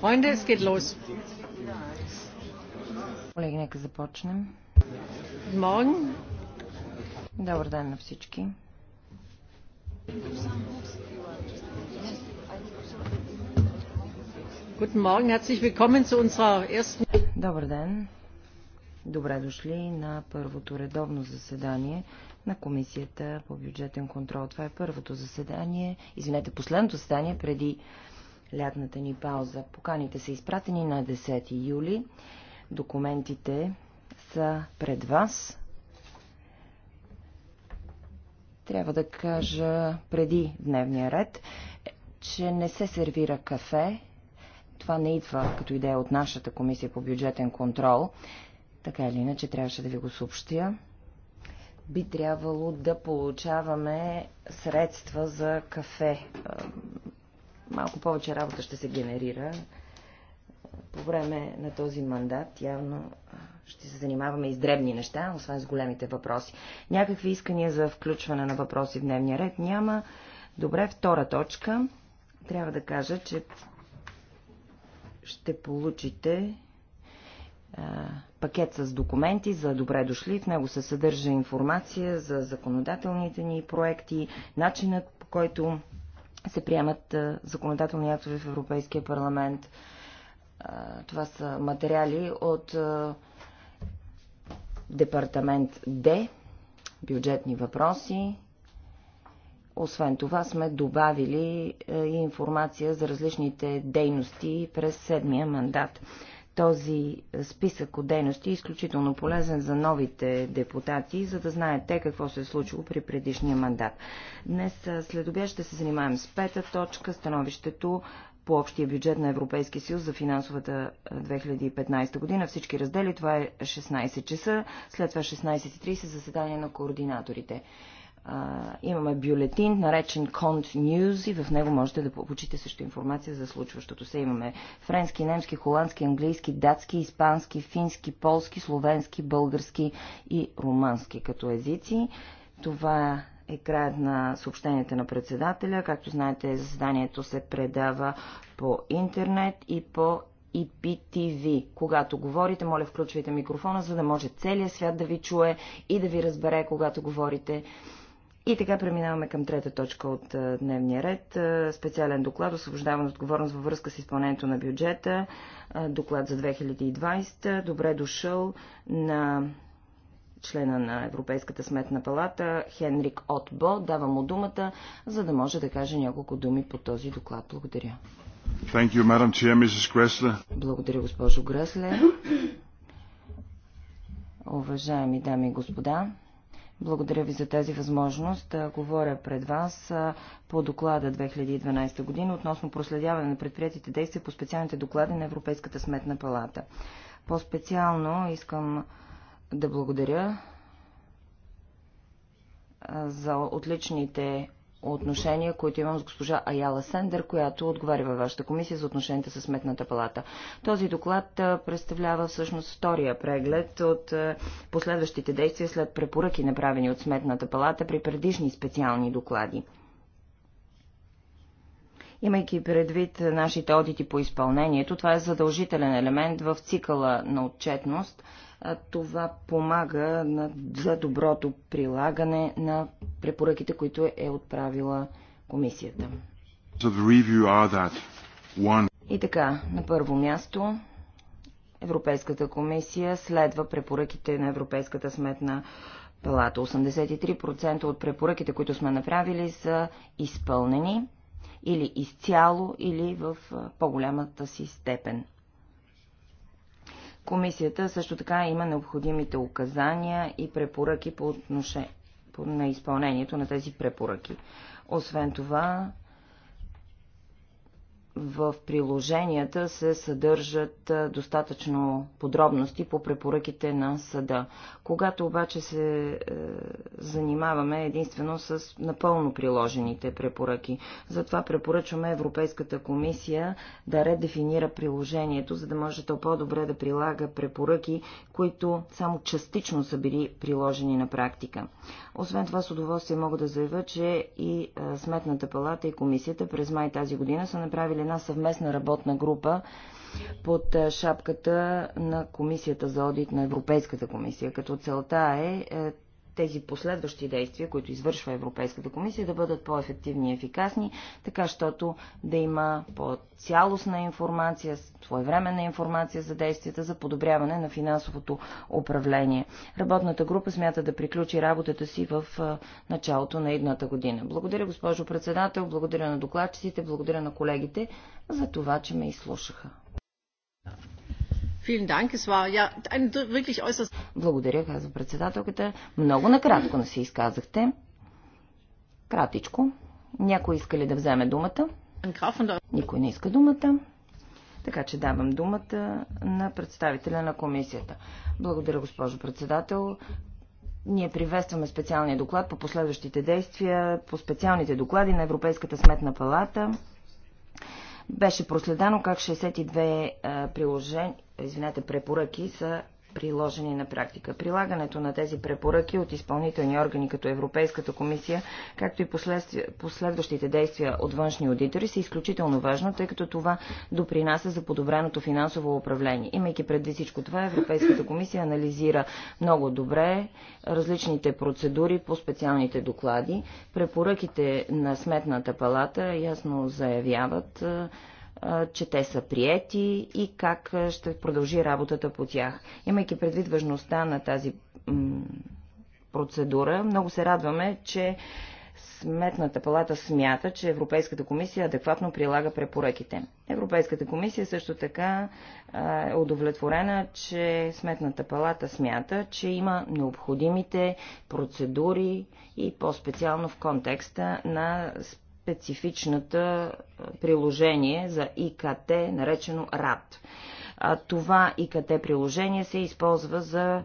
Freunde, es geht los. Колеги, нека започнем. Morgen. Добър ден на всички. Guten Morgen, herzlich willkommen zu unserer ersten... Добър ден. Добре дошли на първото редовно заседание на Комисията по бюджетен контрол. Това е първото заседание, извинете, последното заседание преди лятната ни пауза. Поканите са изпратени на 10 юли. Документите са пред вас. Трябва да кажа преди дневния ред, че не се сервира кафе. Това не идва като идея от нашата комисия по бюджетен контрол. Така или иначе трябваше да ви го съобщя би трябвало да получаваме средства за кафе. Малко повече работа ще се генерира. По време на този мандат явно ще се занимаваме и с дребни неща, освен с големите въпроси. Някакви искания за включване на въпроси в дневния ред няма. Добре, втора точка. Трябва да кажа, че ще получите пакет с документи за добре дошли. В него се съдържа информация за законодателните ни проекти, начинът по който се приемат законодателни актове в Европейския парламент. Това са материали от департамент Д, бюджетни въпроси. Освен това сме добавили и информация за различните дейности през седмия мандат. Този списък от дейности е изключително полезен за новите депутати, за да знаят те какво се е случило при предишния мандат. Днес след обяд ще се занимаем с пета точка, становището по общия бюджет на Европейския съюз за финансовата 2015 година. Всички раздели, това е 16 часа, след това 16.30 заседание на координаторите а, имаме бюлетин, наречен Cont News и в него можете да получите също информация за случващото се. Имаме френски, немски, холандски, английски, датски, испански, фински, полски, словенски, български и румански като езици. Това е краят на съобщенията на председателя. Както знаете, заседанието се предава по интернет и по IPTV. Когато говорите, моля включвайте микрофона, за да може целият свят да ви чуе и да ви разбере, когато говорите. И така преминаваме към трета точка от дневния ред. Специален доклад, освобождаване отговорност във връзка с изпълнението на бюджета. Доклад за 2020. Добре дошъл на члена на Европейската сметна палата Хенрик Отбо. Давам му думата, за да може да каже няколко думи по този доклад. Благодаря. Thank you, Madam Chair, Mrs. Gressler. Благодаря, госпожо Гресле. Уважаеми дами и господа, благодаря ви за тази възможност говоря пред вас по доклада 2012 година относно проследяване на предприятите действия по специалните доклади на Европейската сметна палата. По-специално искам да благодаря за отличните отношения, които имам с госпожа Аяла Сендер, която отговаря във вашата комисия за отношенията с Сметната палата. Този доклад представлява всъщност втория преглед от последващите действия след препоръки, направени от Сметната палата при предишни специални доклади. Имайки предвид нашите одити по изпълнението, това е задължителен елемент в цикъла на отчетност – това помага на, за доброто прилагане на препоръките, които е отправила комисията. И така, на първо място, Европейската комисия следва препоръките на Европейската сметна палата. 83% от препоръките, които сме направили, са изпълнени или изцяло, или в по-голямата си степен. Комисията също така има необходимите указания и препоръки по отношение на изпълнението на тези препоръки. Освен това, в приложенията се съдържат достатъчно подробности по препоръките на съда. Когато обаче се е, занимаваме единствено с напълно приложените препоръки, затова препоръчваме Европейската комисия да редефинира приложението, за да може то по-добре да прилага препоръки, които само частично са били приложени на практика. Освен това, с удоволствие мога да заявя, че и Сметната палата и комисията през май тази година са направили една съвместна работна група под е, шапката на Комисията за одит на Европейската комисия, като целта е, е тези последващи действия, които извършва Европейската комисия, да бъдат по-ефективни и ефикасни, така щото да има по-цялостна информация, своевременна информация за действията за подобряване на финансовото управление. Работната група смята да приключи работата си в началото на едната година. Благодаря, госпожо председател, благодаря на докладчиците, благодаря на колегите за това, че ме изслушаха. Благодаря, каза председателката. Много накратко не се изказахте. Кратичко. Някой иска ли да вземе думата? Никой не иска думата. Така че давам думата на представителя на комисията. Благодаря, госпожо председател. Ние приветстваме специалния доклад по последващите действия, по специалните доклади на Европейската сметна палата беше проследено как 62 приложения, Извинете, препоръки са приложени на практика. Прилагането на тези препоръки от изпълнителни органи като Европейската комисия, както и последващите действия от външни аудитори са изключително важно, тъй като това допринася за подобреното финансово управление. Имайки предвид всичко това, Европейската комисия анализира много добре различните процедури по специалните доклади. Препоръките на Сметната палата ясно заявяват, че те са приети и как ще продължи работата по тях. Имайки предвид важността на тази процедура, много се радваме, че Сметната палата смята, че Европейската комисия адекватно прилага препоръките. Европейската комисия също така е удовлетворена, че Сметната палата смята, че има необходимите процедури и по-специално в контекста на специфичната приложение за ИКТ, наречено РАД. Това ИКТ приложение се използва за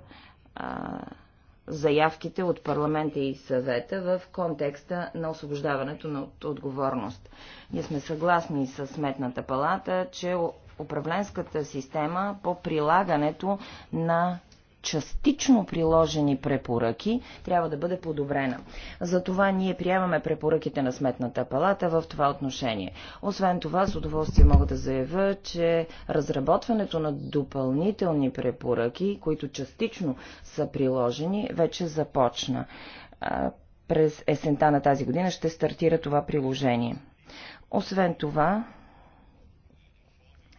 заявките от парламента и съвета в контекста на освобождаването на отговорност. Ние сме съгласни с Сметната палата, че управленската система по прилагането на частично приложени препоръки трябва да бъде подобрена. Затова ние приемаме препоръките на Сметната палата в това отношение. Освен това, с удоволствие мога да заявя, че разработването на допълнителни препоръки, които частично са приложени, вече започна. През есента на тази година ще стартира това приложение. Освен това,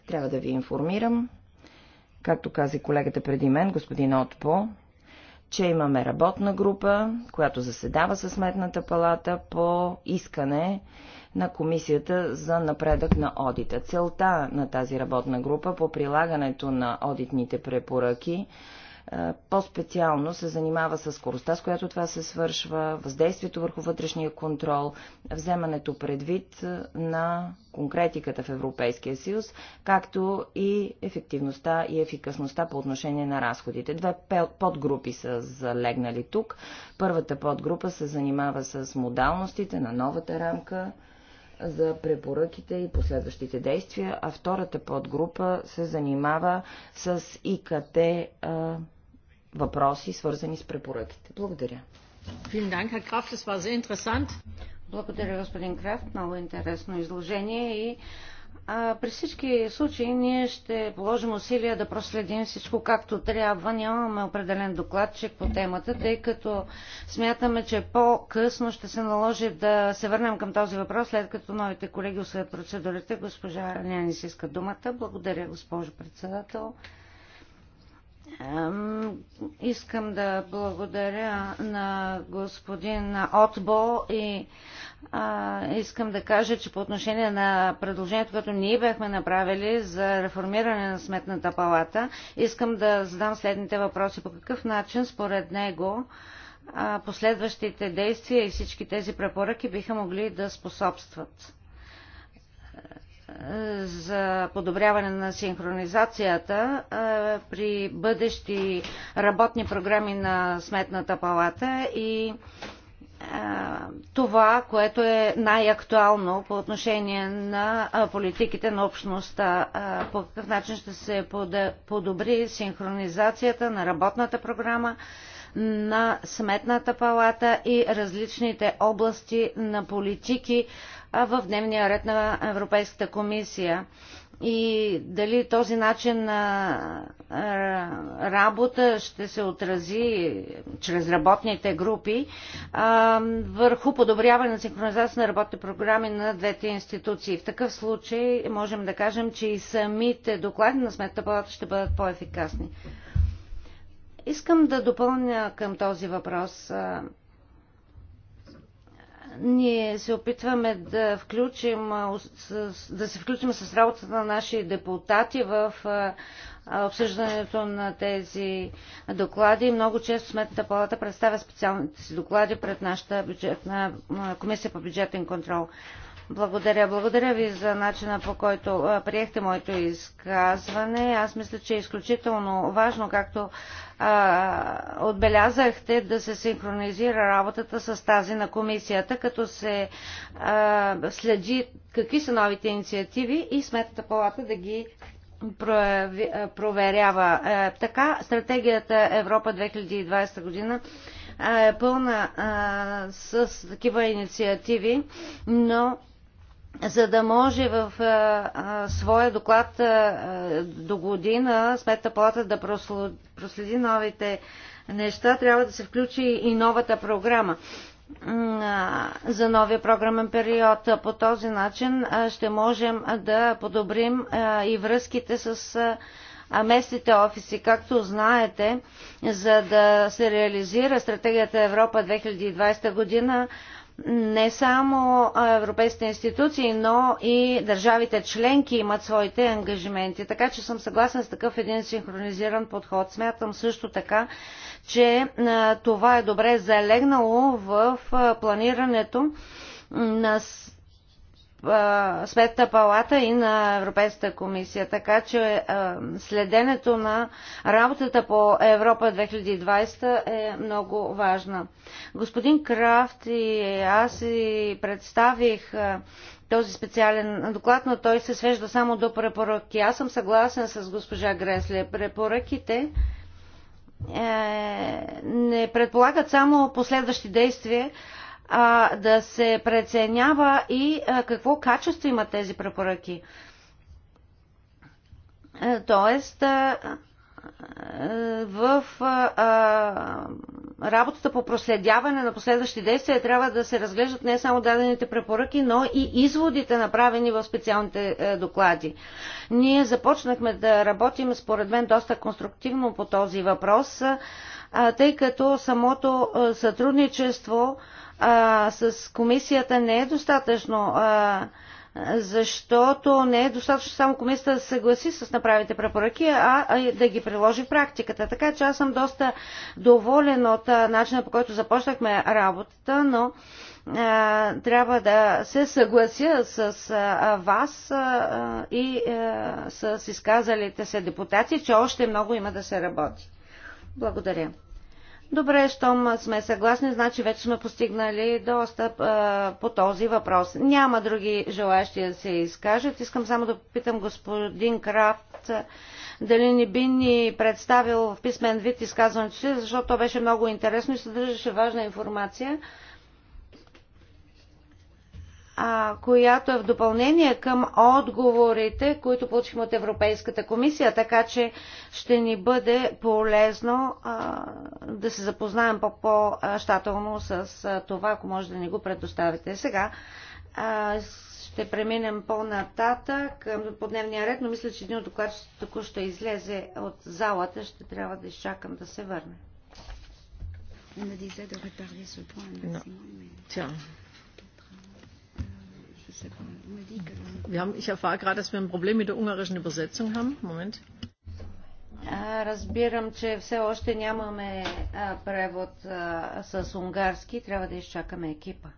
трябва да ви информирам, Както каза колегата преди мен, господин Отпо, че имаме работна група, която заседава със Сметната палата по искане на Комисията за напредък на одита. Целта на тази работна група по прилагането на одитните препоръки е, по-специално се занимава с скоростта, с която това се свършва, въздействието върху вътрешния контрол, вземането предвид на конкретиката в Европейския съюз, както и ефективността и ефикасността по отношение на разходите. Две подгрупи са залегнали тук. Първата подгрупа се занимава с модалностите на новата рамка, за препоръките и последващите действия, а втората подгрупа се занимава с ИКТ а, въпроси, свързани с препоръките. Благодаря. Благодаря, господин Крафт. Много интересно изложение и а, при всички случаи ние ще положим усилия да проследим всичко както трябва. Нямаме определен докладчик по темата, тъй като смятаме, че по-късно ще се наложи да се върнем към този въпрос, след като новите колеги освят процедурите. Госпожа Няни си иска думата. Благодаря, госпожо председател. Искам да благодаря на господин Отбо и а, искам да кажа, че по отношение на предложението, което ние бяхме направили за реформиране на Сметната палата, искам да задам следните въпроси. По какъв начин, според него, а, последващите действия и всички тези препоръки биха могли да способстват? за подобряване на синхронизацията е, при бъдещи работни програми на Сметната палата и е, това, което е най-актуално по отношение на е, политиките на общността. По какъв начин ще се подобри синхронизацията на работната програма на Сметната палата и различните области на политики, в дневния ред на Европейската комисия. И дали този начин на работа ще се отрази чрез работните групи върху подобряване на синхронизация на работните програми на двете институции. В такъв случай можем да кажем, че и самите доклади на Сметната палата ще бъдат по-ефикасни. Искам да допълня към този въпрос ние се опитваме да, включим, да се включим с работата на наши депутати в обсъждането на тези доклади. Много често Сметната палата представя специалните си доклади пред нашата бюджетна, комисия по бюджетен контрол. Благодаря. Благодаря ви за начина по който приехте моето изказване. Аз мисля, че е изключително важно, както а, отбелязахте, да се синхронизира работата с тази на комисията, като се а, следи какви са новите инициативи и сметната палата да ги проверява. Така, стратегията Европа 2020 година е пълна а, с такива инициативи, но за да може в а, а, своя доклад а, до година Сметна палата да проследи новите неща, трябва да се включи и новата програма за новия програмен период. По този начин ще можем да подобрим и връзките с местните офиси. Както знаете, за да се реализира стратегията Европа 2020 година, не само европейските институции, но и държавите членки имат своите ангажименти. Така че съм съгласна с такъв един синхронизиран подход. Смятам също така, че това е добре залегнало в планирането на Сметната палата и на Европейската комисия. Така че следенето на работата по Европа 2020 е много важна. Господин Крафт и аз и представих този специален доклад, но той се свежда само до препоръки. Аз съм съгласен с госпожа Гресле. Препоръките е, не предполагат само последващи действия, а, да се преценява и а, какво качество имат тези препоръки. Е, тоест, а, в а, работата по проследяване на последващи действия трябва да се разглеждат не само дадените препоръки, но и изводите направени в специалните е, доклади. Ние започнахме да работим, според мен, доста конструктивно по този въпрос тъй като самото сътрудничество с комисията не е достатъчно, защото не е достатъчно само комисията да се съгласи с направите препоръки, а да ги приложи в практиката. Така че аз съм доста доволен от начина по който започнахме работата, но трябва да се съглася с вас и с изказалите се депутати, че още много има да се работи. Благодаря. Добре, щом сме съгласни, значи вече сме постигнали достъп а, по този въпрос. Няма други желаящи да се изкажат. Искам само да попитам господин Крафт дали не би ни представил в писмен вид изказването си, защото то беше много интересно и съдържаше важна информация а, която е в допълнение към отговорите, които получихме от Европейската комисия, така че ще ни бъде полезно а, да се запознаем по-щателно -по с а, това, ако може да ни го предоставите. Сега а, ще преминем по-нататък по дневния ред, но мисля, че един от докладчите току-що излезе от залата, ще трябва да изчакам да се върне. On a des aides retardées ce point. Non. Tiens. Wir haben, ich erfahre gerade, dass wir ein Problem mit der ungarischen Übersetzung haben. Moment. Разбирам, че все още нямаме превод с унгарски. Трябва да изчакаме екипа.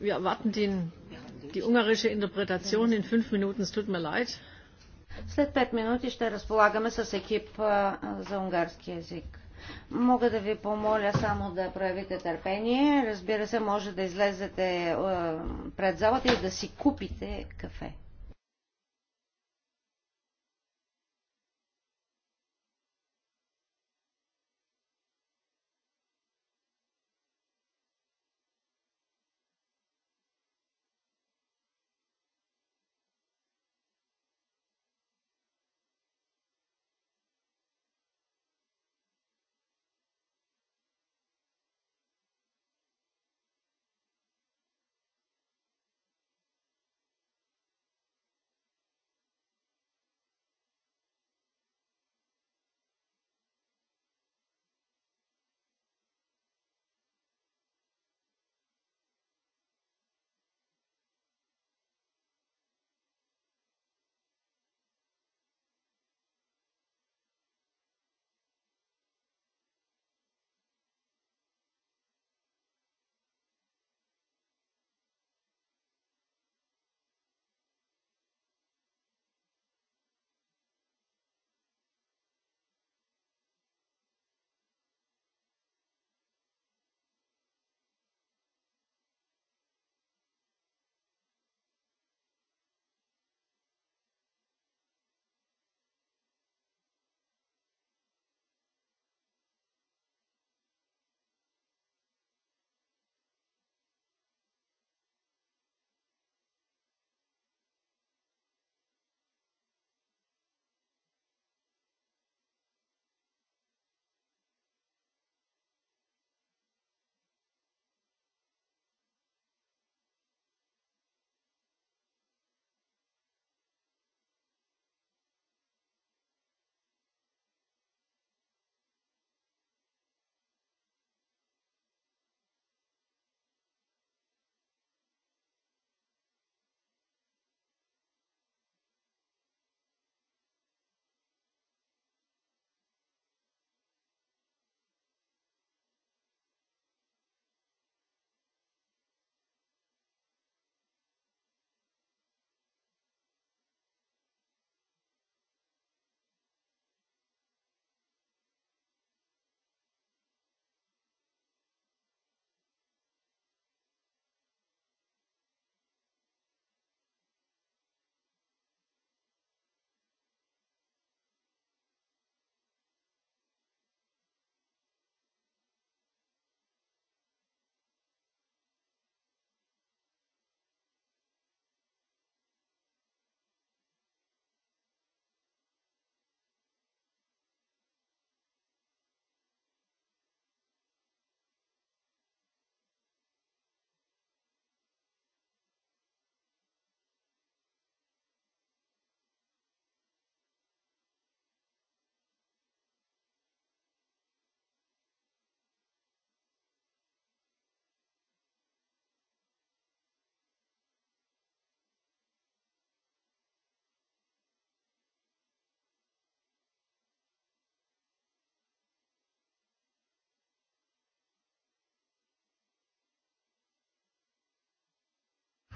Wir erwarten die ungarische Interpretation in fünf Minuten. Es tut mir leid. След 5 минути ще разполагаме с екип за унгарски язик. Мога да ви помоля само да проявите търпение. Разбира се, може да излезете пред залата и да си купите кафе.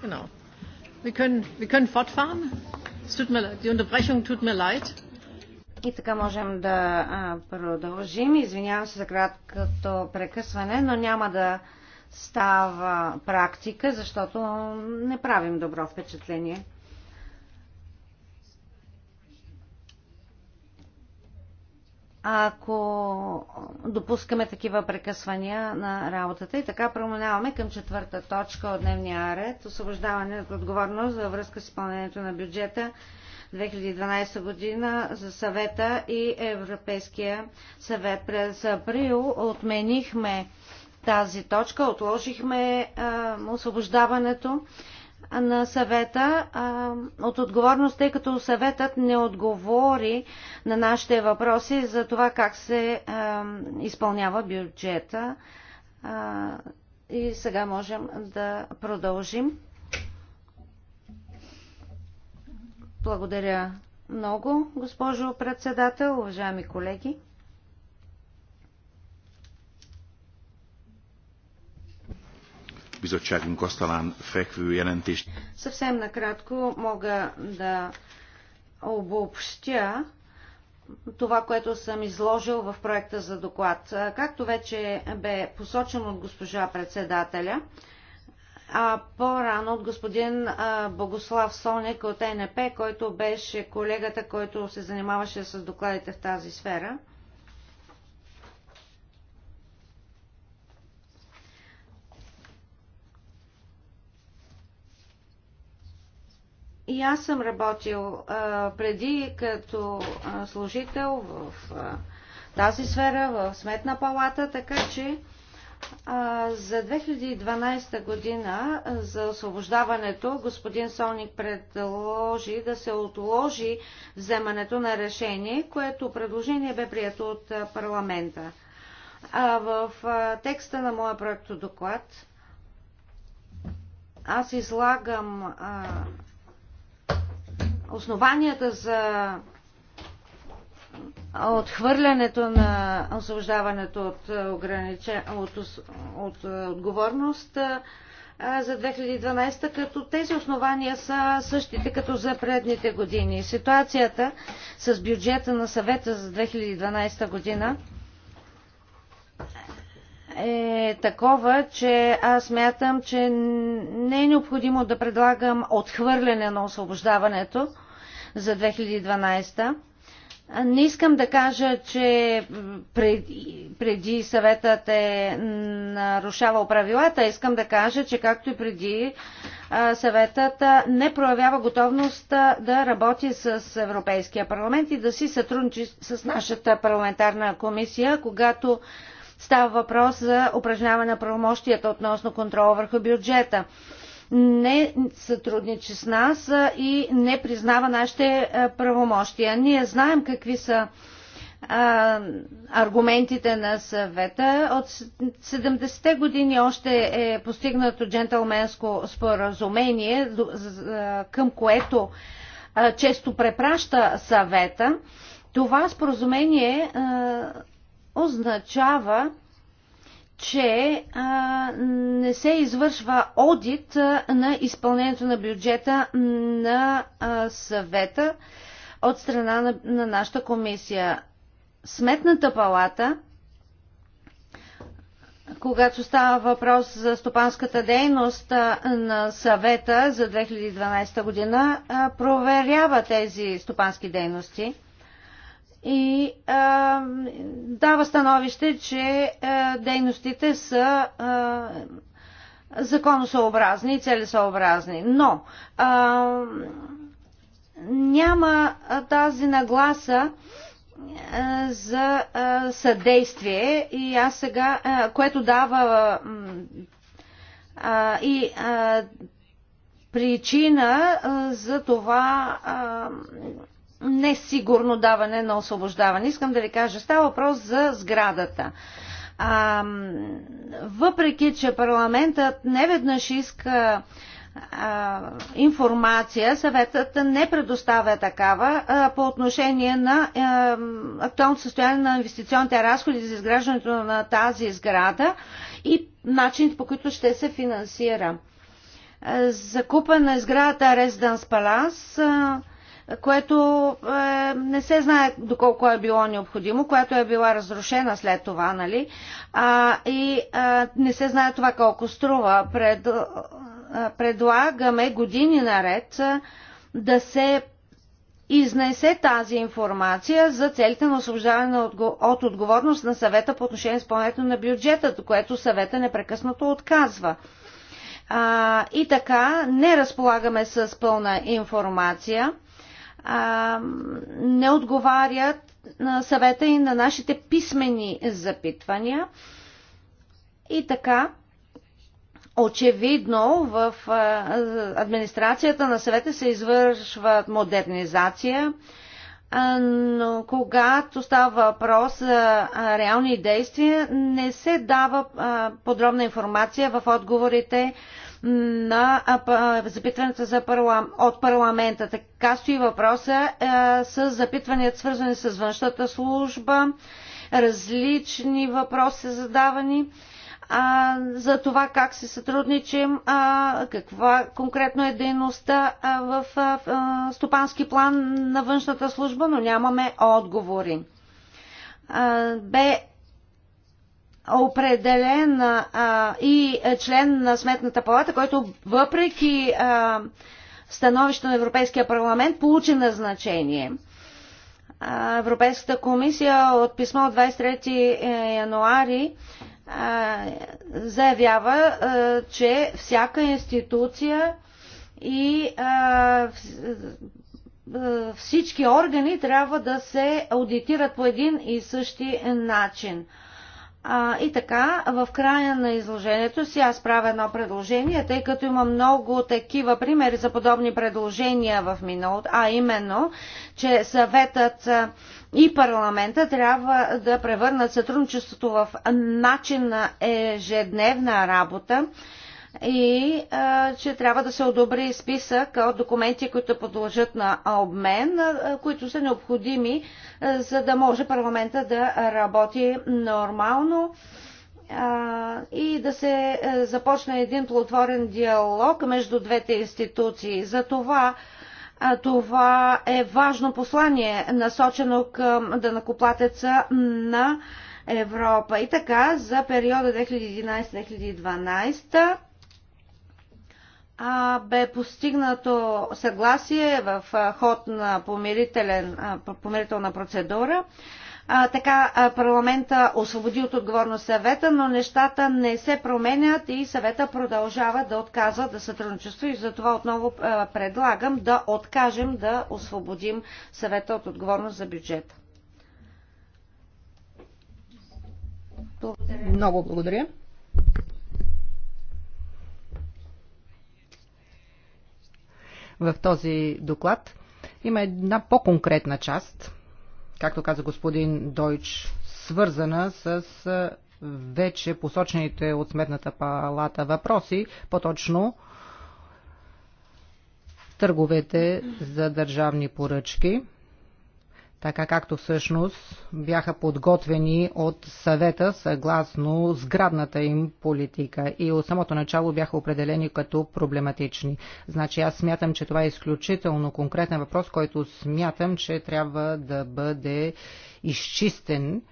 Genau. Wir können, wir können fortfahren. Es tut mir leid. Die Unterbrechung tut mir leid. И така можем да а, продължим. Извинявам се за краткото прекъсване, но няма да става практика, защото не правим добро впечатление. ако допускаме такива прекъсвания на работата. И така преминаваме към четвърта точка от дневния ред. Освобождаване от отговорност за връзка с изпълнението на бюджета 2012 година за съвета и Европейския съвет. През април отменихме тази точка, отложихме а, освобождаването на съвета а, от отговорност, тъй като съветът не отговори на нашите въпроси за това как се а, изпълнява бюджета. А, и сега можем да продължим. Благодаря много, госпожо председател, уважаеми колеги. bizottságunk asztalán fekvő jelentést. Съвсем накратко мога да обобщя това, което съм изложил в проекта за доклад. Както вече бе посочено от госпожа председателя, а по-рано от господин Богослав Соник от НП, който беше колегата, който се занимаваше с докладите в тази сфера – И аз съм работил а, преди като а, служител в а, тази сфера, в Сметна палата, така че а, за 2012 година а, за освобождаването господин Солник предложи да се отложи вземането на решение, което предложение бе прието от а, парламента. А, в а, текста на моя проектодоклад аз излагам а, основанията за отхвърлянето на освобождаването от, ограниче... от, от, е, отговорност е, за 2012, като тези основания са същите като за предните години. Ситуацията с бюджета на съвета за 2012 година е такова, че аз мятам, че не е необходимо да предлагам отхвърляне на освобождаването за 2012. Не искам да кажа, че преди, преди съветът е нарушавал правилата. Искам да кажа, че както и преди съветът не проявява готовност да работи с Европейския парламент и да си сътрудничи с нашата парламентарна комисия, когато става въпрос за упражняване на правомощията относно контрола върху бюджета не сътрудничи с нас и не признава нашите правомощия. Ние знаем какви са аргументите на съвета. От 70-те години още е постигнато джентълменско споразумение, към което често препраща съвета. Това споразумение означава че а, не се извършва одит а, на изпълнението на бюджета на а, съвета от страна на, на нашата комисия. Сметната палата, когато става въпрос за стопанската дейност а, на съвета за 2012 година, а, проверява тези стопански дейности – и а, дава становище, че а, дейностите са а, законосъобразни и целесъобразни. Но а, няма тази нагласа а, за а, съдействие и аз сега, а, което дава а, и а, причина а, за това а, несигурно даване на освобождаване. Искам да ви кажа, става въпрос за сградата. А, въпреки, че парламентът неведнъж иска а, информация, съветът не предоставя такава а, по отношение на а, актуалното състояние на инвестиционните разходи за изграждането на тази сграда и начините по които ще се финансира. Закупа на сградата Residence Palace което е, не се знае доколко е било необходимо, която е била разрушена след това, нали? А, и а, не се знае това колко струва. Пред, а, предлагаме години наред да се изнесе тази информация за целите на освобождаване от отговорност на съвета по отношение изпълнението на бюджета, което съвета непрекъснато отказва. А, и така не разполагаме с пълна информация а, не отговарят на съвета и на нашите писмени запитвания. И така, очевидно в а, администрацията на съвета се извършва модернизация, а, но когато става въпрос за реални действия, не се дава а, подробна информация в отговорите на запитването за парлам, от парламента. Така стои въпроса е, с запитванията, свързани с външната служба. Различни въпроси задавани а, за това как се сътрудничим, а, каква конкретно е дейността а, в а, стопански план на външната служба, но нямаме отговори. А, бе определен а, и член на Сметната палата, който въпреки а, становище на Европейския парламент получи назначение. А, Европейската комисия от писмо от 23 е, януари а, заявява, а, че всяка институция и а, всички органи трябва да се аудитират по един и същи начин. А, и така, в края на изложението си аз правя едно предложение, тъй като има много такива примери за подобни предложения в миналото, а именно, че съветът и парламента трябва да превърнат сътрудничеството в начин на ежедневна работа и че трябва да се одобри списък от документи, които подлежат на обмен, които са необходими, за да може парламента да работи нормално и да се започне един плодотворен диалог между двете институции. За това това е важно послание, насочено към дънакоплатеца на Европа. И така, за периода 2011-2012 а, бе постигнато съгласие в а, ход на помирителен, а, помирителна процедура. А, така а, парламента освободи от отговорност съвета, но нещата не се променят и съвета продължава да отказва да сътрудничество и затова отново а, предлагам да откажем да освободим съвета от отговорност за бюджета. Благодаря. Много благодаря. в този доклад. Има една по-конкретна част, както каза господин Дойч, свързана с вече посочените от Сметната палата въпроси, по-точно търговете за държавни поръчки така както всъщност бяха подготвени от съвета съгласно сградната им политика и от самото начало бяха определени като проблематични. Значи аз смятам, че това е изключително конкретен въпрос, който смятам, че трябва да бъде изчистен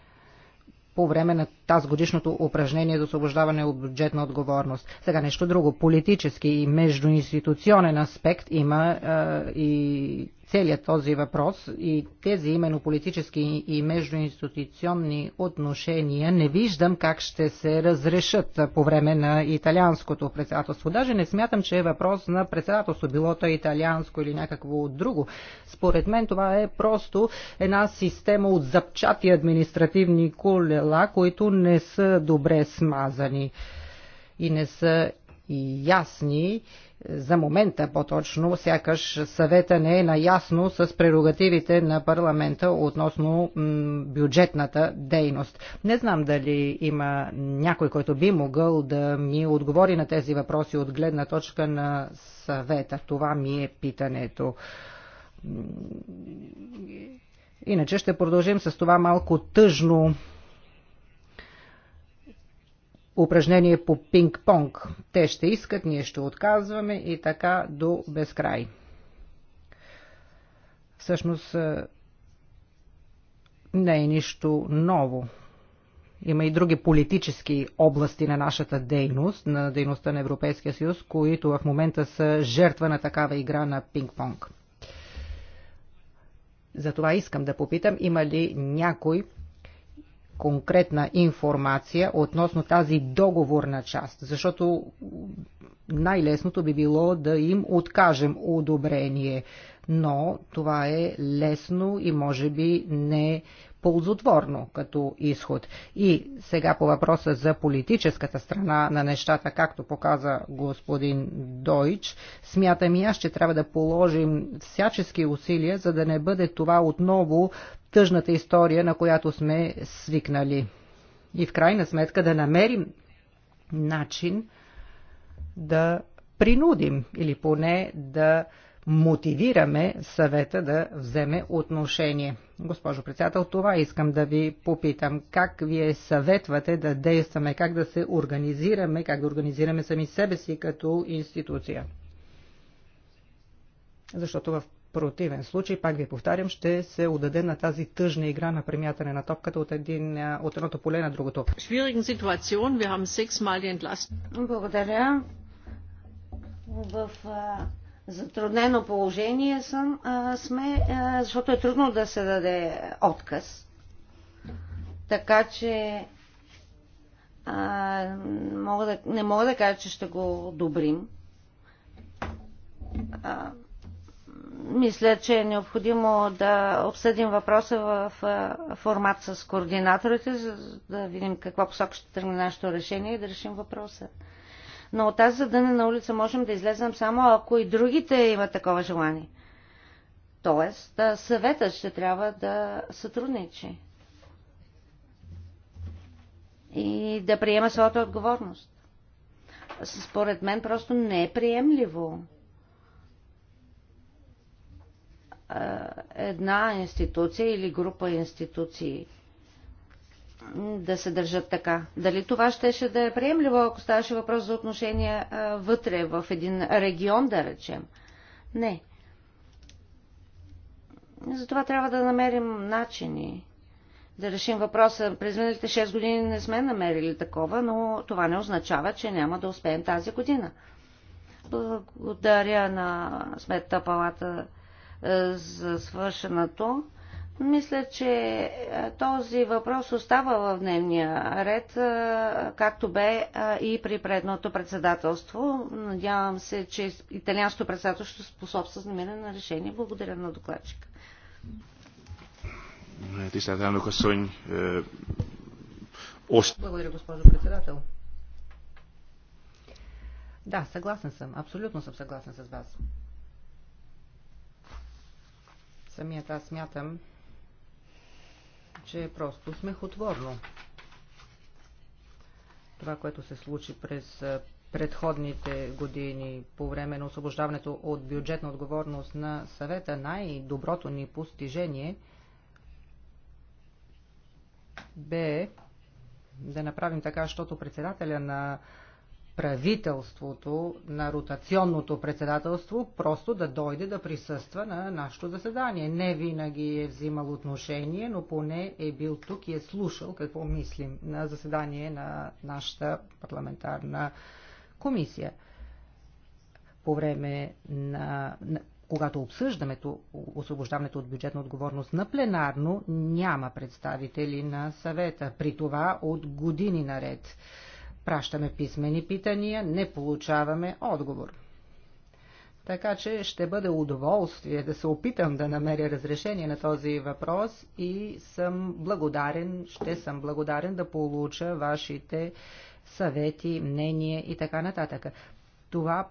по време на тази годишното упражнение за освобождаване от бюджетна отговорност. Сега нещо друго. Политически и междуинституционен аспект има а, и целият този въпрос и тези именно политически и междуинституционни отношения не виждам как ще се разрешат по време на италианското председателство. Даже не смятам, че е въпрос на председателство, било то италианско или някакво друго. Според мен това е просто една система от запчати административни колела, които не са добре смазани и не са и ясни. За момента по-точно, сякаш съвета не е наясно с прерогативите на парламента относно бюджетната дейност. Не знам дали има някой, който би могъл да ми отговори на тези въпроси от гледна точка на съвета. Това ми е питането. Иначе ще продължим с това малко тъжно упражнение по пинг-понг. Те ще искат, ние ще отказваме и така до безкрай. Всъщност е, не е нищо ново. Има и други политически области на нашата дейност, на дейността на Европейския съюз, които в момента са жертва на такава игра на пинг-понг. Затова искам да попитам, има ли някой, конкретна информация относно тази договорна част, защото най-лесното би било да им откажем одобрение, но това е лесно и може би не ползотворно като изход. И сега по въпроса за политическата страна на нещата, както показа господин Дойч, смятам и аз, че трябва да положим всячески усилия, за да не бъде това отново тъжната история, на която сме свикнали. И в крайна сметка да намерим начин да принудим или поне да мотивираме съвета да вземе отношение. Госпожо председател, това искам да ви попитам. Как вие съветвате да действаме, как да се организираме, как да организираме сами себе си като институция? Защото в противен случай, пак ви повтарям, ще се отдаде на тази тъжна игра на премятане на топката от, един, от едното поле на другото. Благодаря. В затруднено положение съм, а, сме, а, защото е трудно да се даде отказ. Така че а, мога да, не мога да кажа, че ще го добрим. А, мисля, че е необходимо да обсъдим въпроса в формат с координаторите, за да видим каква посока ще тръгне нашето решение и да решим въпроса но от тази задънена улица можем да излезем само ако и другите имат такова желание. Тоест, съветът ще трябва да сътрудничи и да приема своята отговорност. Според мен просто не е приемливо една институция или група институции – да се държат така. Дали това щеше да е приемливо, ако ставаше въпрос за отношения а, вътре, в един регион, да речем? Не. Затова трябва да намерим начини да решим въпроса. През миналите 6 години не сме намерили такова, но това не означава, че няма да успеем тази година. Благодаря на Сметта палата за свършеното. Мисля, че е, този въпрос остава в дневния ред, е, както бе е, и при предното председателство. Надявам се, че италианското председателство ще способства за намиране на решение. Благодаря на докладчика. Благодаря, госпожо председател. Да, съгласен съм. Абсолютно съм съгласен с вас. Самият аз смятам, че е просто смехотворно. Това, което се случи през предходните години по време на освобождаването от бюджетна отговорност на съвета, най-доброто ни постижение бе да направим така, защото председателя на правителството на ротационното председателство просто да дойде да присъства на нашето заседание. Не винаги е взимал отношение, но поне е бил тук и е слушал какво мислим на заседание на нашата парламентарна комисия. По време на, на когато обсъждаме освобождаването от бюджетна отговорност на пленарно, няма представители на съвета. При това от години наред. Пращаме писмени питания, не получаваме отговор. Така че ще бъде удоволствие да се опитам да намеря разрешение на този въпрос и съм благодарен, ще съм благодарен да получа вашите съвети, мнения и така нататък. Това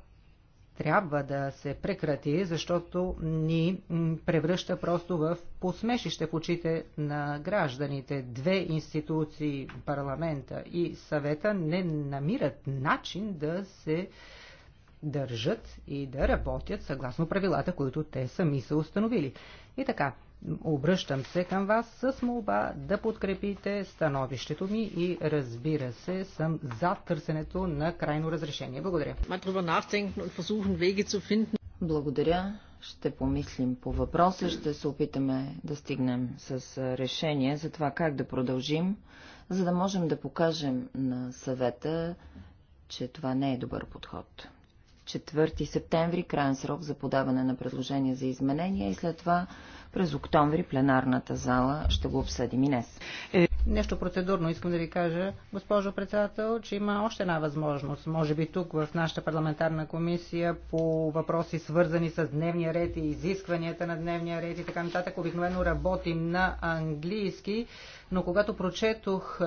трябва да се прекрати, защото ни превръща просто в посмешище в очите на гражданите. Две институции, парламента и съвета, не намират начин да се държат и да работят съгласно правилата, които те сами са установили. И така, Обръщам се към вас с молба да подкрепите становището ми и разбира се, съм за търсенето на крайно разрешение. Благодаря. Благодаря. Ще помислим по въпроса, ще се опитаме да стигнем с решение за това как да продължим, за да можем да покажем на съвета, че това не е добър подход. 4 септември крайен срок за подаване на предложения за изменения и след това през октомври пленарната зала ще го обсъдим и днес. Е, нещо процедурно искам да ви кажа, госпожо председател, че има още една възможност. Може би тук в нашата парламентарна комисия по въпроси свързани с дневния ред и изискванията на дневния ред и така нататък. Обикновено работим на английски, но когато прочетох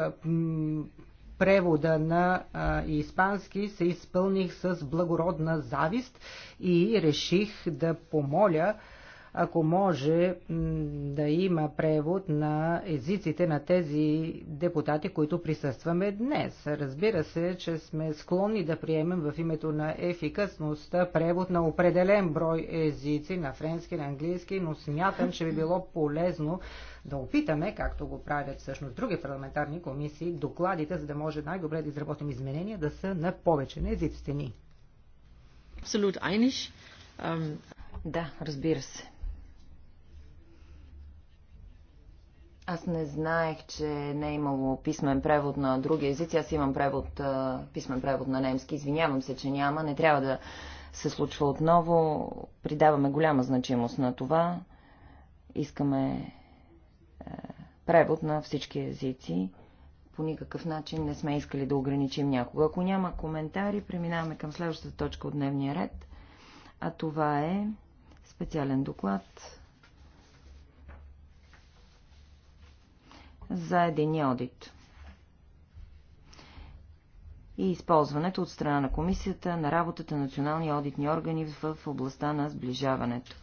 превода на а, испански се изпълних с благородна завист и реших да помоля ако може да има превод на езиците на тези депутати, които присъстваме днес. Разбира се, че сме склонни да приемем в името на ефикасността превод на определен брой езици, на френски, на английски, но смятам, че би било полезно да опитаме, както го правят всъщност други парламентарни комисии, докладите, за да може най-добре да изработим изменения, да са на повече на езиците ни. Абсолютно Да, разбира се. Аз не знаех, че не е имало писмен превод на други езици. Аз имам превод, писмен превод на немски. Извинявам се, че няма. Не трябва да се случва отново. Придаваме голяма значимост на това. Искаме е, превод на всички езици. По никакъв начин не сме искали да ограничим някого. Ако няма коментари, преминаваме към следващата точка от дневния ред. А това е специален доклад за един одит и използването от страна на комисията на работата на национални одитни органи в областта на сближаването.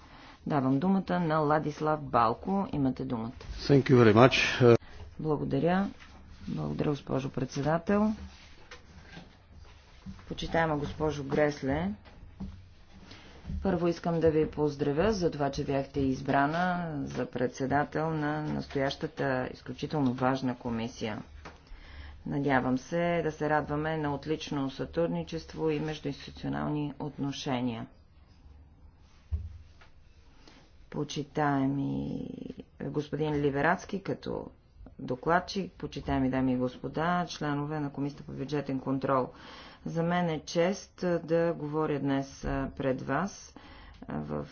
Давам думата на Ладислав Балко. Имате думата. Thank you very much. Благодаря. Благодаря, госпожо председател. Почитаема госпожо Гресле, първо искам да ви поздравя за това, че бяхте избрана за председател на настоящата изключително важна комисия. Надявам се да се радваме на отлично сътрудничество и междуинституционални отношения. Почитаем и господин Либерацки като докладчик, почитаеми дами и господа, членове на Комисията по бюджетен контрол. За мен е чест да говоря днес пред вас в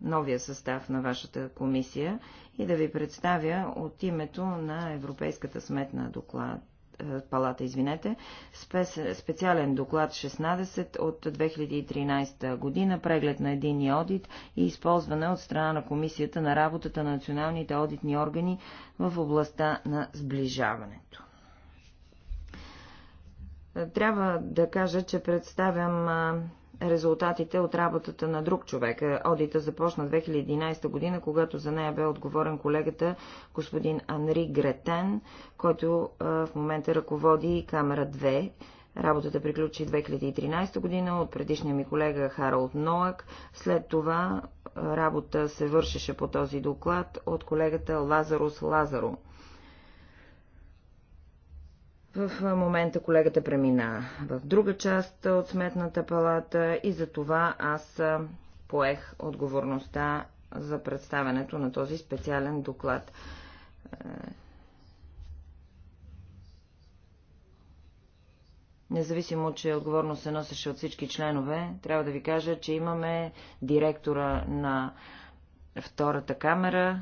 новия състав на вашата комисия и да ви представя от името на Европейската сметна доклад, палата, извинете, специален доклад 16 от 2013 година, преглед на един одит и използване от страна на комисията на работата на националните одитни органи в областта на сближаването. Трябва да кажа, че представям резултатите от работата на друг човек. Одита започна 2011 година, когато за нея бе отговорен колегата господин Анри Гретен, който в момента ръководи камера 2 Работата приключи 2013 година от предишния ми колега Харалд Ноак. След това работа се вършеше по този доклад от колегата Лазарус Лазаро. В момента колегата премина в друга част от Сметната палата и за това аз поех отговорността за представянето на този специален доклад. Е, независимо, че отговорност се носеше от всички членове, трябва да ви кажа, че имаме директора на втората камера,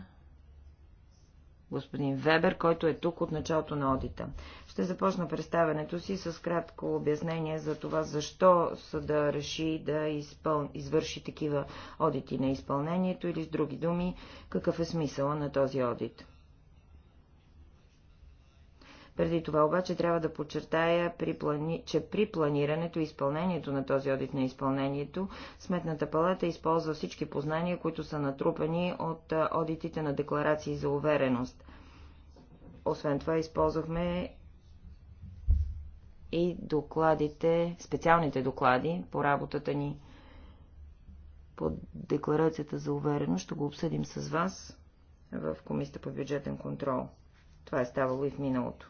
господин Вебер, който е тук от началото на одита. Ще започна представенето си с кратко обяснение за това, защо съда реши да изпъл... извърши такива одити на изпълнението или с други думи, какъв е смисъла на този одит. Преди това обаче трябва да подчертая, при плани... че при планирането и изпълнението на този одит на изпълнението, Сметната палата използва всички познания, които са натрупани от одитите на декларации за увереност. Освен това, използвахме и докладите, специалните доклади по работата ни по декларацията за увереност. Ще го обсъдим с вас в Комисията по бюджетен контрол. Това е ставало и в миналото.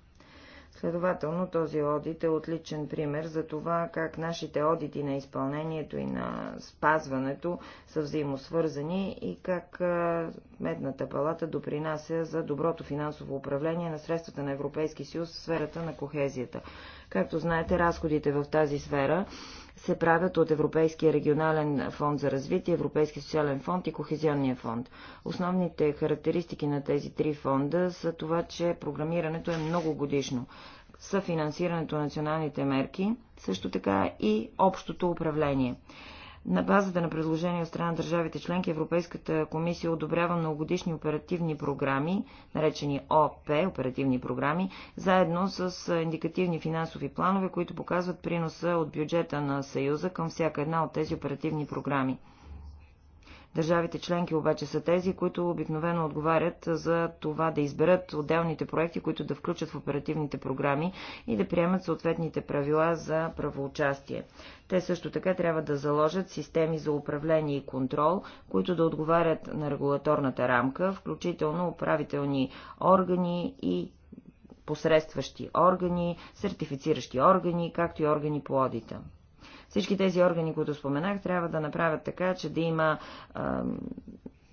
Следователно, този одит е отличен пример за това, как нашите одити на изпълнението и на спазването са взаимосвързани и как Медната палата допринася за доброто финансово управление на средствата на Европейски съюз в сферата на кохезията. Както знаете, разходите в тази сфера се правят от Европейския регионален фонд за развитие, Европейския социален фонд и Кохезионния фонд. Основните характеристики на тези три фонда са това, че програмирането е много годишно. Съфинансирането на националните мерки, също така и общото управление. На базата на предложения от страна на държавите членки Европейската комисия одобрява многогодишни оперативни програми, наречени ОП, оперативни програми, заедно с индикативни финансови планове, които показват приноса от бюджета на Съюза към всяка една от тези оперативни програми. Държавите членки обаче са тези, които обикновено отговарят за това да изберат отделните проекти, които да включат в оперативните програми и да приемат съответните правила за правоучастие. Те също така трябва да заложат системи за управление и контрол, които да отговарят на регулаторната рамка, включително управителни органи и посредстващи органи, сертифициращи органи, както и органи по одита. Всички тези органи, които споменах, трябва да направят така, че да има а,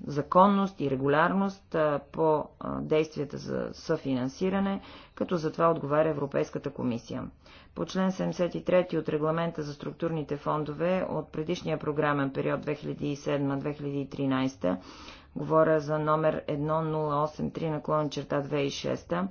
законност и регулярност а, по а, действията за съфинансиране, като за това отговаря Европейската комисия. По член 73 от регламента за структурните фондове от предишния програмен период 2007-2013, говоря за номер 1083 наклон черта 2006,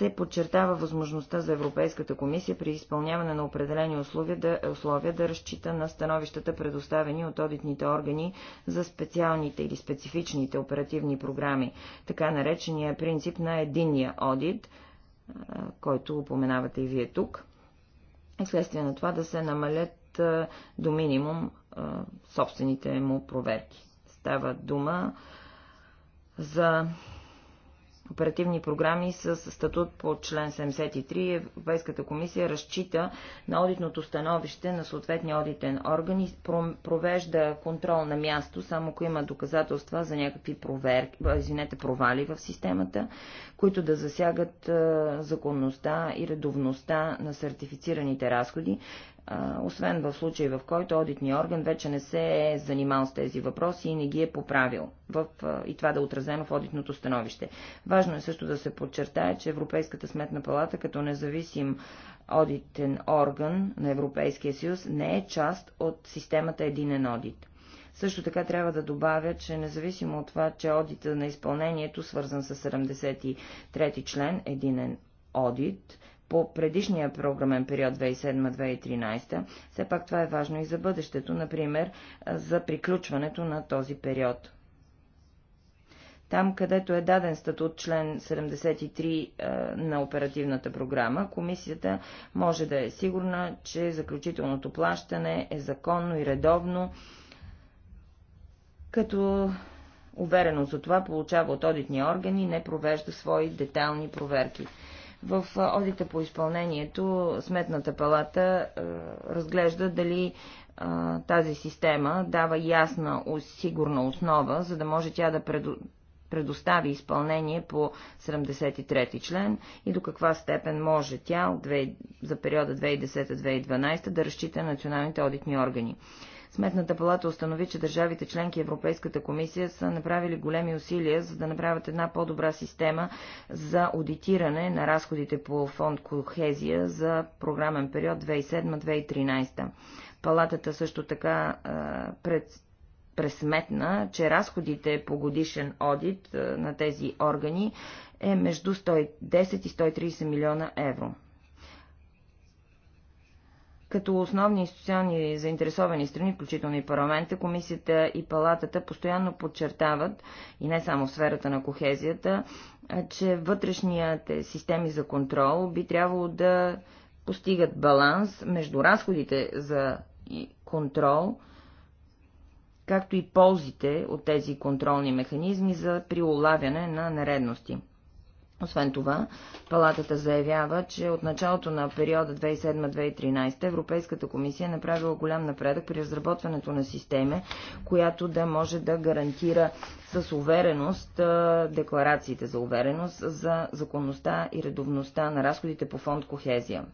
се подчертава възможността за Европейската комисия при изпълняване на определени условия да, условия да разчита на становищата, предоставени от одитните органи за специалните или специфичните оперативни програми, така наречения принцип на единния одит, който упоменавате и вие тук, и е следствие на това да се намалят до минимум собствените му проверки. Става дума за оперативни програми с статут по член 73 Европейската комисия разчита на одитното становище на съответния одитен орган и провежда контрол на място, само ако има доказателства за някакви проверки, извинете, провали в системата, които да засягат законността и редовността на сертифицираните разходи, освен в случай, в който одитния орган вече не се е занимал с тези въпроси и не ги е поправил, в, и това да е отразено в одитното становище. Важно е също да се подчертае, че Европейската сметна палата като независим одитен орган на Европейския съюз не е част от системата единен одит. Също така трябва да добавя, че независимо от това, че одита на изпълнението, свързан с 73 ти член, единен одит, по предишния програмен период 2007-2013, все пак това е важно и за бъдещето, например, за приключването на този период. Там, където е даден статут член 73 е, на оперативната програма, комисията може да е сигурна, че заключителното плащане е законно и редовно, като увереност за това получава от одитни органи и не провежда свои детални проверки. В одита по изпълнението Сметната палата разглежда дали тази система дава ясна, сигурна основа, за да може тя да предостави изпълнение по 73 ти член и до каква степен може тя за периода 2010-2012 да разчита националните одитни органи. Сметната палата установи, че държавите членки Европейската комисия са направили големи усилия, за да направят една по-добра система за аудитиране на разходите по фонд Кохезия за програмен период 2007-2013. Палатата също така пред пресметна, че разходите по годишен одит на тези органи е между 110 и 130 милиона евро. Като основни институционни заинтересовани страни, включително и парламента, комисията и палатата постоянно подчертават, и не само в сферата на кохезията, че вътрешните системи за контрол би трябвало да постигат баланс между разходите за контрол, както и ползите от тези контролни механизми за приолавяне на нередности. Освен това, палатата заявява, че от началото на периода 2007-2013 Европейската комисия е направила голям напредък при разработването на системи, която да може да гарантира с увереност декларациите за увереност за законността и редовността на разходите по фонд Кохезия.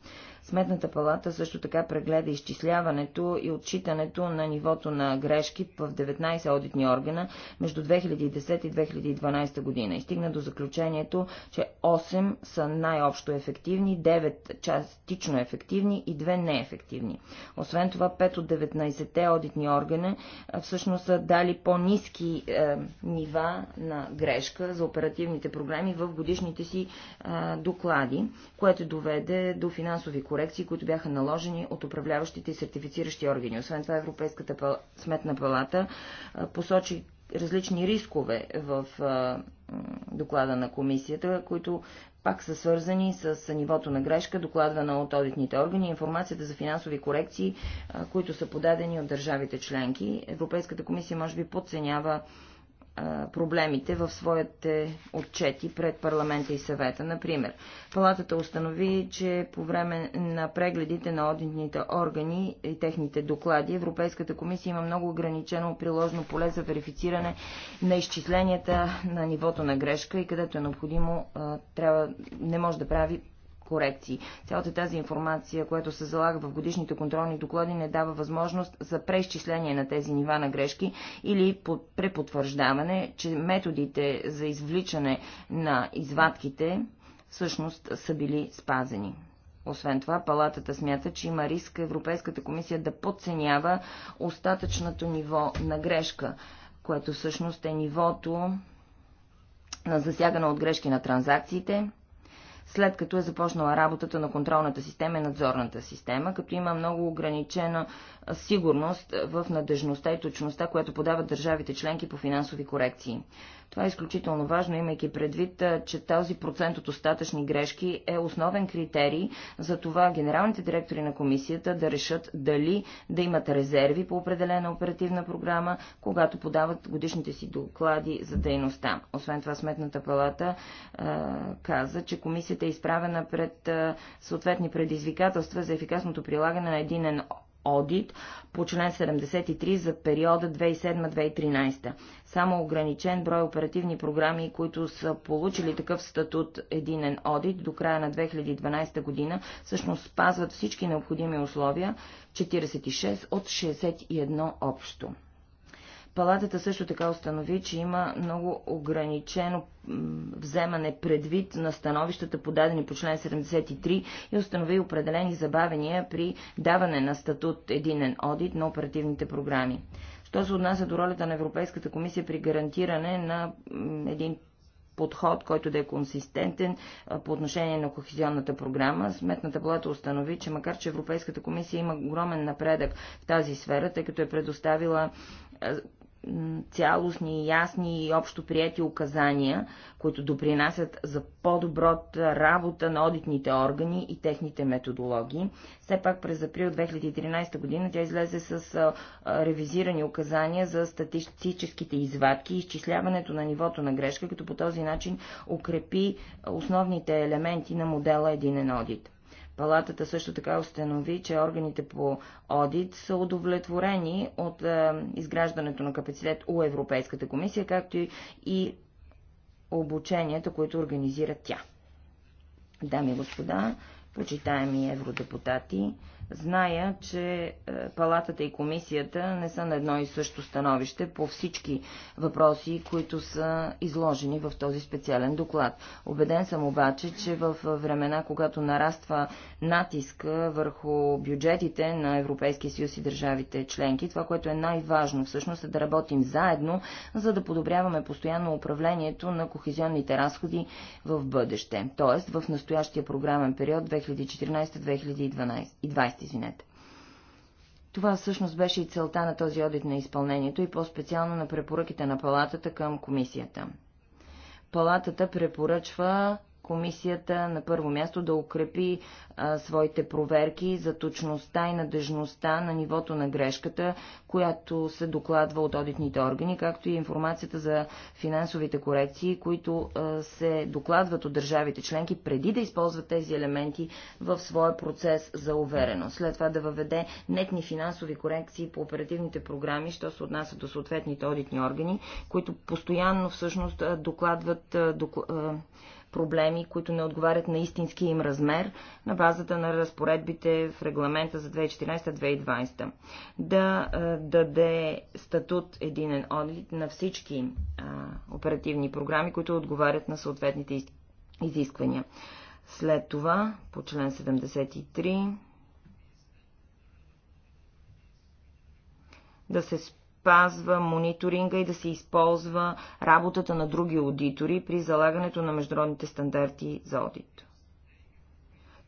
Сметната палата също така прегледа изчисляването и отчитането на нивото на грешки в 19 одитни органа между 2010 и 2012 година и стигна до заключението, че 8 са най-общо ефективни, 9 частично ефективни и 2 неефективни. Освен това, 5 от 19-те одитни органа всъщност са дали по-низки е, нива на грешка за оперативните програми в годишните си а, доклади, което доведе до финансови корекции, които бяха наложени от управляващите и сертифициращи органи. Освен това Европейската пал... сметна палата а, посочи различни рискове в а, доклада на комисията, които пак са свързани с нивото на грешка, докладвана от одитните органи, информацията за финансови корекции, които са подадени от държавите членки. Европейската комисия може би подценява проблемите в своите отчети пред парламента и съвета. Например, палатата установи, че по време на прегледите на одитните органи и техните доклади, Европейската комисия има много ограничено приложно поле за верифициране на изчисленията на нивото на грешка и където е необходимо, трябва, не може да прави корекции. Цялата тази информация, която се залага в годишните контролни доклади, не дава възможност за преизчисление на тези нива на грешки или препотвърждаване, че методите за извличане на извадките всъщност са били спазени. Освен това, палатата смята, че има риск Европейската комисия да подценява остатъчното ниво на грешка, което всъщност е нивото на засягане от грешки на транзакциите, след като е започнала работата на контролната система и надзорната система, като има много ограничена сигурност в надежността и точността, която подават държавите членки по финансови корекции. Това е изключително важно, имайки предвид, че този процент от остатъчни грешки е основен критерий за това генералните директори на комисията да решат дали да имат резерви по определена оперативна програма, когато подават годишните си доклади за дейността. Освен това, Сметната палата а, каза, че комисията е изправена пред а, съответни предизвикателства за ефикасното прилагане на единен одит по член 73 за периода 2007-2013. Само ограничен брой оперативни програми, които са получили такъв статут единен одит до края на 2012 година, всъщност спазват всички необходими условия, 46 от 61 общо. Палатата също така установи, че има много ограничено вземане предвид на становищата подадени по член 73 и установи определени забавения при даване на статут единен одит на оперативните програми. Що се отнася до ролята на Европейската комисия при гарантиране на един подход, който да е консистентен по отношение на кохезионната програма. Сметната палата установи, че макар, че Европейската комисия има огромен напредък в тази сфера, тъй като е предоставила цялостни, ясни и общо прияти указания, които допринасят за по-доброта работа на одитните органи и техните методологии. Все пак през април 2013 година тя излезе с ревизирани указания за статистическите извадки и изчисляването на нивото на грешка, като по този начин укрепи основните елементи на модела единен одит. Палатата също така установи, че органите по одит са удовлетворени от е, изграждането на капацитет у Европейската комисия, както и обученията, които организира тя. Дами и господа, почитаеми евродепутати, Зная, че е, палатата и комисията не са на едно и също становище по всички въпроси, които са изложени в този специален доклад. Обеден съм обаче, че в времена, когато нараства натиска върху бюджетите на Европейския съюз и държавите членки, това, което е най-важно всъщност е да работим заедно, за да подобряваме постоянно управлението на кохезионните разходи в бъдеще, т.е. в настоящия програмен период 2014-2020 част, извинете. Това всъщност беше и целта на този одит на изпълнението и по-специално на препоръките на палатата към комисията. Палатата препоръчва комисията на първо място да укрепи а, своите проверки за точността и надежността на нивото на грешката, която се докладва от одитните органи, както и информацията за финансовите корекции, които а, се докладват от държавите членки преди да използват тези елементи в своя процес за увереност. След това да въведе нетни финансови корекции по оперативните програми, що се отнася до съответните одитни органи, които постоянно всъщност докладват докл проблеми, които не отговарят на истински им размер на базата на разпоредбите в регламента за 2014-2020. Да даде статут единен одит на всички а, оперативни програми, които отговарят на съответните изисквания. След това, по член 73, да се спазва мониторинга и да се използва работата на други аудитори при залагането на международните стандарти за одит.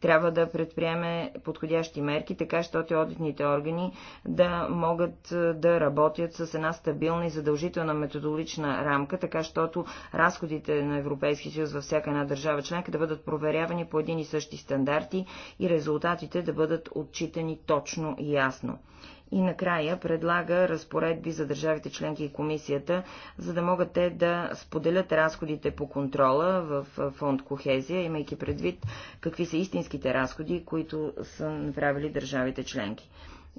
Трябва да предприеме подходящи мерки, така щото одитните органи да могат е, да работят с една стабилна и задължителна методологична рамка, така щото разходите на Европейския съюз във всяка една държава членка да бъдат проверявани по един и същи стандарти и резултатите да бъдат отчитани точно и ясно и накрая предлага разпоредби за държавите членки и комисията, за да могат те да споделят разходите по контрола в фонд Кохезия, имайки предвид какви са истинските разходи, които са направили държавите членки.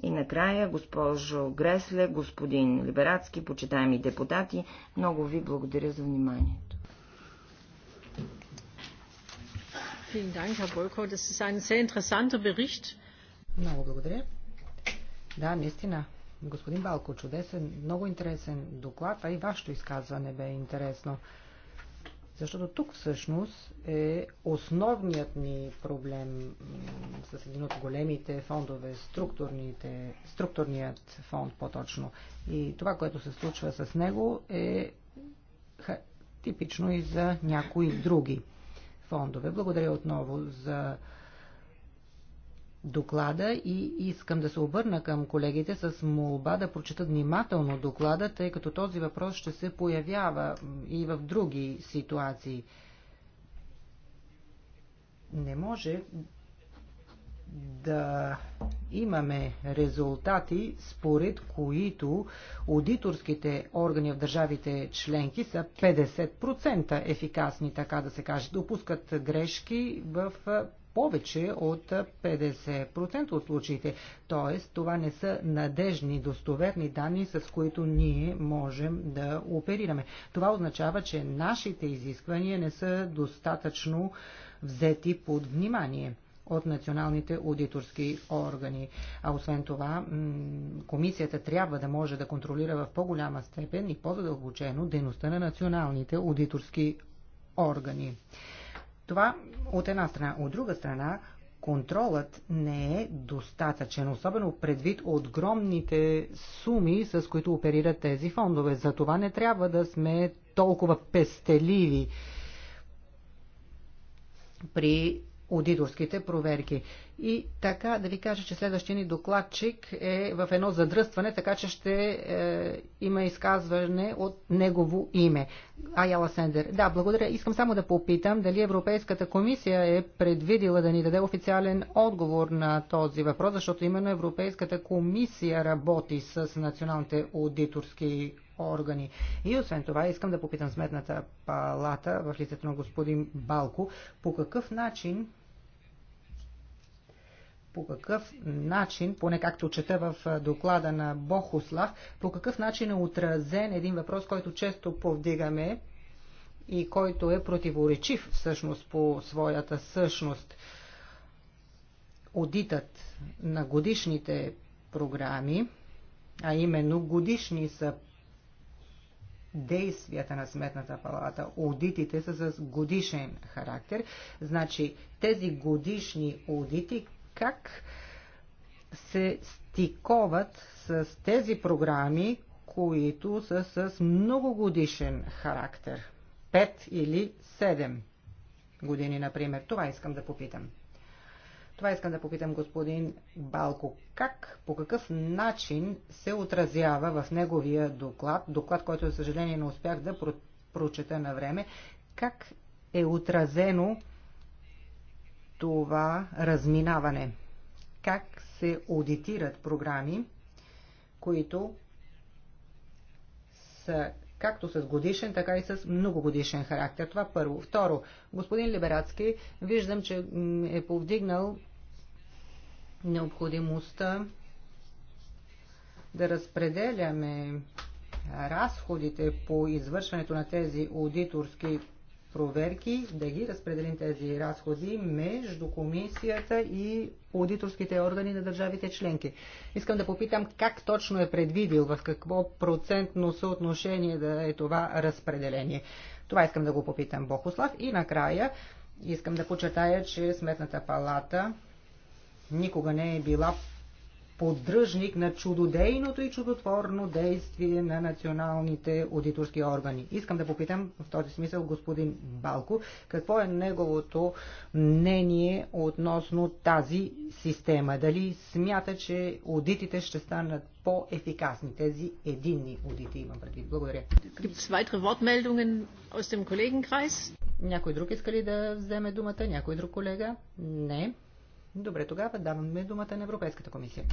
И накрая, госпожо Гресле, господин Либерацки, почитаеми депутати, много ви благодаря за вниманието. Много благодаря. Да, наистина. Господин Балко, чудесен, много интересен доклад, а и вашето изказване бе интересно. Защото тук всъщност е основният ни проблем с един от големите фондове, структурните, структурният фонд по-точно. И това, което се случва с него е типично и за някои други фондове. Благодаря отново за доклада и искам да се обърна към колегите с молба да прочитат внимателно доклада, тъй като този въпрос ще се появява и в други ситуации. Не може да имаме резултати, според които аудиторските органи в държавите членки са 50% ефикасни, така да се каже. Допускат грешки в повече от 50% от случаите. Тоест, това не са надежни, достоверни данни, с които ние можем да оперираме. Това означава, че нашите изисквания не са достатъчно взети под внимание от националните аудиторски органи. А освен това, комисията трябва да може да контролира в по-голяма степен и по-задълбочено дейността на националните аудиторски органи. Това от една страна. От друга страна, контролът не е достатъчен, особено предвид огромните суми, с които оперират тези фондове. За това не трябва да сме толкова пестеливи при аудиторските проверки. И така да ви кажа, че следващия ни докладчик е в едно задръстване, така че ще е, има изказване от негово име. Аяла Сендер. Да, благодаря. Искам само да попитам дали Европейската комисия е предвидила да ни даде официален отговор на този въпрос, защото именно Европейската комисия работи с националните аудиторски органи. И освен това искам да попитам сметната палата в лицето на господин Балко по какъв начин по какъв начин, поне както чета в доклада на Бохослав, по какъв начин е отразен един въпрос, който често повдигаме и който е противоречив всъщност по своята същност. Одитът на годишните програми, а именно годишни са действията на Сметната палата, аудитите са с годишен характер. Значи тези годишни аудити как се стиковат с тези програми, които са с многогодишен характер. 5 или 7 години, например. Това искам да попитам. Това искам да попитам господин Балко. Как, по какъв начин се отразява в неговия доклад, доклад, който, за съжаление, не успях да прочета на време, как е отразено това разминаване? Как се аудитират програми, които са както с годишен, така и с многогодишен характер. Това първо. Второ, господин Либерацки, виждам, че е повдигнал необходимостта да разпределяме разходите по извършването на тези аудиторски проверки, да ги разпределим тези разходи между комисията и аудиторските органи на държавите членки. Искам да попитам как точно е предвидил, в какво процентно съотношение да е това разпределение. Това искам да го попитам Бохослав. И накрая искам да подчертая, че Сметната палата никога не е била поддръжник на чудодейното и чудотворно действие на националните аудиторски органи. Искам да попитам в този смисъл господин Балко, какво е неговото мнение относно тази система? Дали смята, че аудитите ще станат по-ефикасни, тези единни аудити имам предвид. Благодаря. Някой друг иска ли да вземе думата? Някой друг колега? Не. Добре, тогава даваме думата на Европейската комисия.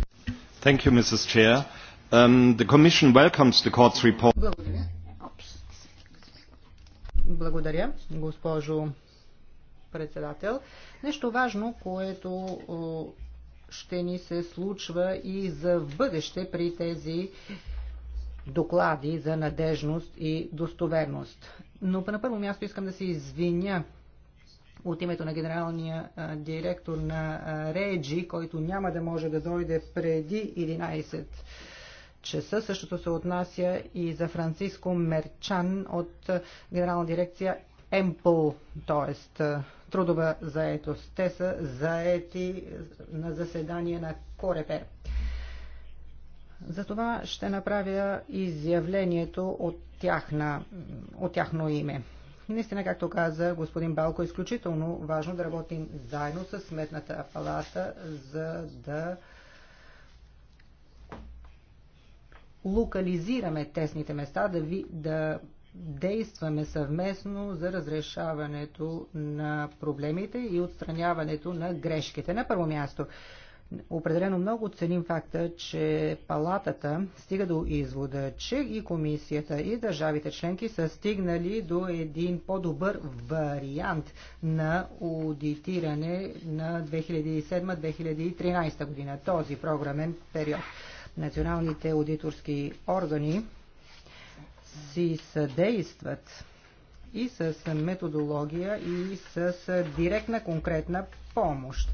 Thank you, Mrs. Chair. Um, the Commission welcomes the court's report. Благодаря. Благодаря, госпожо председател. Нещо важно, което ще ни се случва и за в бъдеще при тези доклади за надежност и достоверност. Но на първо място искам да се извиня от името на генералния директор на Реджи, който няма да може да дойде преди 11 часа. Същото се отнася и за Франциско Мерчан от генерална дирекция Емпл, т.е. трудова заетост. Те са заети на заседание на Корепер. Затова ще направя изявлението от, тяхна, от тяхно име. Наистина, както каза господин Балко, е изключително важно да работим заедно с Сметната палата, за да локализираме тесните места, да, ви, да действаме съвместно за разрешаването на проблемите и отстраняването на грешките. На първо място, Определено много ценим факта, че палатата стига до извода, че и комисията, и държавите членки са стигнали до един по-добър вариант на аудитиране на 2007-2013 година, този програмен период. Националните аудиторски органи си съдействат и с методология, и с директна конкретна помощ.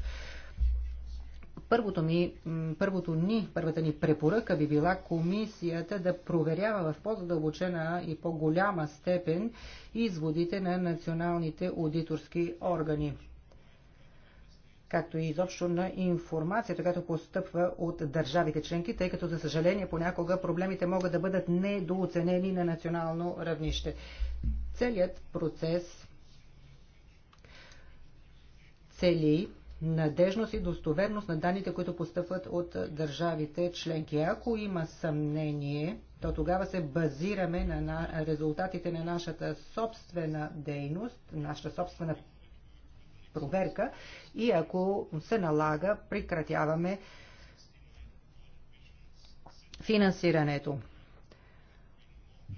Първото, ми, първото ни, първата ни препоръка би била комисията да проверява в по-задълбочена и по-голяма степен изводите на националните аудиторски органи както и изобщо на информацията, която постъпва от държавите членки, тъй като, за съжаление, понякога проблемите могат да бъдат недооценени на национално равнище. Целият процес цели надежност и достоверност на данните, които постъпват от държавите членки. Ако има съмнение, то тогава се базираме на, на резултатите на нашата собствена дейност, нашата собствена проверка и ако се налага, прекратяваме финансирането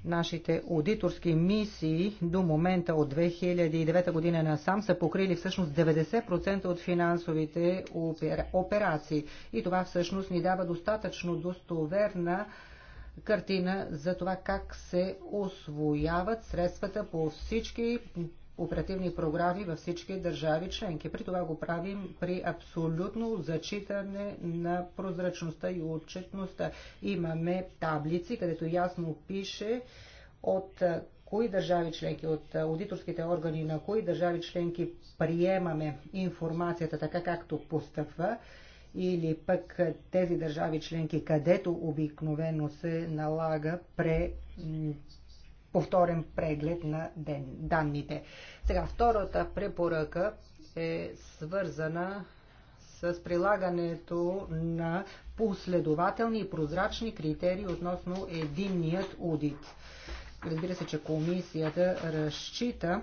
нашите аудиторски мисии до момента от 2009 година насам са покрили всъщност 90% от финансовите операции. И това всъщност ни дава достатъчно достоверна картина за това как се освояват средствата по всички оперативни програми във всички държави членки. При това го правим при абсолютно зачитане на прозрачността и отчетността. Имаме таблици, където ясно пише от кои държави членки, от аудиторските органи на кои държави членки приемаме информацията така както постъпва или пък тези държави членки, където обикновено се налага пре повторен преглед на ден, данните. Сега, втората препоръка е свързана с прилагането на последователни и прозрачни критерии относно единният аудит. Разбира се, че комисията разчита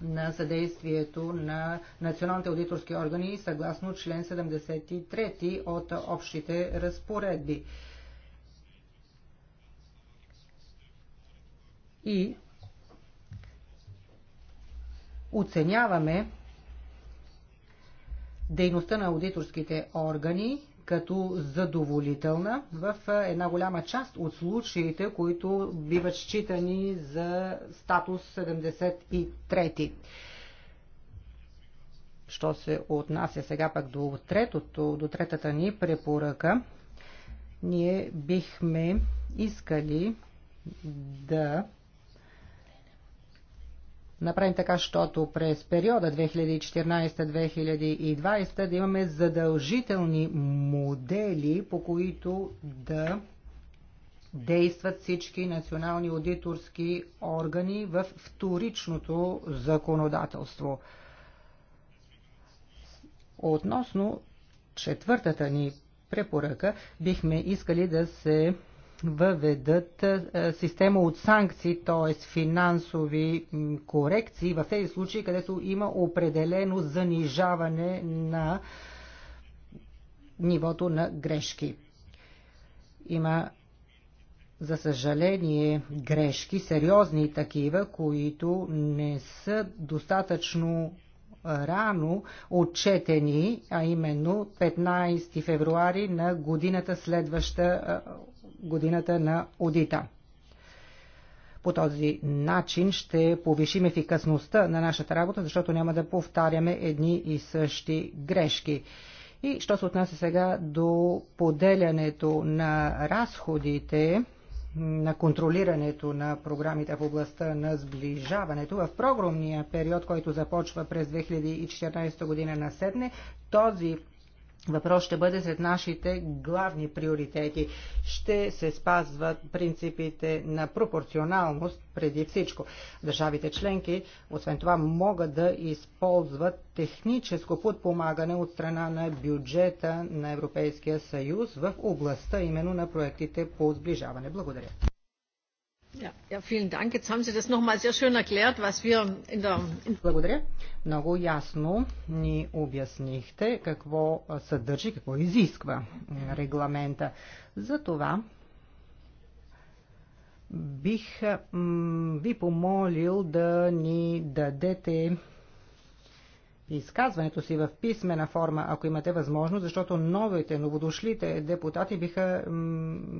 на съдействието на националните аудиторски органи съгласно член 73 от общите разпоредби. и оценяваме дейността на аудиторските органи като задоволителна в една голяма част от случаите, които биват считани за статус 73. Що се отнася сега пък до, третото, до третата ни препоръка, ние бихме искали да направим така, щото през периода 2014-2020 да имаме задължителни модели, по които да действат всички национални аудиторски органи в вторичното законодателство. Относно четвъртата ни препоръка, бихме искали да се въведат система от санкции, т.е. финансови корекции в тези случаи, където има определено занижаване на нивото на грешки. Има за съжаление, грешки, сериозни такива, които не са достатъчно рано отчетени, а именно 15 февруари на годината следваща годината на одита. По този начин ще повишим ефикасността на нашата работа, защото няма да повтаряме едни и същи грешки. И що се отнася сега до поделянето на разходите, на контролирането на програмите в областта на сближаването в програмния период, който започва през 2014 година на седне, този Въпрос ще бъде сред нашите главни приоритети. Ще се спазват принципите на пропорционалност преди всичко. Държавите членки, освен това, могат да използват техническо подпомагане от страна на бюджета на Европейския съюз в областта именно на проектите по сближаване. Благодаря. Благодаря. Много ясно ни обяснихте какво съдържи, какво изисква е, регламента. За това бих ви помолил да ни дадете изказването си в писмена форма, ако имате възможност, защото новите, новодошлите депутати биха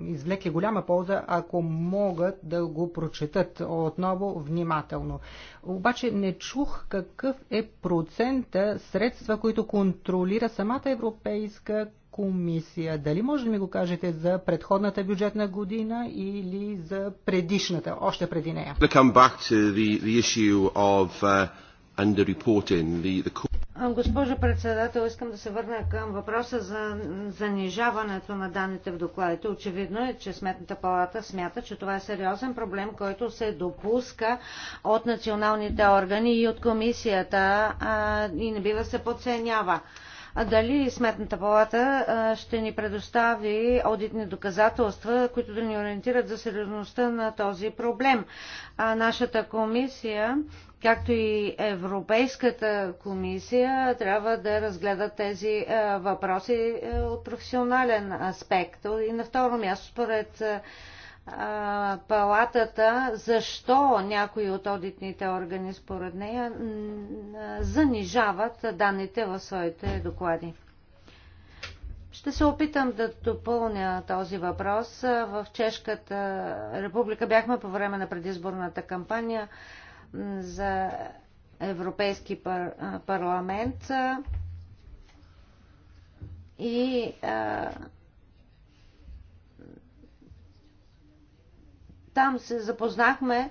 извлекли голяма полза, ако могат да го прочетат отново внимателно. Обаче не чух какъв е процента средства, които контролира самата Европейска комисия. Дали може да ми го кажете за предходната бюджетна година или за предишната, още преди нея? Госпожо председател, искам да се върна към въпроса за занижаването на данните в докладите. Очевидно е, че Сметната палата смята, че това е сериозен проблем, който се допуска от националните органи и от комисията а, и не бива се подценява. А дали Сметната палата ще ни предостави одитни доказателства, които да ни ориентират за сериозността на този проблем? А нашата комисия както и Европейската комисия, трябва да разгледат тези е, въпроси е, от професионален аспект. И на второ място, според е, палатата, защо някои от одитните органи, според нея, занижават данните в своите доклади. Ще се опитам да допълня този въпрос. В Чешката република бяхме по време на предизборната кампания за Европейски пар, парламент и а, там се запознахме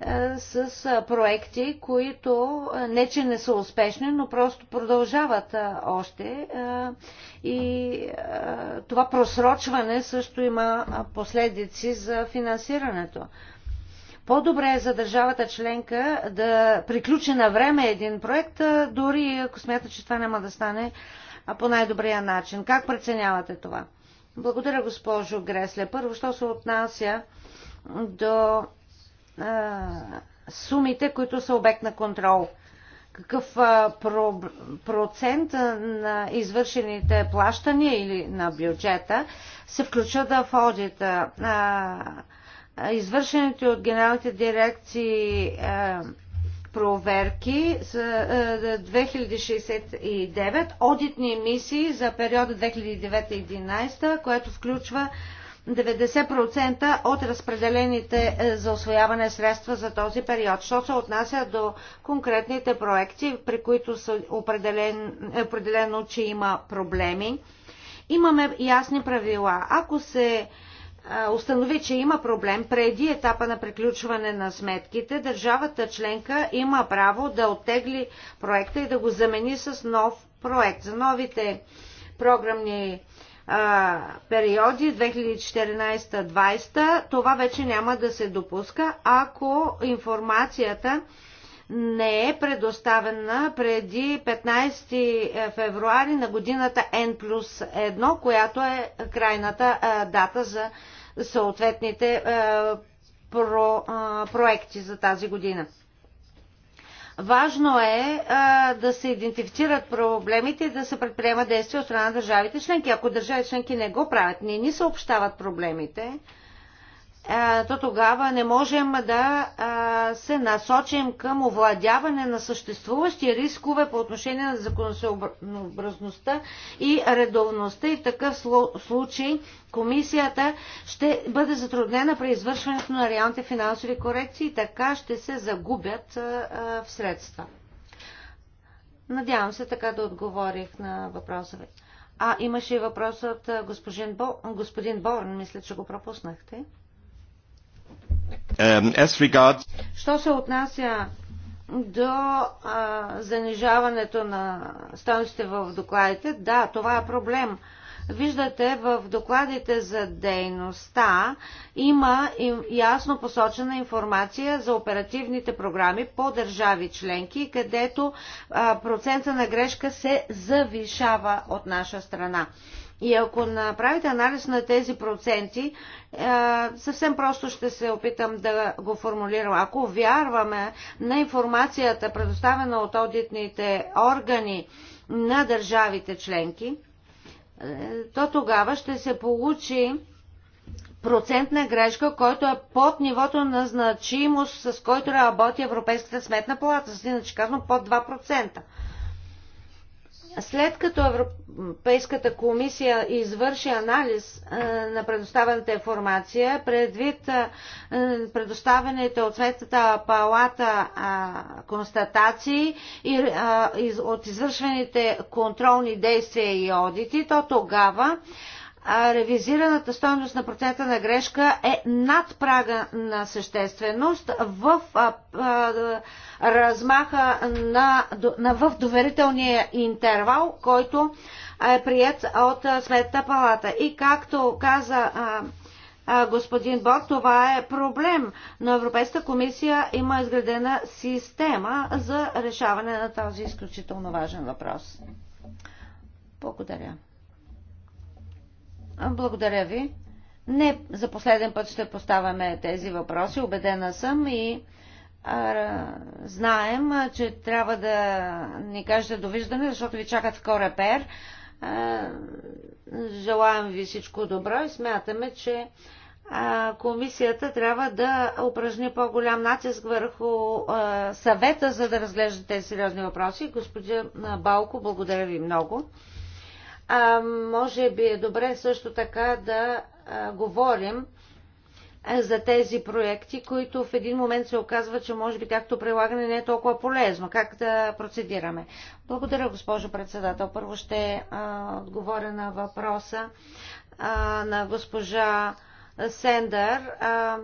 а, с а, проекти, които не че не са успешни, но просто продължават а, още. А, и а, това просрочване също има последици за финансирането. А, по-добре е за държавата членка да приключи на време един проект, дори ако смята, че това няма да стане по най-добрия начин. Как преценявате това? Благодаря, госпожо Гресле. Първо, що се отнася до а, сумите, които са обект на контрол. Какъв а, про, процент на извършените плащания или на бюджета се включват в одита? А, извършените от генералните дирекции проверки за 2069 одитни емисии за периода 2009-2011, което включва 90% от разпределените е, за освояване средства за този период. Що се отнася до конкретните проекти, при които са определен, е, определено, че има проблеми, имаме ясни правила. Ако се установи, че има проблем преди етапа на приключване на сметките, държавата членка има право да оттегли проекта и да го замени с нов проект. За новите програмни а, периоди 2014-2020 това вече няма да се допуска, ако информацията не е предоставена преди 15 е, февруари на годината N плюс 1, която е крайната е, дата за съответните е, проекти за тази година. Важно е а, да се идентифицират проблемите и да се предприемат действия от страна на държавите членки. Ако държави членки не го правят, не ни съобщават проблемите, то тогава не можем да се насочим към овладяване на съществуващи рискове по отношение на законосъобразността и редовността. И в такъв случай комисията ще бъде затруднена при извършването на реалните финансови корекции и така ще се загубят в средства. Надявам се така да отговорих на въпроса ви. А, имаше и въпрос от господин, Бо, господин Борн. Мисля, че го пропуснахте. Що се отнася до а, занижаването на стойностите в докладите, да, това е проблем. Виждате в докладите за дейността има ясно посочена информация за оперативните програми по държави членки, където процента на грешка се завишава от наша страна. И ако направите анализ на тези проценти, е, съвсем просто ще се опитам да го формулирам. Ако вярваме на информацията, предоставена от аудитните органи на държавите членки, е, то тогава ще се получи процентна грешка, който е под нивото на значимост, с който работи Европейската сметна палата, с иначе казано под 2%. След като Европейската комисия извърши анализ на предоставената информация, предвид предоставените от Светата палата констатации и от извършените контролни действия и одити, то тогава ревизираната стойност на процента на грешка е над прага на същественост в размаха на, на в доверителния интервал, който е прият от Светта палата. И както каза господин Бог, това е проблем, но Европейската комисия има изградена система за решаване на този изключително важен въпрос. Благодаря. Благодаря ви. Не за последен път ще поставяме тези въпроси, убедена съм и а, знаем, че трябва да ни кажете довиждане, защото ви чакат в Корепер. А, желаем ви всичко добро и смятаме, че а, комисията трябва да упражни по-голям натиск върху а, съвета, за да разглежда тези сериозни въпроси. Господин Балко, благодаря ви много а, може би е добре също така да а, говорим за тези проекти, които в един момент се оказва, че може би както прилагане не е толкова полезно. Как да процедираме? Благодаря, госпожо председател. Първо ще а, отговоря на въпроса а, на госпожа Сендър. А,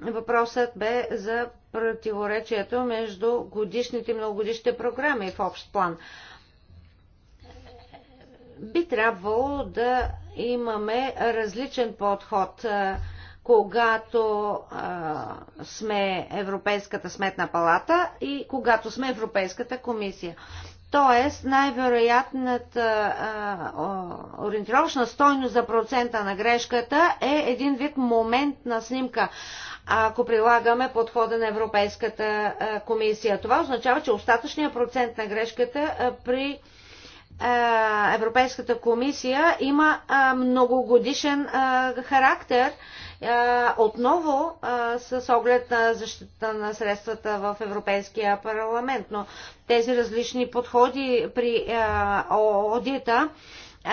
въпросът бе за противоречието между годишните и многогодишните програми в общ план. А, би трябвало да имаме различен подход, когато сме Европейската сметна палата и когато сме Европейската комисия. Тоест, най-вероятната ориентировъчна стойност за процента на грешката е един вид момент на снимка, ако прилагаме подхода на Европейската комисия. Това означава, че остатъчният процент на грешката при е, Европейската комисия има е, многогодишен е, характер отново с оглед на защита на средствата в Европейския парламент. Но тези различни подходи при одита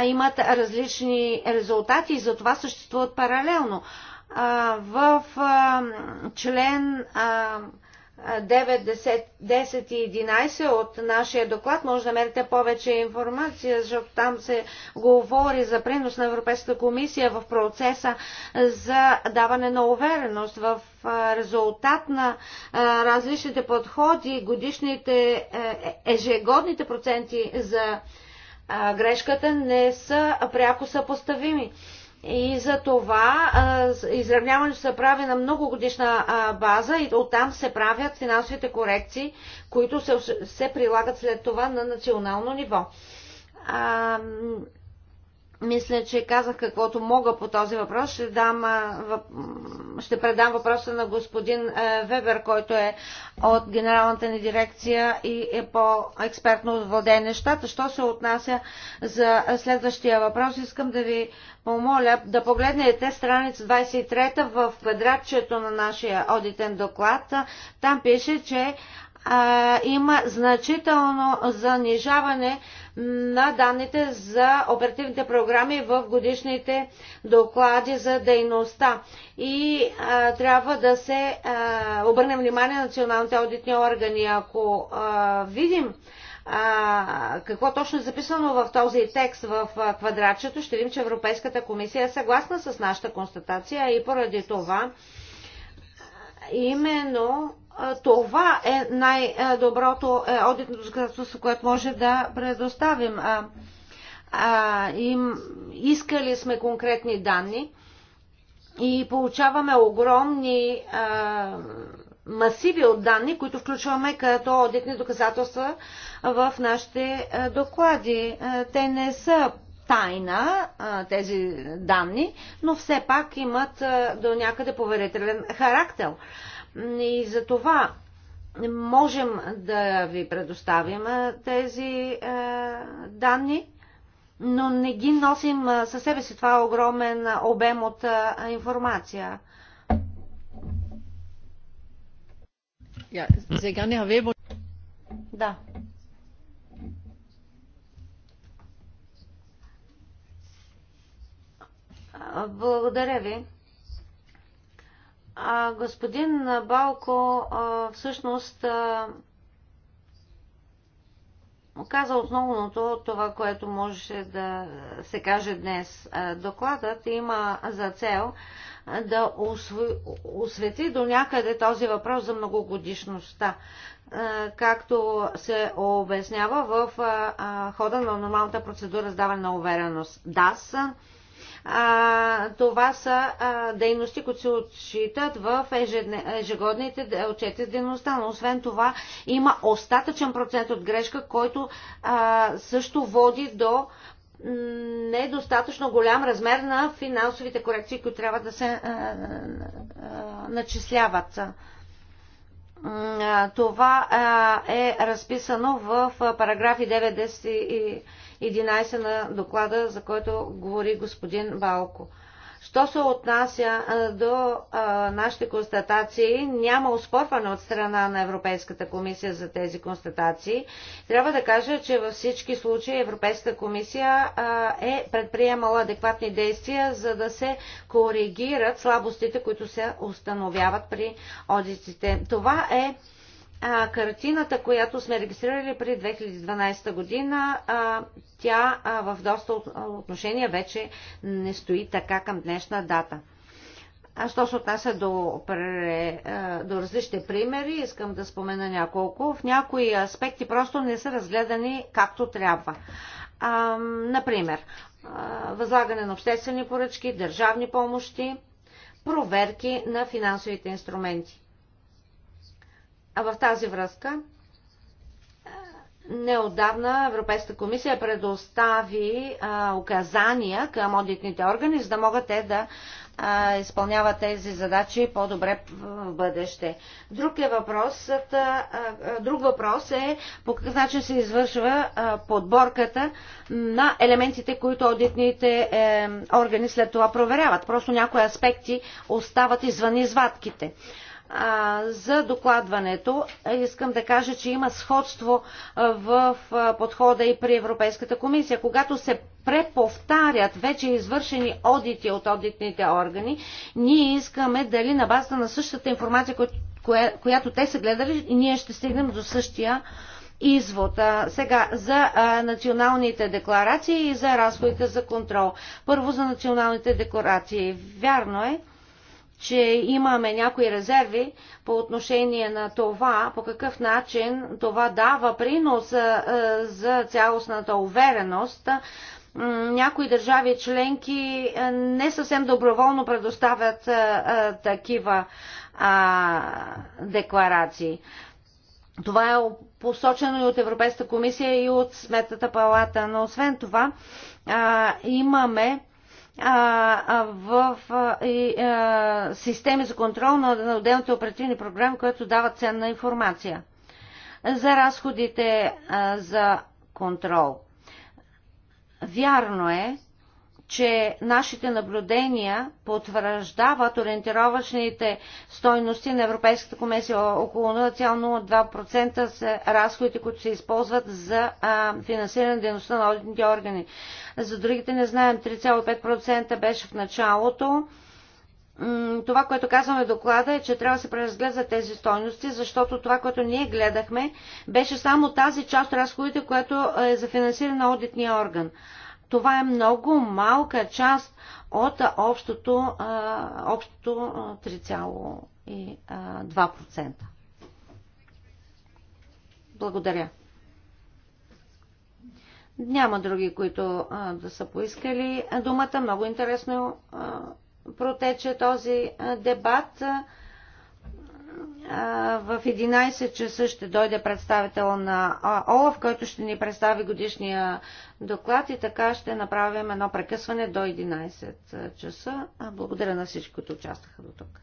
имат различни резултати и затова съществуват паралелно. В член 9, 10, и 11 от нашия доклад. Може да намерите повече информация, защото там се говори за принос на Европейската комисия в процеса за даване на увереност в резултат на различните подходи, годишните, е, е, ежегодните проценти за грешката не са пряко съпоставими. И за това изравняването се прави на много годишна база и оттам се правят финансовите корекции, които се, се прилагат след това на национално ниво. Мисля, че казах каквото мога по този въпрос. Ще, дам, ще предам въпроса на господин Вебер, който е от Генералната ни дирекция и е по-експертно владее нещата. Що се отнася за следващия въпрос, искам да ви помоля да погледнете страница 23 в квадратчето на нашия одитен доклад. Там пише, че а, има значително занижаване на данните за оперативните програми в годишните доклади за дейността. И а, трябва да се а, обърне внимание на националните аудитни органи. Ако а, видим а, какво точно е записано в този текст в квадратчето, ще видим, че Европейската комисия е съгласна с нашата констатация и поради това именно това е най-доброто е, одитно доказателство, което може да предоставим. им, искали сме конкретни данни и получаваме огромни масиви от данни, които включваме като одитни доказателства в нашите доклади. Те не са тайна тези данни, но все пак имат до някъде поверителен характер. И за това можем да ви предоставим тези е, данни, но не ги носим със себе си. Това е огромен обем от е, информация. Да. Благодаря ви. А, господин Балко а, всъщност а, каза основното от това, което можеше да се каже днес. Докладът има за цел да освети до някъде този въпрос за многогодишността, както се обяснява в хода на нормалната процедура сдаване на увереност. Да, са а, това са а, дейности, които се отчитат в ежегодните отчети с дейността. Но освен това има остатъчен процент от грешка, който а, също води до недостатъчно голям размер на финансовите корекции, които трябва да се а, а, начисляват. Това е разписано в параграфи 9, 10 и 11 на доклада, за който говори господин Балко. Що се отнася до нашите констатации, няма успорване от страна на Европейската комисия за тези констатации. Трябва да кажа, че във всички случаи Европейската комисия е предприемала адекватни действия, за да се коригират слабостите, които се установяват при одитите. Това е а, картината, която сме регистрирали при 2012 година, а, тя а, в доста отношения вече не стои така към днешна дата. А що се отнася до, до различни примери, искам да спомена няколко. В някои аспекти просто не са разгледани както трябва. А, например, възлагане на обществени поръчки, държавни помощи, проверки на финансовите инструменти. А в тази връзка е, неодавна Европейската комисия предостави а, е, указания към одитните органи, за да могат те да а, е, изпълняват тези задачи по-добре в бъдеще. Друг, е въпрос, а, друг въпрос е по какъв начин се извършва а, подборката на елементите, които одитните е, органи след това проверяват. Просто някои аспекти остават извън извадките. А, за докладването е, искам да кажа, че има сходство в подхода и при Европейската комисия. Когато се преповтарят вече извършени одити от одитните органи, ние искаме дали на базата на същата информация, коя, която те са гледали, ние ще стигнем до същия извод. А, сега за а, националните декларации и за разходите за контрол. Първо за националните декларации. Вярно е, че имаме някои резерви по отношение на това, по какъв начин това дава принос за цялостната увереност. Някои държави членки не съвсем доброволно предоставят такива декларации. Това е посочено и от Европейската комисия и от Сметната палата. Но освен това, имаме в системи за контрол на отделните оперативни програми, които дават ценна информация. За разходите за контрол. Вярно е, че нашите наблюдения потвърждават ориентировачните стойности на Европейската комисия. Около 0,02% са разходите, които се използват за а, финансиране на дейността на одитните органи. За другите не знаем, 3,5% беше в началото. Това, което казваме в доклада е, че трябва да се преразгледат тези стойности, защото това, което ние гледахме, беше само тази част от разходите, което е за финансиране на одитния орган. Това е много малка част от общото, общото 3,2%. Благодаря. Няма други, които а, да са поискали думата. Много интересно а, протече този а, дебат в 11 часа ще дойде представител на ОЛАФ, който ще ни представи годишния доклад и така ще направим едно прекъсване до 11 часа. Благодаря на всички, които участваха до тук.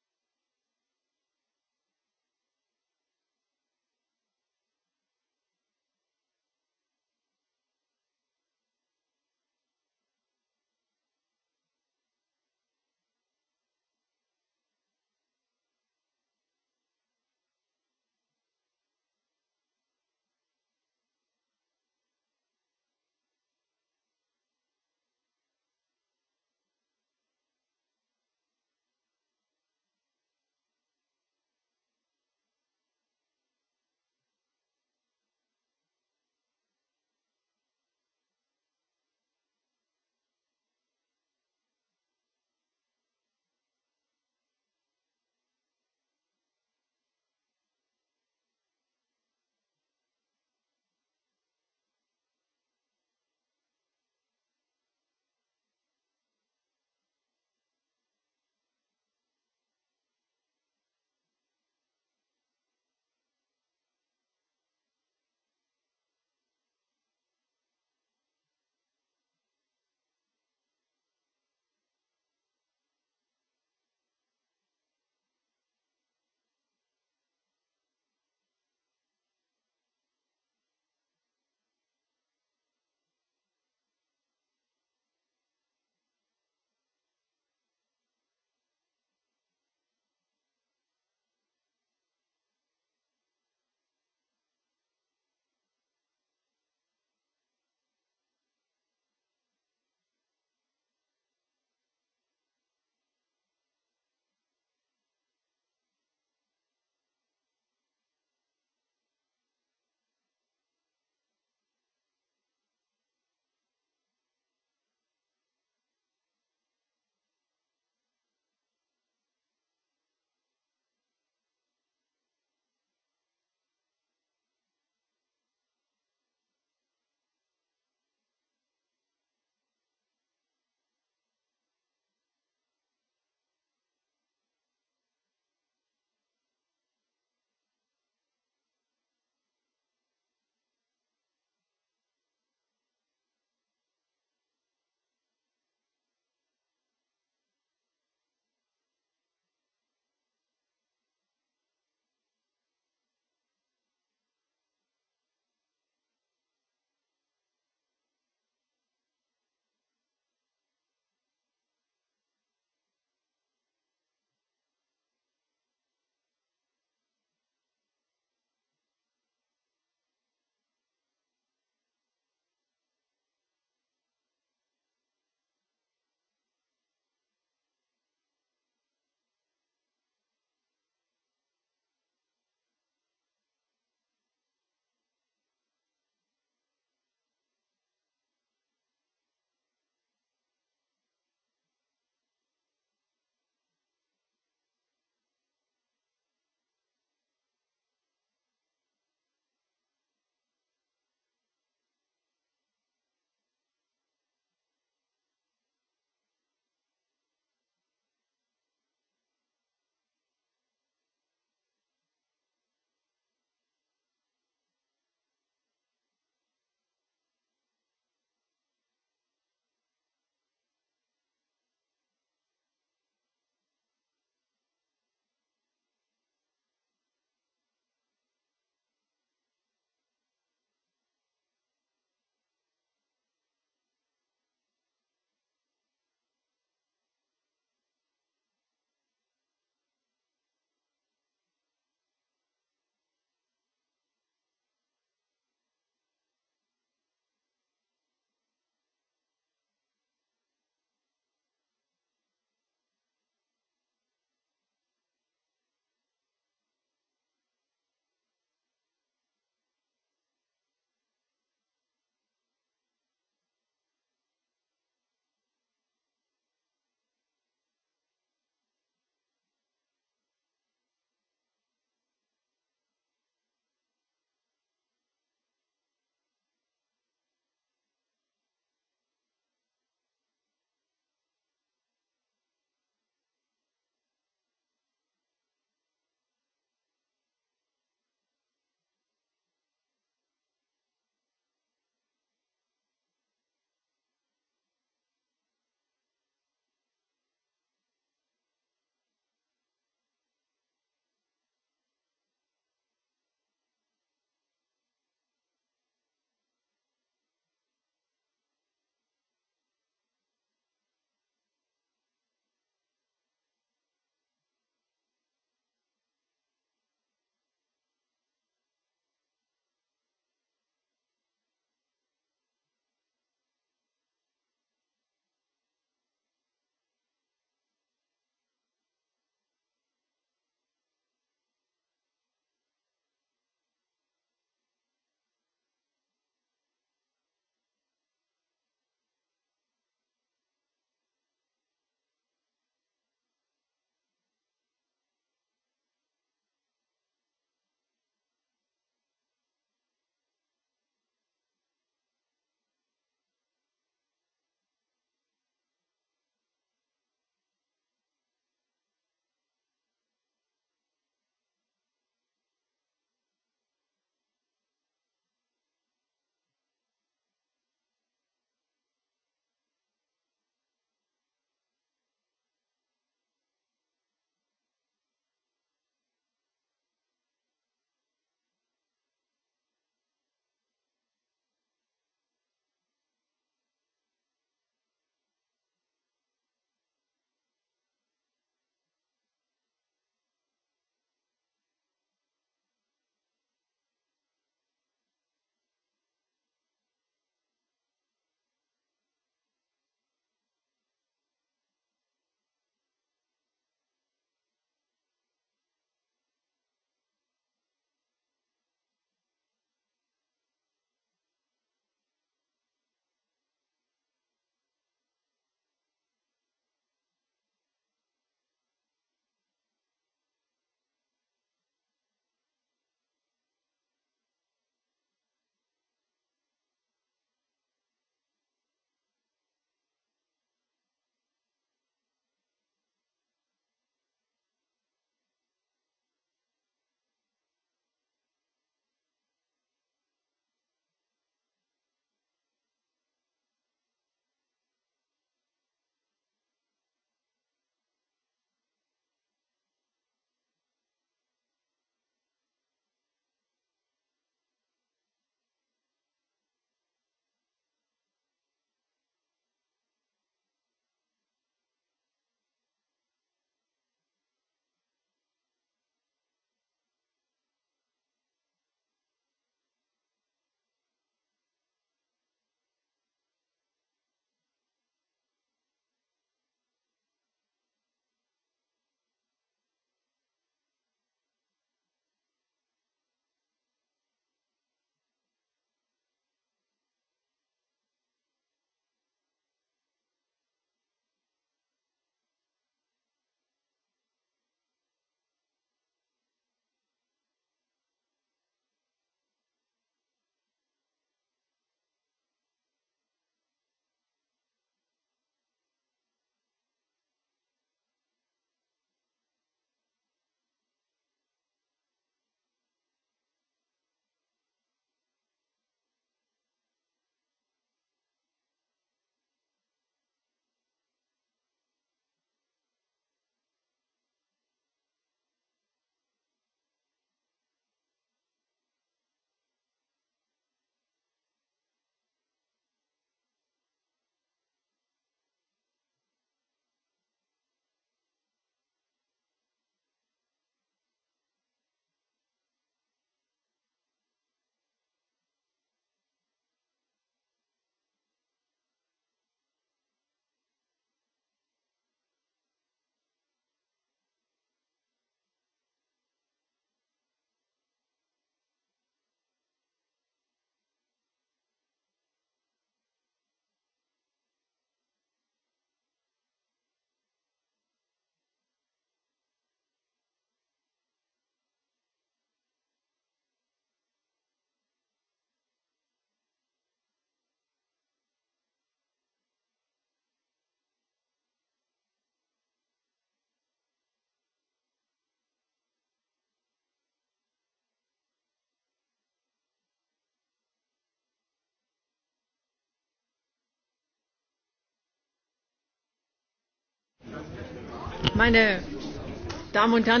Дами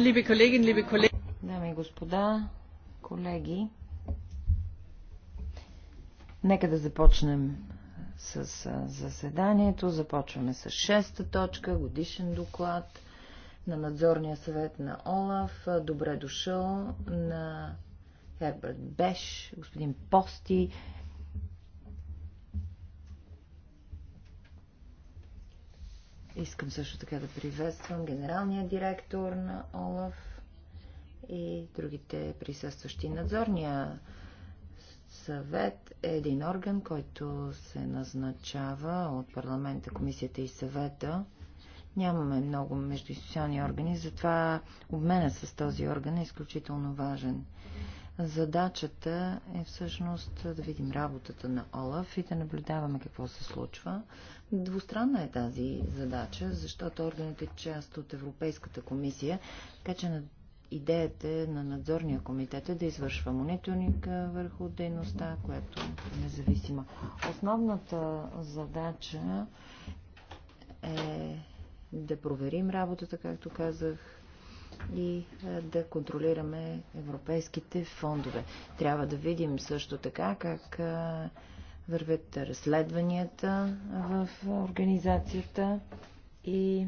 и господа, колеги, нека да започнем с заседанието. Започваме с шеста точка, годишен доклад на надзорния съвет на ОЛАФ. Добре дошъл на Херберт Беш, господин Пости, Искам също така да приветствам генералния директор на ОЛАФ и другите присъстващи надзорния съвет е един орган, който се назначава от парламента, комисията и съвета. Нямаме много междуинституционални органи, затова обменът с този орган е изключително важен. Задачата е всъщност да видим работата на Олаф и да наблюдаваме какво се случва. Двустранна е тази задача, защото органът е част от Европейската комисия, така че идеята е на надзорния комитет е да извършва мониторинг върху дейността, която е независима. Основната задача е да проверим работата, както казах, и е, да контролираме европейските фондове. Трябва да видим също така как е, Вървят разследванията в организацията и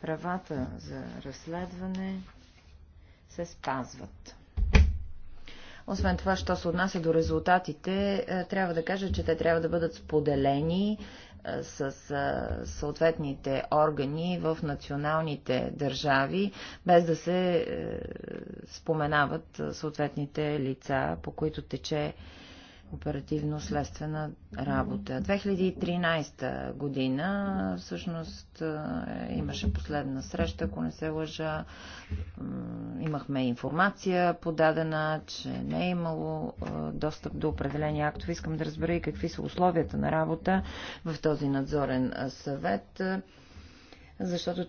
правата за разследване се спазват. Освен това, що се отнася до резултатите, е, трябва да кажа, че те трябва да бъдат споделени е, с е, съответните органи в националните държави, без да се споменават съответните лица, по които тече оперативно-следствена работа. 2013 година всъщност е, имаше последна среща, ако не се лъжа. Имахме информация подадена, че не е имало е, достъп до определени актове. Искам да разбера и какви са условията на работа в този надзорен съвет, е, защото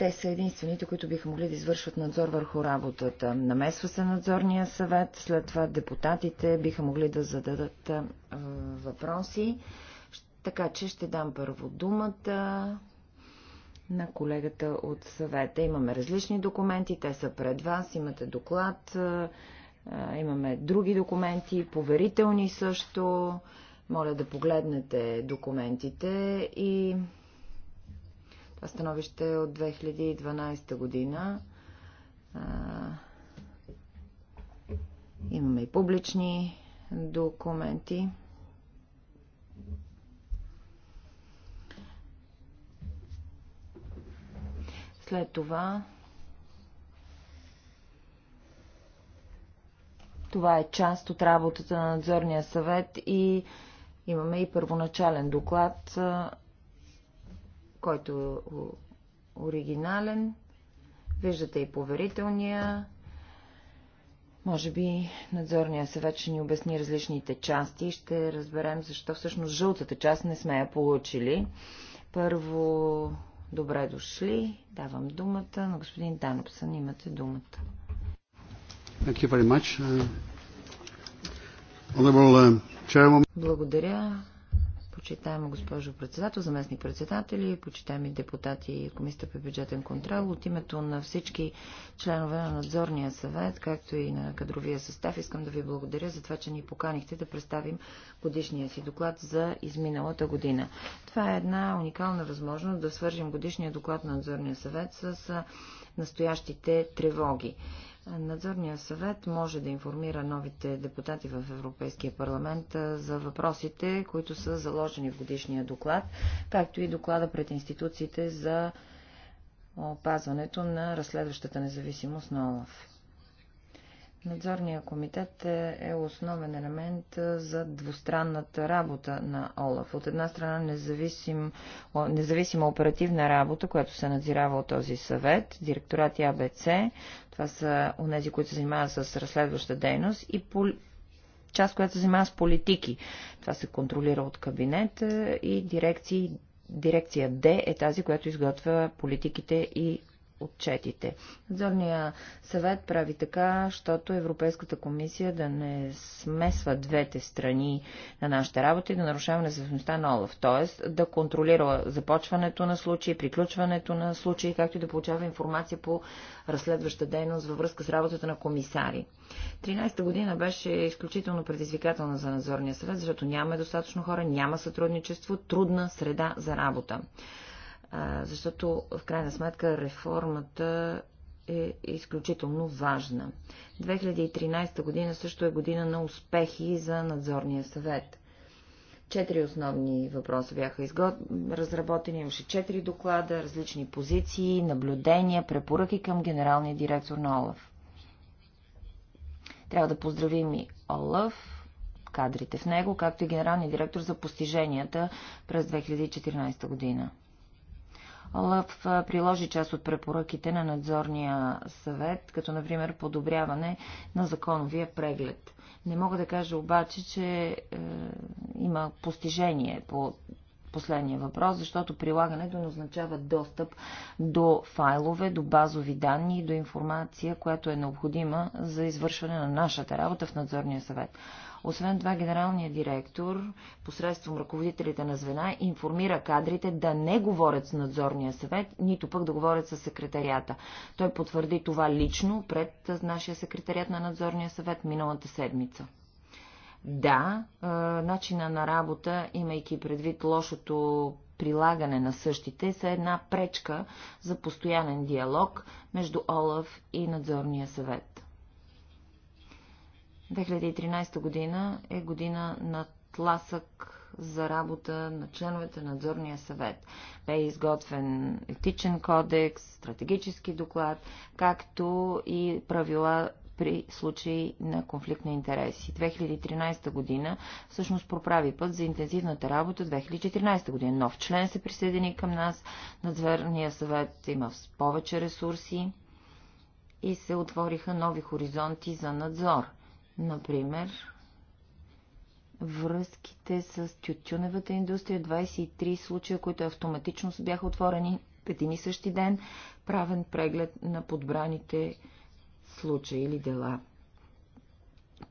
те са единствените, които биха могли да извършват надзор върху работата. Намесва се надзорния съвет, след това депутатите биха могли да зададат въпроси. Така че ще дам първо думата на колегата от съвета. Имаме различни документи, те са пред вас, имате доклад, имаме други документи, поверителни също. Моля да погледнете документите и това становище е от 2012 година. А, имаме и публични документи. След това това е част от работата на надзорния съвет и имаме и първоначален доклад който е оригинален. Виждате и поверителния. Може би надзорния съвет ще ни обясни различните части и ще разберем защо всъщност жълтата част не сме я получили. Първо, добре дошли. Давам думата на господин Данопсън. Имате думата. Uh, uh, Благодаря. Почитаема госпожо председател, заместни председатели, почитаеми депутати и Комисията по бюджетен контрол, от името на всички членове на надзорния съвет, както и на кадровия състав, искам да ви благодаря за това, че ни поканихте да представим годишния си доклад за изминалата година. Това е една уникална възможност да свържим годишния доклад на надзорния съвет с настоящите тревоги. Надзорният съвет може да информира новите депутати в Европейския парламент за въпросите, които са заложени в годишния доклад, както и доклада пред институциите за опазването на разследващата независимост на ОЛАФ. Надзорният комитет е, е основен елемент е, за двустранната работа на ОЛАФ. От една страна независим, независима оперативна работа, която се надзирава от този съвет, директорат и АБЦ, това са онези, които се занимават с разследваща дейност и пол... част, която се занимава с политики. Това се контролира от кабинет и дирекции. Дирекция Д е тази, която изготвя политиките и отчетите. Надзорния съвет прави така, защото Европейската комисия да не смесва двете страни на нашите работа и да нарушава независимостта на ОЛАФ, т.е. да контролира започването на случаи, приключването на случаи, както и да получава информация по разследваща дейност във връзка с работата на комисари. 13-та година беше изключително предизвикателна за надзорния съвет, защото няма достатъчно хора, няма сътрудничество, трудна среда за работа защото в крайна сметка реформата е изключително важна. 2013 година също е година на успехи за надзорния съвет. Четири основни въпроса бяха изгод... разработени, имаше четири доклада, различни позиции, наблюдения, препоръки към генералния директор на Олаф. Трябва да поздравим и Олаф, кадрите в него, както и генералния директор за постиженията през 2014 година. Лъв приложи част от препоръките на надзорния съвет, като например подобряване на законовия преглед. Не мога да кажа обаче, че е, има постижение по последния въпрос, защото прилагането не означава достъп до файлове, до базови данни и до информация, която е необходима за извършване на нашата работа в надзорния съвет. Освен това, генералният директор, посредством ръководителите на звена, информира кадрите да не говорят с надзорния съвет, нито пък да говорят с секретарията. Той потвърди това лично пред нашия секретарият на надзорния съвет миналата седмица. Да, е, начина на работа, имайки предвид лошото прилагане на същите са една пречка за постоянен диалог между Олаф и надзорния съвет. 2013 година е година на тласък за работа на членовете на надзорния съвет. Бе изготвен етичен кодекс, стратегически доклад, както и правила при случаи на конфликт на интереси. 2013 година всъщност проправи път за интензивната работа 2014 година. Нов член се присъедини към нас, надзорния съвет има повече ресурси и се отвориха нови хоризонти за надзор – Например, връзките с тютюневата индустрия, 23 случая, които автоматично са бяха отворени в един и същи ден, правен преглед на подбраните случаи или дела.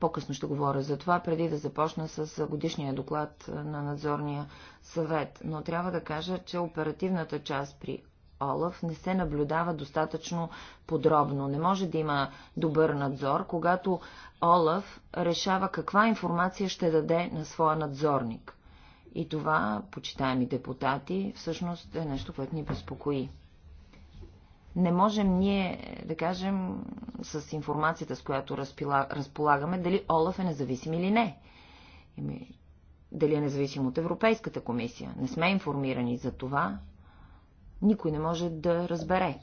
По-късно ще говоря за това, преди да започна с годишния доклад на надзорния съвет, но трябва да кажа, че оперативната част при Олаф не се наблюдава достатъчно подробно. Не може да има добър надзор, когато Олаф решава каква информация ще даде на своя надзорник. И това, почитаеми депутати, всъщност е нещо, което ни безпокои. Не можем ние да кажем с информацията, с която разполагаме, дали Олаф е независим или не. Дали е независим от Европейската комисия. Не сме информирани за това никой не може да разбере.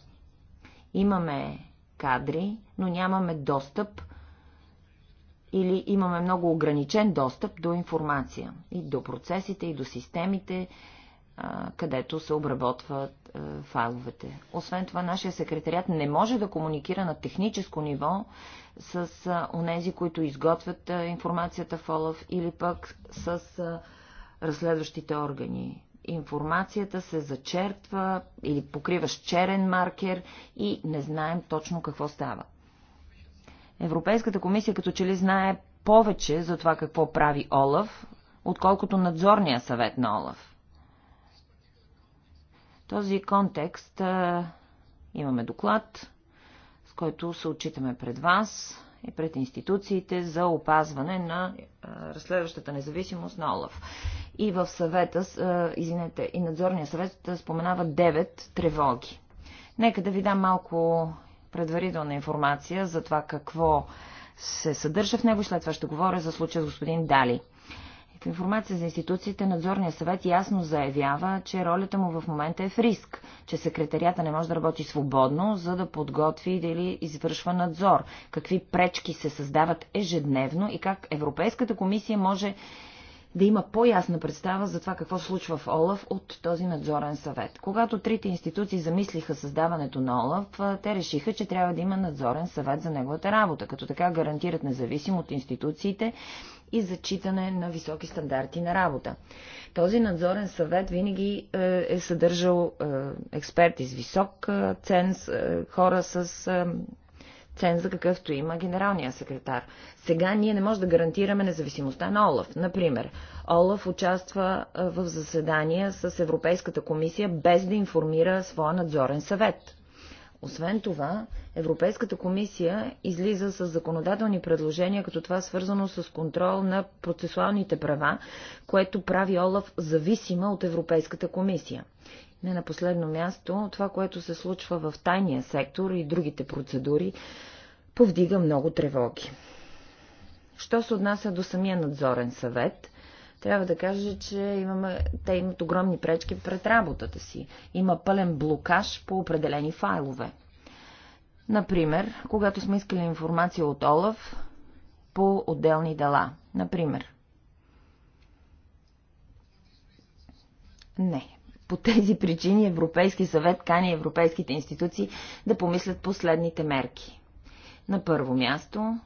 Имаме кадри, но нямаме достъп или имаме много ограничен достъп до информация и до процесите, и до системите, където се обработват файловете. Освен това, нашия секретарят не може да комуникира на техническо ниво с онези, които изготвят информацията в ОЛАФ или пък с разследващите органи информацията се зачертва или покриваш черен маркер и не знаем точно какво става. Европейската комисия като че ли знае повече за това какво прави Олаф, отколкото надзорния съвет на Олаф. В този контекст а, имаме доклад, с който се отчитаме пред вас и пред институциите за опазване на разследващата независимост на Олаф. И в съвета, извинете, и надзорния съвет споменава 9 тревоги. Нека да ви дам малко предварителна информация за това какво се съдържа в него. След това ще говоря за случая с господин Дали информация за институциите, надзорния съвет ясно заявява, че ролята му в момента е в риск, че секретарията не може да работи свободно, за да подготви или извършва надзор. Какви пречки се създават ежедневно и как Европейската комисия може да има по-ясна представа за това какво случва в ОЛАФ от този надзорен съвет. Когато трите институции замислиха създаването на ОЛАФ, те решиха, че трябва да има надзорен съвет за неговата работа, като така гарантират независимо от институциите и зачитане на високи стандарти на работа. Този надзорен съвет винаги е, е съдържал е, експерти с висок е, ценз, хора с цен за какъвто има генералния секретар. Сега ние не можем да гарантираме независимостта на Олаф. Например, Олаф участва в заседания с Европейската комисия без да информира своя надзорен съвет. Освен това, Европейската комисия излиза с законодателни предложения, като това свързано с контрол на процесуалните права, което прави Олаф зависима от Европейската комисия. Не на последно място, това, което се случва в тайния сектор и другите процедури, повдига много тревоги. Що се отнася до самия надзорен съвет, трябва да кажа, че имаме, те имат огромни пречки пред работата си. Има пълен блокаж по определени файлове. Например, когато сме искали информация от Олаф по отделни дела. Например. Не. По тези причини Европейски съвет кани европейските институции да помислят последните мерки. На първо място,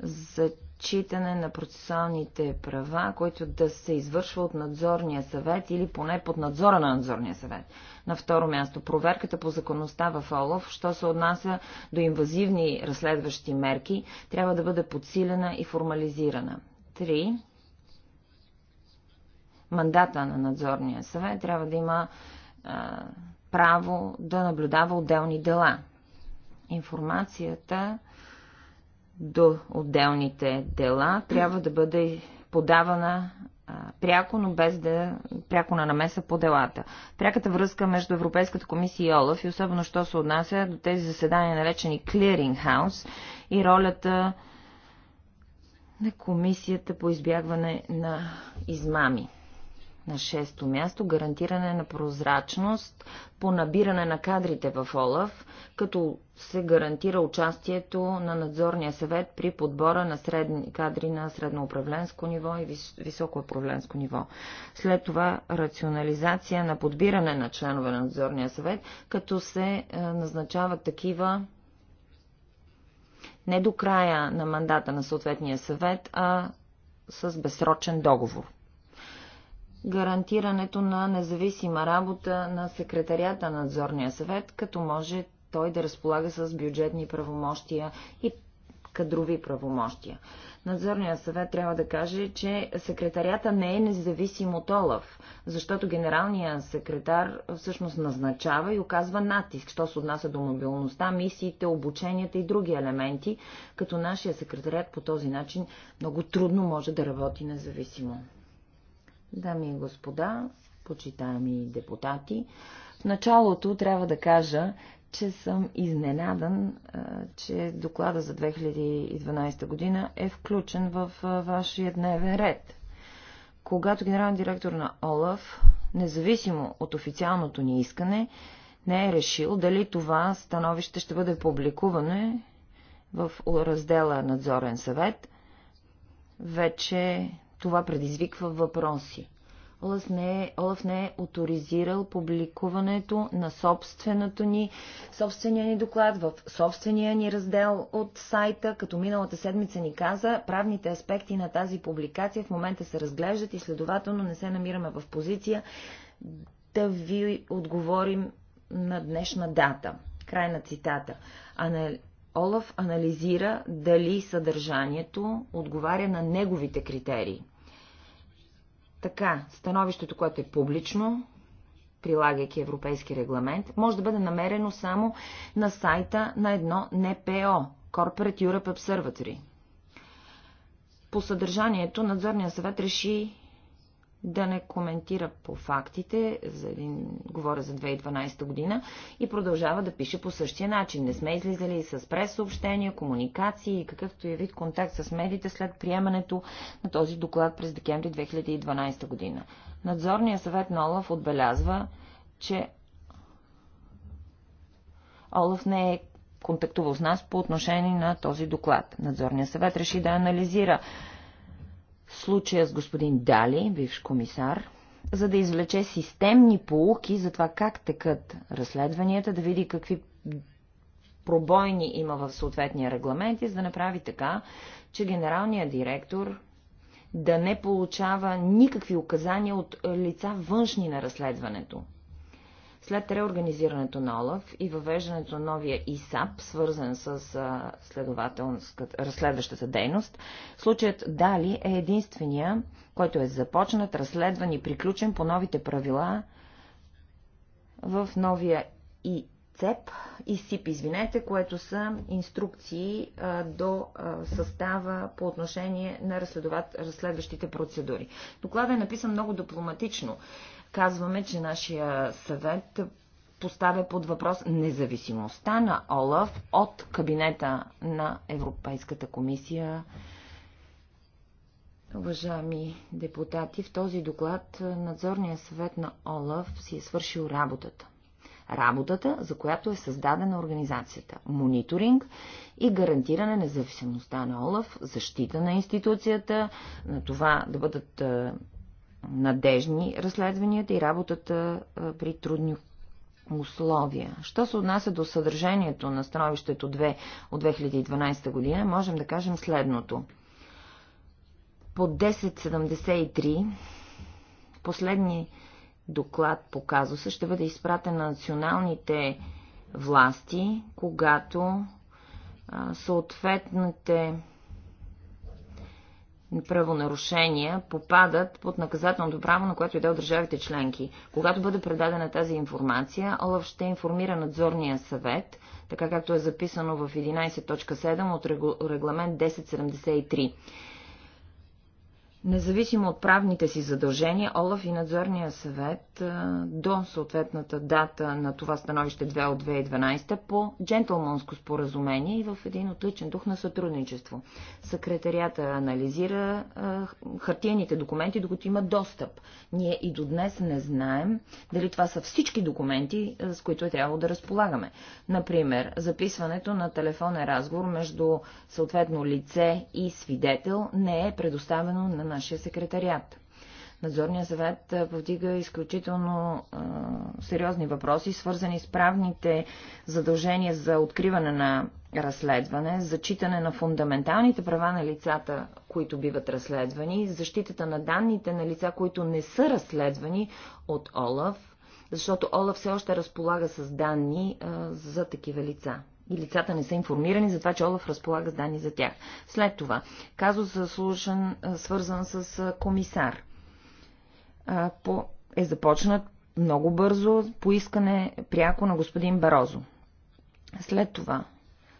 за отчитане на процесуалните права, които да се извършва от надзорния съвет или поне под надзора на надзорния съвет. На второ място, проверката по законността в ОЛОВ, що се отнася до инвазивни разследващи мерки, трябва да бъде подсилена и формализирана. Три, мандата на надзорния съвет трябва да има а, право да наблюдава отделни дела. Информацията до отделните дела трябва да бъде подавана пряко, но без да пряко на намеса по делата. Пряката връзка между Европейската комисия и ОЛАФ и особено, що се отнася до тези заседания, наречени Clearing House и ролята на комисията по избягване на измами. На шесто място гарантиране на прозрачност по набиране на кадрите в ОЛАФ, като се гарантира участието на надзорния съвет при подбора на средни кадри на средноуправленско ниво и високоуправленско ниво. След това рационализация на подбиране на членове на надзорния съвет, като се е, назначават такива не до края на мандата на съответния съвет, а с безсрочен договор гарантирането на независима работа на секретарията на надзорния съвет, като може той да разполага с бюджетни правомощия и кадрови правомощия. Надзорният съвет трябва да каже, че секретарята не е независим от Олаф, защото генералният секретар всъщност назначава и оказва натиск, що се отнася до мобилността, мисиите, обученията и други елементи, като нашия секретарят по този начин много трудно може да работи независимо. Дами и господа, почитаеми депутати, в началото трябва да кажа, че съм изненадан, че доклада за 2012 година е включен в вашия дневен ред. Когато генерален директор на ОЛАФ, независимо от официалното ни искане, не е решил дали това становище ще бъде публикуване в раздела Надзорен съвет, вече това предизвиква въпроси. Олаф не, е- Олаф не е авторизирал публикуването на собственото ни, собствения ни доклад в собствения ни раздел от сайта, като миналата седмица ни каза, правните аспекти на тази публикация в момента се разглеждат и следователно не се намираме в позиция да ви отговорим на днешна дата. Край на цитата. Анал... Олаф анализира дали съдържанието отговаря на неговите критерии. Така, становището, което е публично, прилагайки европейски регламент, може да бъде намерено само на сайта на едно НПО – Corporate Europe Observatory. По съдържанието надзорния съвет реши да не коментира по фактите, за един, говоря за 2012 година, и продължава да пише по същия начин. Не сме излизали с пресъобщения, комуникации и какъвто е вид контакт с медиите след приемането на този доклад през декември 2012 година. Надзорният съвет на Олаф отбелязва, че Олаф не е контактувал с нас по отношение на този доклад. Надзорният съвет реши да анализира случая с господин Дали, бивш комисар, за да извлече системни полуки за това как текат разследванията, да види какви пробойни има в съответния регламент и за да направи така, че генералният директор да не получава никакви указания от лица външни на разследването. След реорганизирането на ОЛАФ и въвеждането на новия ИСАП, свързан с разследващата дейност, случаят Дали е единствения, който е започнат, разследван и приключен по новите правила в новия ИЦЕП, ИСИП, и СИП, извинете, което са инструкции а, до а, състава по отношение на разследващите процедури. Докладът е написан много дипломатично казваме, че нашия съвет поставя под въпрос независимостта на ОЛАФ от кабинета на Европейската комисия. Уважаеми депутати, в този доклад надзорният съвет на ОЛАФ си е свършил работата. Работата, за която е създадена организацията – мониторинг и гарантиране независимостта на ОЛАФ, защита на институцията, на това да бъдат е, надежни разследванията и работата при трудни условия. Що се отнася до съдържанието на становището 2 от 2012 година, можем да кажем следното. По 1073 последни доклад по казуса ще бъде изпратен на националните власти, когато съответните правонарушения попадат под наказателното право, на което и да е от държавите членки. Когато бъде предадена тази информация, ОЛАФ ще информира надзорния съвет, така както е записано в 11.7 от регламент 1073. Независимо от правните си задължения, Олаф и надзорния съвет до съответната дата на това становище 2 от 2012 по джентлманско споразумение и в един отличен дух на сътрудничество. Секретарията анализира хартиените документи, докато има достъп. Ние и до днес не знаем дали това са всички документи, с които е трябвало да разполагаме. Например, записването на телефонен разговор между съответно лице и свидетел не е предоставено на нашия секретариат. Надзорният съвет повдига изключително а, сериозни въпроси, свързани с правните задължения за откриване на разследване, зачитане на фундаменталните права на лицата, които биват разследвани, защитата на данните на лица, които не са разследвани от Олав, защото Олав все още разполага с данни а, за такива лица и лицата не са информирани за това, че Олаф разполага с данни за тях. След това, казус за слушан, свързан с комисар. По, е започнат много бързо по искане пряко на господин Барозо. След това,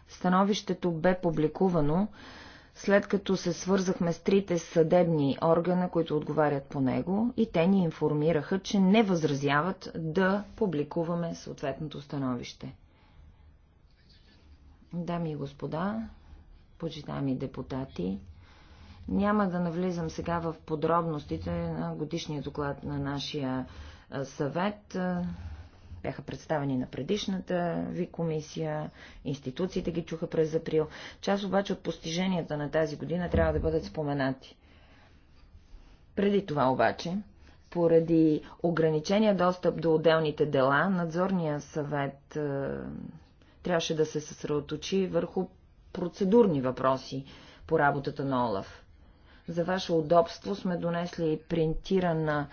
становището бе публикувано, след като се свързахме с трите съдебни органа, които отговарят по него, и те ни информираха, че не възразяват да публикуваме съответното становище. Дами и господа, почитаеми депутати, няма да навлизам сега в подробностите на годишния доклад на нашия съвет. Бяха представени на предишната ви комисия, институциите ги чуха през април. Част обаче от постиженията на тази година трябва да бъдат споменати. Преди това обаче, поради ограничения достъп до отделните дела, надзорния съвет трябваше да се съсредоточи върху процедурни въпроси по работата на Олаф. За ваше удобство сме донесли принтирана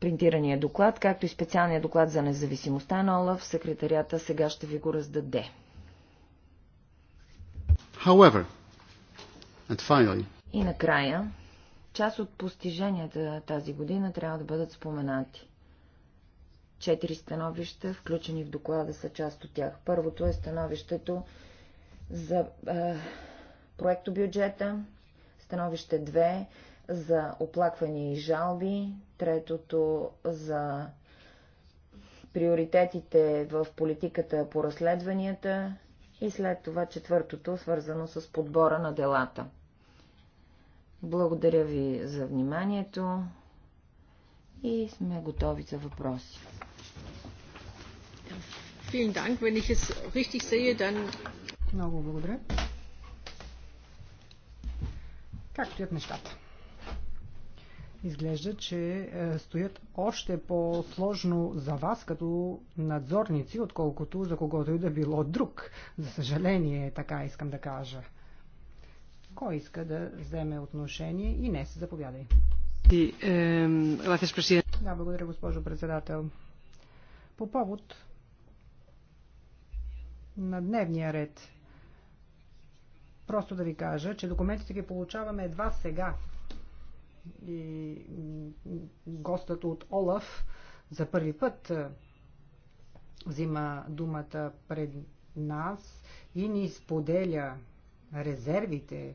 принтирания доклад, както и специалния доклад за независимостта на Олаф, секретарията сега ще ви го раздаде. However, and finally... И накрая, част от постиженията тази година трябва да бъдат споменати. Четири становища, включени в доклада, са част от тях. Първото е становището за е, проектобюджета, становище 2 за оплаквания и жалби, третото за приоритетите в политиката по разследванията и след това четвъртото, свързано с подбора на делата. Благодаря ви за вниманието и сме готови за въпроси vielen Dank. Wenn ich es richtig sehe, dann... Много благодаря. Как стоят нещата? Изглежда, че е, стоят още по-сложно за вас като надзорници, отколкото за когото и да било друг. За съжаление, така искам да кажа. Кой иска да вземе отношение? И не се заповядай. Да, благодаря, госпожо председател. По повод на дневния ред. Просто да ви кажа, че документите ги получаваме едва сега. И гостът от Олаф за първи път е, взима думата пред нас и ни споделя резервите,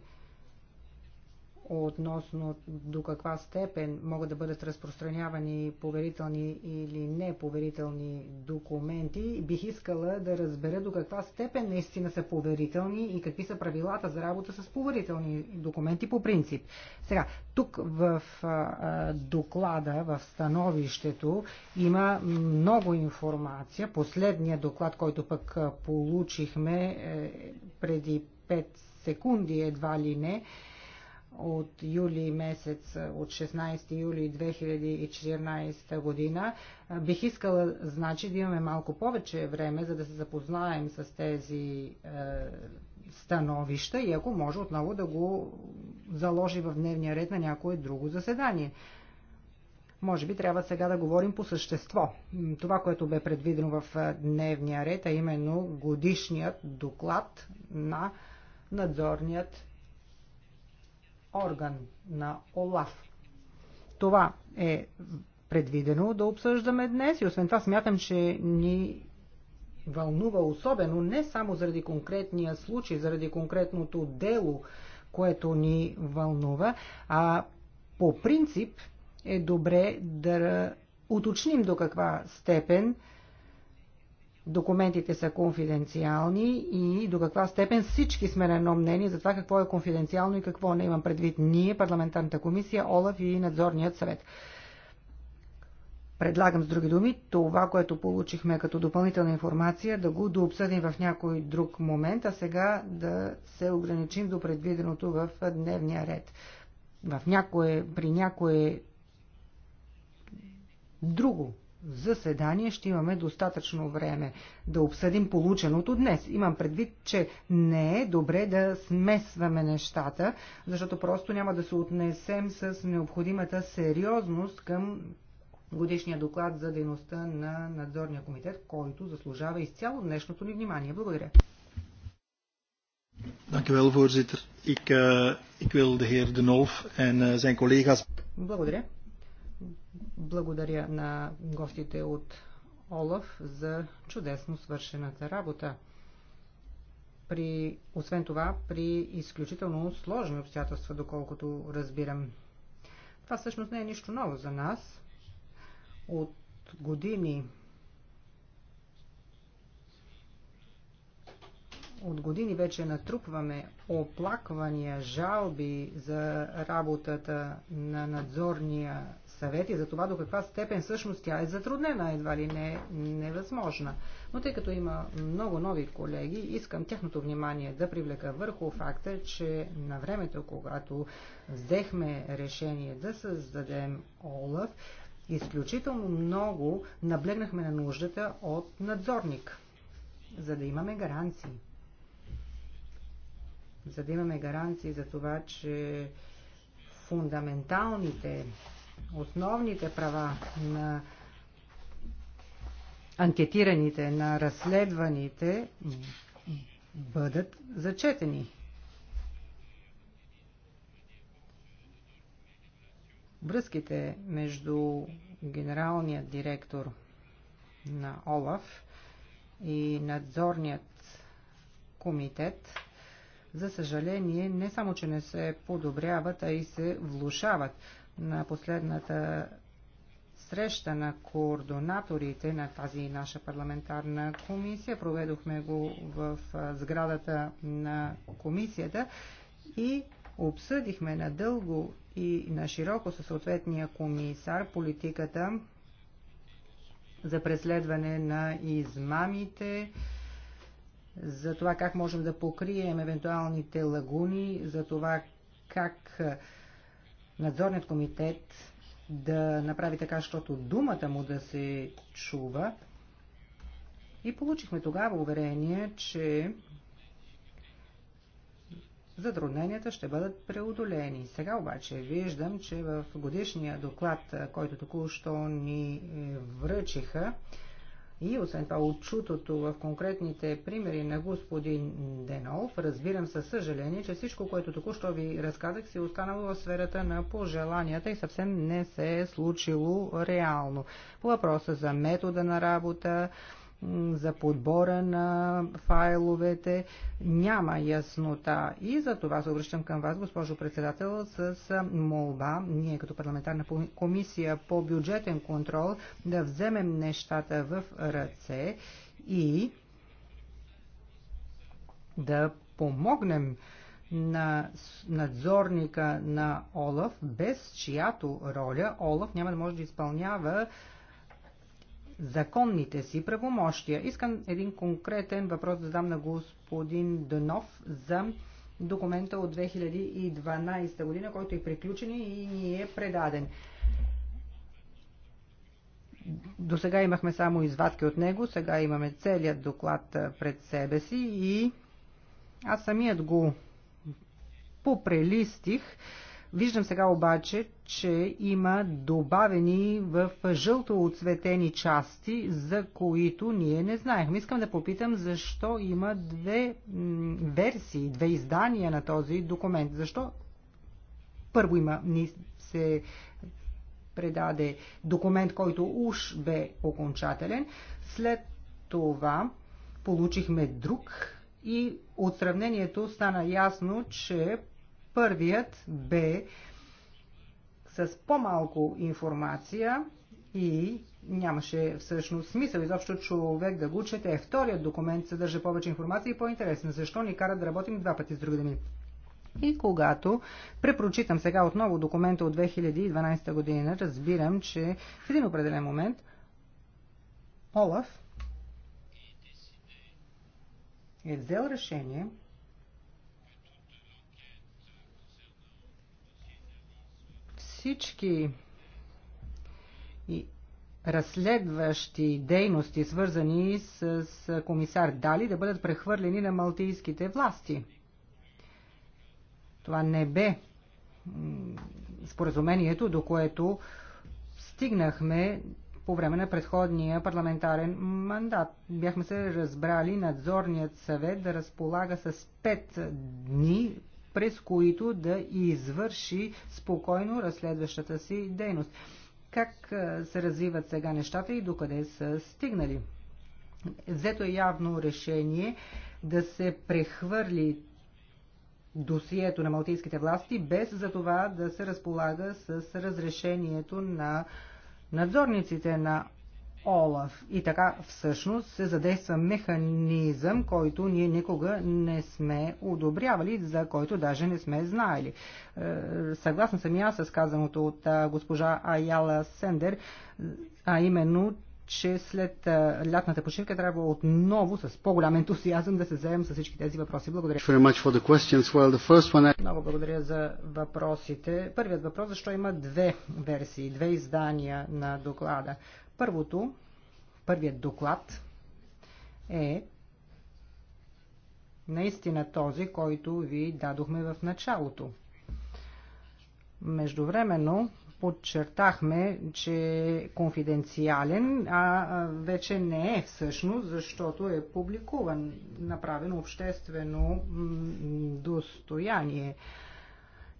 относно до каква степен могат да бъдат разпространявани поверителни или неповерителни документи, бих искала да разбера до каква степен наистина са поверителни и какви са правилата за работа с поверителни документи по принцип. Сега, тук в доклада, в становището има много информация. Последният доклад, който пък получихме е, преди 5 секунди едва ли не, от юли месец, от 16 юли 2014 година. Бих искала, значи, да имаме малко повече време, за да се запознаем с тези е, становища и ако може отново да го заложи в дневния ред на някое друго заседание. Може би трябва сега да говорим по същество. Това, което бе предвидено в е, дневния ред, а именно годишният доклад на надзорният орган на ОЛАФ. Това е предвидено да обсъждаме днес и освен това смятам, че ни вълнува особено не само заради конкретния случай, заради конкретното дело, което ни вълнува, а по принцип е добре да уточним до каква степен документите са конфиденциални и до каква степен всички сме на едно мнение за това какво е конфиденциално и какво не имам предвид ние, парламентарната комисия, ОЛАФ и надзорният съвет. Предлагам с други думи това, което получихме като допълнителна информация, да го дообсъдим в някой друг момент, а сега да се ограничим до предвиденото в дневния ред. В някое, при някое друго заседание ще имаме достатъчно време да обсъдим полученото днес. Имам предвид, че не е добре да смесваме нещата, защото просто няма да се отнесем с необходимата сериозност към годишния доклад за дейността на надзорния комитет, който заслужава изцяло днешното ни внимание. Благодаря. Благодаря. Благодаря на гостите от Олаф за чудесно свършената работа. При, освен това, при изключително сложни обстоятелства, доколкото разбирам. Това всъщност не е нищо ново за нас. От години от години вече натрупваме оплаквания, жалби за работата на надзорния съвети за това до каква степен всъщност тя е затруднена, едва ли не е невъзможна. Но тъй като има много нови колеги, искам тяхното внимание да привлека върху факта, че на времето, когато взехме решение да създадем ОЛАФ, изключително много наблегнахме на нуждата от надзорник, за да имаме гаранции. За да имаме гаранции за това, че фундаменталните основните права на анкетираните, на разследваните бъдат зачетени. Връзките между генералният директор на ОЛАФ и надзорният комитет, за съжаление, не само, че не се подобряват, а и се влушават на последната среща на координаторите на тази наша парламентарна комисия. Проведохме го в сградата на комисията и обсъдихме надълго и на широко със съответния комисар политиката за преследване на измамите, за това как можем да покрием евентуалните лагуни, за това как надзорният комитет да направи така, защото думата му да се чува. И получихме тогава уверение, че затрудненията ще бъдат преодолени. Сега обаче виждам, че в годишния доклад, който току-що ни е, връчиха, и освен това от чутото в конкретните примери на господин Денов, разбирам със съжаление, че всичко, което току-що ви разказах, си е останало в сферата на пожеланията и съвсем не се е случило реално. По въпроса за метода на работа, за подбора на файловете. Няма яснота. И за това се обръщам към вас, госпожо председател, с молба, ние като парламентарна комисия по бюджетен контрол, да вземем нещата в ръце и да помогнем на надзорника на Олаф, без чиято роля Олаф няма да може да изпълнява законните си правомощия. Искам един конкретен въпрос да задам на господин Дънов за документа от 2012 година, който е приключен и ни е предаден. До сега имахме само извадки от него, сега имаме целият доклад пред себе си и аз самият го попрелистих Виждам сега обаче, че има добавени в жълто оцветени части, за които ние не знаехме. Искам да попитам защо има две версии, две издания на този документ. Защо първо има, ни се предаде документ, който уж бе окончателен. След това получихме друг и от сравнението стана ясно, че Първият Б с по-малко информация и нямаше всъщност смисъл изобщо човек да го чете. Вторият документ съдържа повече информация и по-интересен. Защо ни карат да работим два пъти с други думи? И когато препрочитам сега отново документа от 2012 година, разбирам, че в един определен момент Олаф е взел решение Всички разследващи дейности, свързани с комисар Дали, да бъдат прехвърлени на малтийските власти. Това не бе споразумението, до което стигнахме по време на предходния парламентарен мандат. Бяхме се разбрали надзорният съвет да разполага с 5 дни, през които да извърши спокойно разследващата си дейност. Как се развиват сега нещата и докъде са стигнали? Взето е явно решение да се прехвърли досието на малтийските власти, без за това да се разполага с разрешението на надзорниците на Олаф. И така всъщност се задейства механизъм, който ние никога не сме одобрявали, за който даже не сме знаели. Е, съгласна съм и аз с казаното от госпожа Аяла Сендер, а именно, че след лятната почивка трябва отново с по-голям ентусиазъм да се заем с всички тези въпроси. Благодаря. Много благодаря за въпросите. Първият въпрос, защо има две версии, две издания на доклада. Първото, първият доклад е наистина този, който ви дадохме в началото. Междувременно подчертахме, че е конфиденциален, а вече не е всъщност, защото е публикуван, направено обществено достояние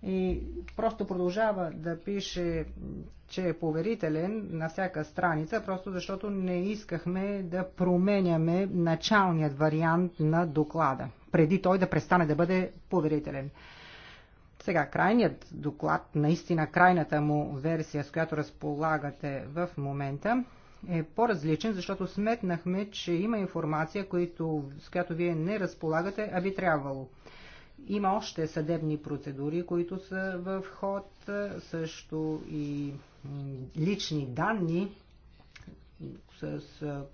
и просто продължава да пише, че е поверителен на всяка страница, просто защото не искахме да променяме началният вариант на доклада, преди той да престане да бъде поверителен. Сега, крайният доклад, наистина крайната му версия, с която разполагате в момента, е по-различен, защото сметнахме, че има информация, които, с която вие не разполагате, а би трябвало. Има още съдебни процедури, които са в ход, също и лични данни, с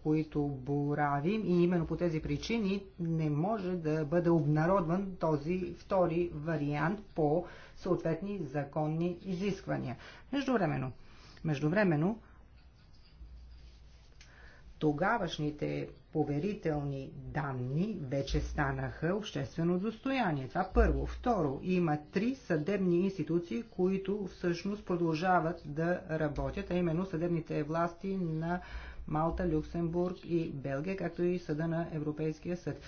които боравим и именно по тези причини не може да бъде обнародван този втори вариант по съответни законни изисквания. Междувременно, междувременно тогавашните поверителни данни вече станаха обществено достояние. Това първо. Второ, има три съдебни институции, които всъщност продължават да работят, а именно съдебните власти на Малта, Люксембург и Белгия, както и съда на Европейския съд.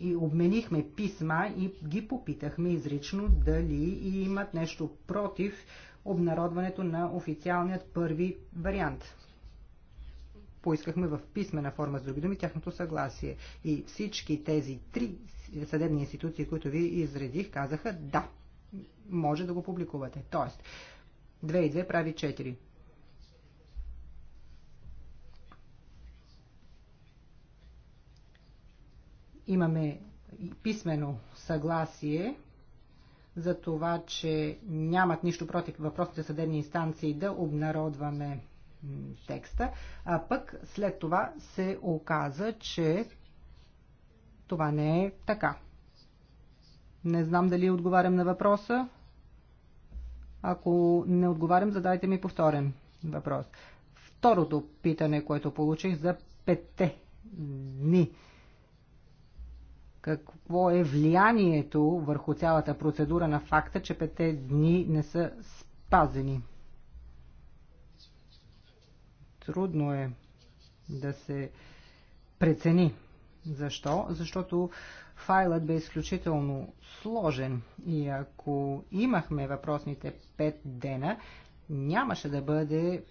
И обменихме писма и ги попитахме изрично дали имат нещо против обнародването на официалният първи вариант поискахме в писмена форма, с други думи, тяхното съгласие. И всички тези три съдебни институции, които ви изредих, казаха да, може да го публикувате. Тоест, 2 и 2 прави 4. Имаме писмено съгласие за това, че нямат нищо против въпросните съдебни инстанции да обнародваме текста, а пък след това се оказа, че това не е така. Не знам дали отговарям на въпроса. Ако не отговарям, задайте ми повторен въпрос. Второто питане, което получих за петте дни. Какво е влиянието върху цялата процедура на факта, че петте дни не са спазени? Трудно е да се прецени. Защо? Защото файлът бе изключително сложен и ако имахме въпросните 5 дена, нямаше да бъде,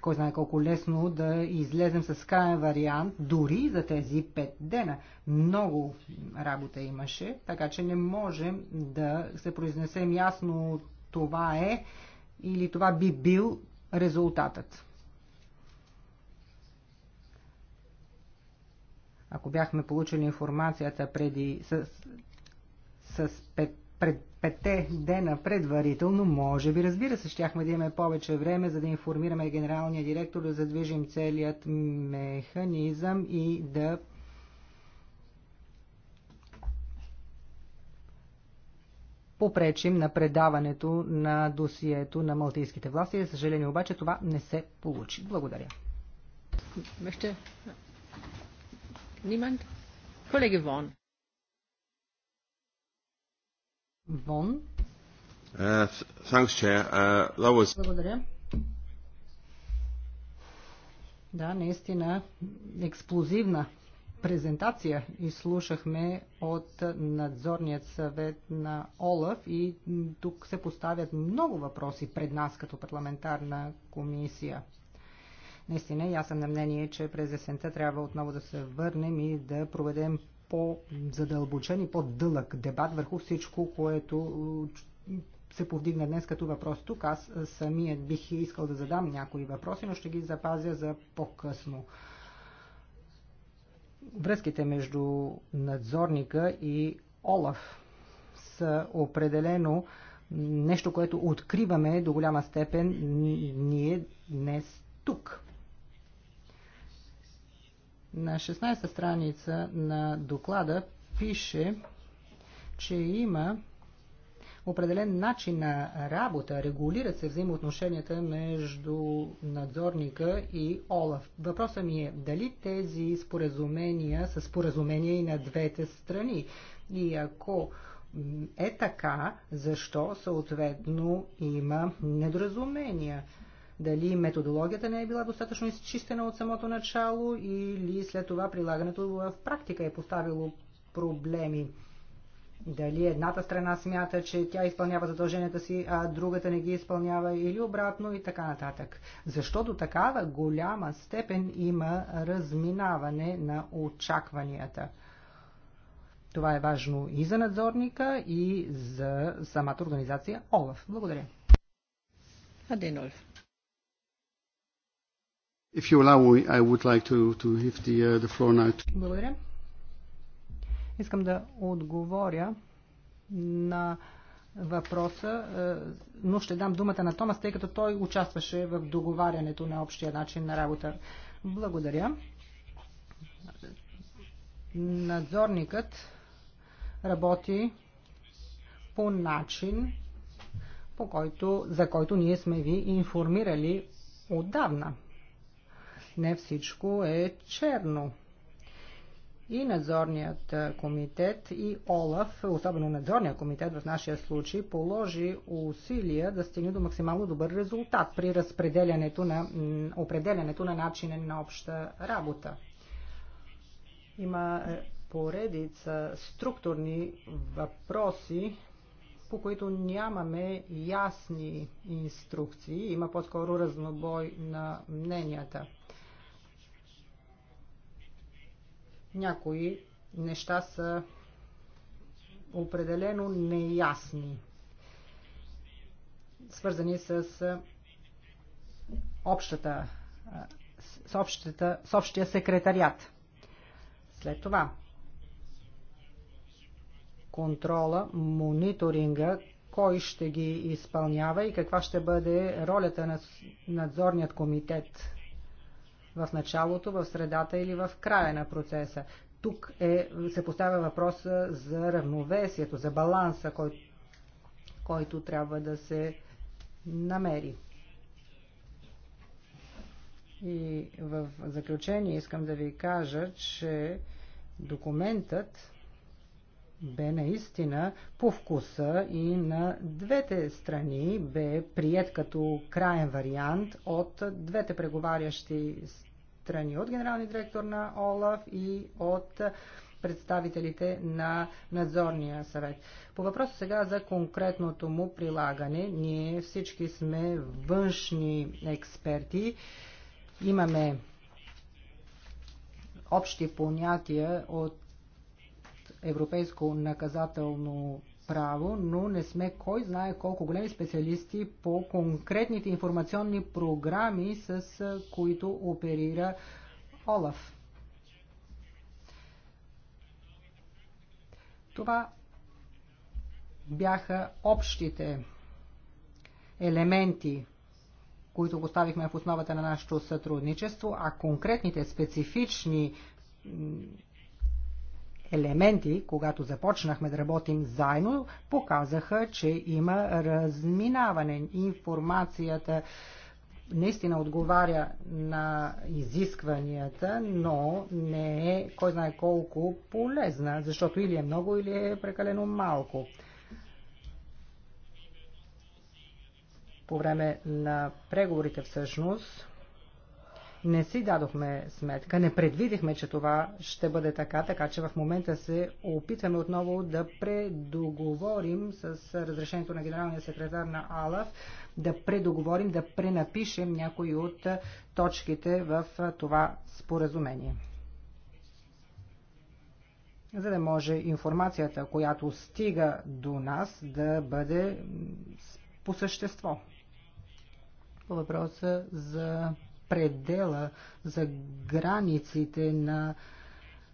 кой знае колко лесно, да излезем с крайен вариант, дори за тези 5 дена. Много работа имаше, така че не можем да се произнесем ясно това е или това би бил резултатът. ако бяхме получили информацията преди с, с пет, пред петте дена предварително, може би, разбира се, щяхме да имаме повече време, за да информираме генералния директор, да задвижим целият механизъм и да попречим на предаването на досието на малтийските власти. За съжаление обаче това не се получи. Благодаря. Меще? Niemand? Kollege Vaughan. Vaughan. Uh, thanks, Chair. Uh, that was... Благодаря. Да, наистина експлозивна презентация изслушахме от надзорният съвет на ОЛАФ и тук се поставят много въпроси пред нас като парламентарна комисия. Наистина, и аз съм на мнение, че през есента трябва отново да се върнем и да проведем по-задълбочен и по-дълъг дебат върху всичко, което е, се повдигна днес като въпрос тук. Аз е, самият бих искал да задам някои въпроси, но ще ги запазя за по-късно. Връзките между надзорника и Олаф са определено нещо, което откриваме до голяма степен ние днес тук. На 16-та страница на доклада пише, че има определен начин на работа, регулират се взаимоотношенията между надзорника и ОЛАФ. Въпросът ми е дали тези споразумения са споразумения и на двете страни. И ако е така, защо съответно има недоразумения? Дали методологията не е била достатъчно изчистена от самото начало или след това прилагането в практика е поставило проблеми. Дали едната страна смята, че тя изпълнява задълженията си, а другата не ги изпълнява или обратно и така нататък. Защо до такава голяма степен има разминаване на очакванията? Това е важно и за надзорника, и за самата организация ОЛАФ. Благодаря. Аденолф. If you allow, I would like to, to give the, uh, the floor now. To... Благодаря. Искам да отговоря на въпроса, е, но ще дам думата на Томас, тъй като той участваше в договарянето на общия начин на работа. Благодаря. Надзорникът работи по начин, по който, за който ние сме ви информирали отдавна не всичко е черно. И надзорният комитет и ОЛАФ, особено надзорният комитет в нашия случай, положи усилия да стигне до максимално добър резултат при разпределянето на, определянето на начинен на обща работа. Има е, поредица структурни въпроси, по които нямаме ясни инструкции, има по-скоро разнобой на мненията. Някои неща са определено неясни, свързани с общата, с, общата, с общия секретариат. След това контрола, мониторинга, кой ще ги изпълнява и каква ще бъде ролята на надзорният комитет в началото, в средата или в края на процеса. Тук е, се поставя въпроса за равновесието, за баланса, кой, който трябва да се намери. И в заключение искам да ви кажа, че документът бе наистина по вкуса и на двете страни бе прият като краен вариант от двете преговарящи страни, от генералния директор на ОЛАФ и от представителите на надзорния съвет. По въпроса сега за конкретното му прилагане, ние всички сме външни експерти, имаме общи понятия от европейско наказателно право, но не сме кой знае колко големи специалисти по конкретните информационни програми, с които оперира Олаф. Това бяха общите елементи, които поставихме в основата на нашето сътрудничество, а конкретните специфични елементи, когато започнахме да работим заедно, показаха, че има разминаване. Информацията наистина отговаря на изискванията, но не е кой знае колко полезна, защото или е много, или е прекалено малко. По време на преговорите всъщност не си дадохме сметка, не предвидихме, че това ще бъде така, така че в момента се опитваме отново да предоговорим с разрешението на генералния секретар на АЛАФ, да предоговорим, да пренапишем някои от точките в това споразумение за да може информацията, която стига до нас, да бъде по същество. По въпроса за предела, за границите на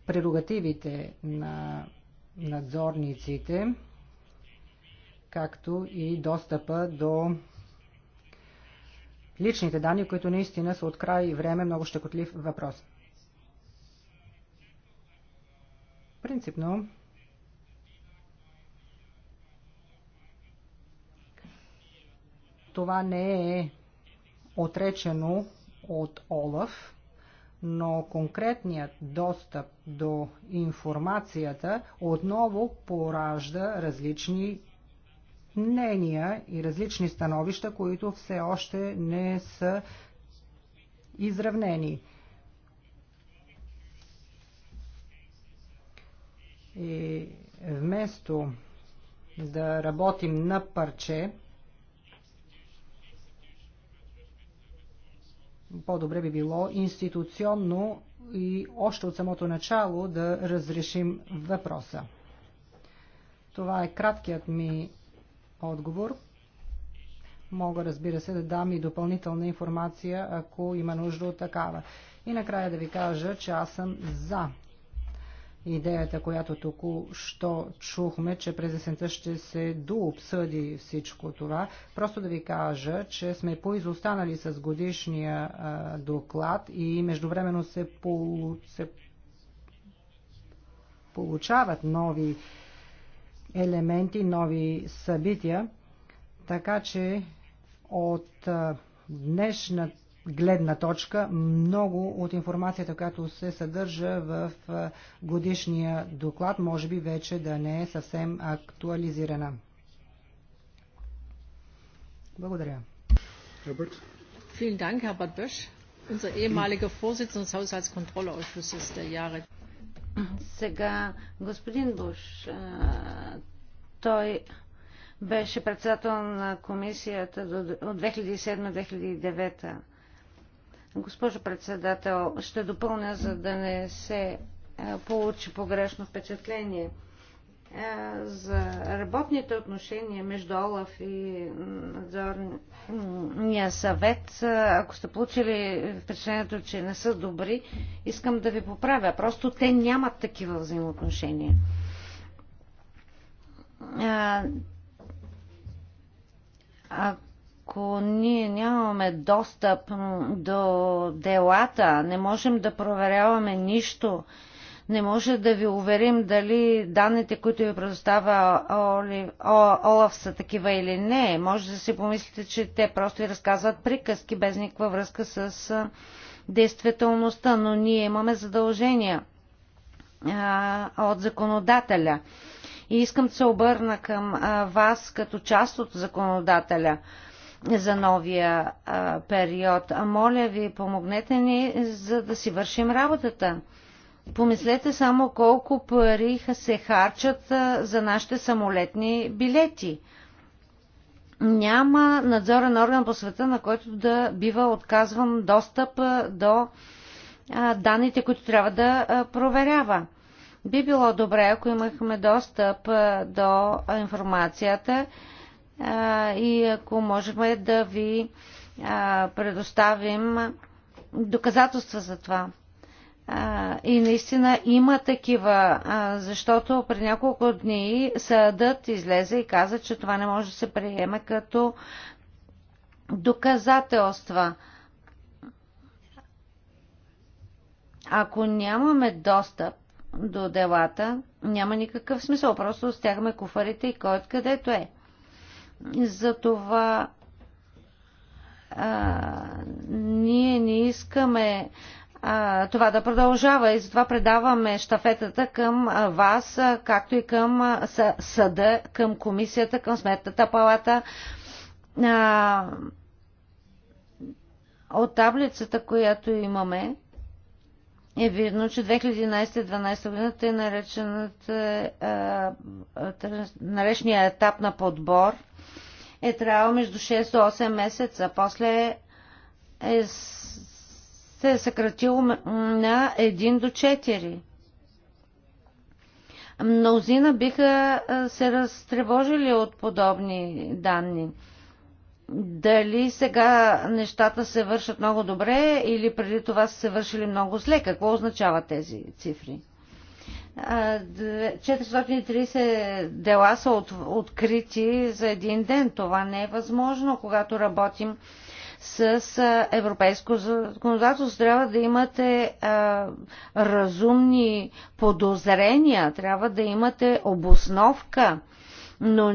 прерогативите на надзорниците, както и достъпа до личните данни, които наистина са от край и време много щекотлив въпрос. Принципно, това не е отречено от ОЛАФ, но конкретният достъп до информацията отново поражда различни мнения и различни становища, които все още не са изравнени. И вместо да работим на парче, по-добре би било институционно и още от самото начало да разрешим въпроса. Това е краткият ми отговор. Мога, разбира се, да дам и допълнителна информация, ако има нужда от такава. И накрая да ви кажа, че аз съм за идеята, която току-що чухме, че през есента ще се дообсъди всичко това. Просто да ви кажа, че сме поизостанали с годишния а, доклад и междувременно се, полу... се получават нови елементи, нови събития, така че от а, днешната гледна точка много от информацията, която се съдържа в годишния доклад, може би вече да не е съвсем актуализирана. Благодаря. Herbert. Vielen Dank, Herbert Bösch, unser ehemaliger Vorsitzender des Haushaltskontrollausschusses der Jahre. Сега, господин Буш, той беше председател на комисията от 2007-2009 Госпожо председател, ще допълня, за да не се получи погрешно впечатление. За работните отношения между Олаф и надзорния съвет, ако сте получили впечатлението, че не са добри, искам да ви поправя. Просто те нямат такива взаимоотношения ако ние нямаме достъп до делата, не можем да проверяваме нищо, не може да ви уверим дали данните, които ви предоставя Олаф са такива или не. Може да си помислите, че те просто ви разказват приказки без никаква връзка с действителността, но ние имаме задължения а, от законодателя. И искам да се обърна към а, вас като част от законодателя за новия а, период. А моля ви, помогнете ни, за да си вършим работата. Помислете само колко пари се харчат а, за нашите самолетни билети. Няма надзорен орган по света, на който да бива отказван достъп а, до а, данните, които трябва да а, проверява. Би било добре, ако имахме достъп а, до информацията. А, и ако можем да ви предоставим доказателства за това. И наистина има такива, защото при няколко дни съдът излезе и каза, че това не може да се приеме като доказателства. Ако нямаме достъп до делата, няма никакъв смисъл. Просто стягаме куфарите и кой откъдето е. Затова а, ние не искаме а, това да продължава и затова предаваме штафетата към вас, а, както и към съда, към комисията, към сметната палата. А, от таблицата, която имаме, е видно, че 2011-2012 година е тъй наречният етап на подбор – е трябвало между 6 до 8 месеца. После е, се е съкратило на 1 до 4. Мнозина биха се разтревожили от подобни данни. Дали сега нещата се вършат много добре или преди това са се вършили много зле? Какво означават тези цифри? 430 дела са от, открити за един ден. Това не е възможно, когато работим с европейско законодателство. Трябва да имате а, разумни подозрения, трябва да имате обосновка. Но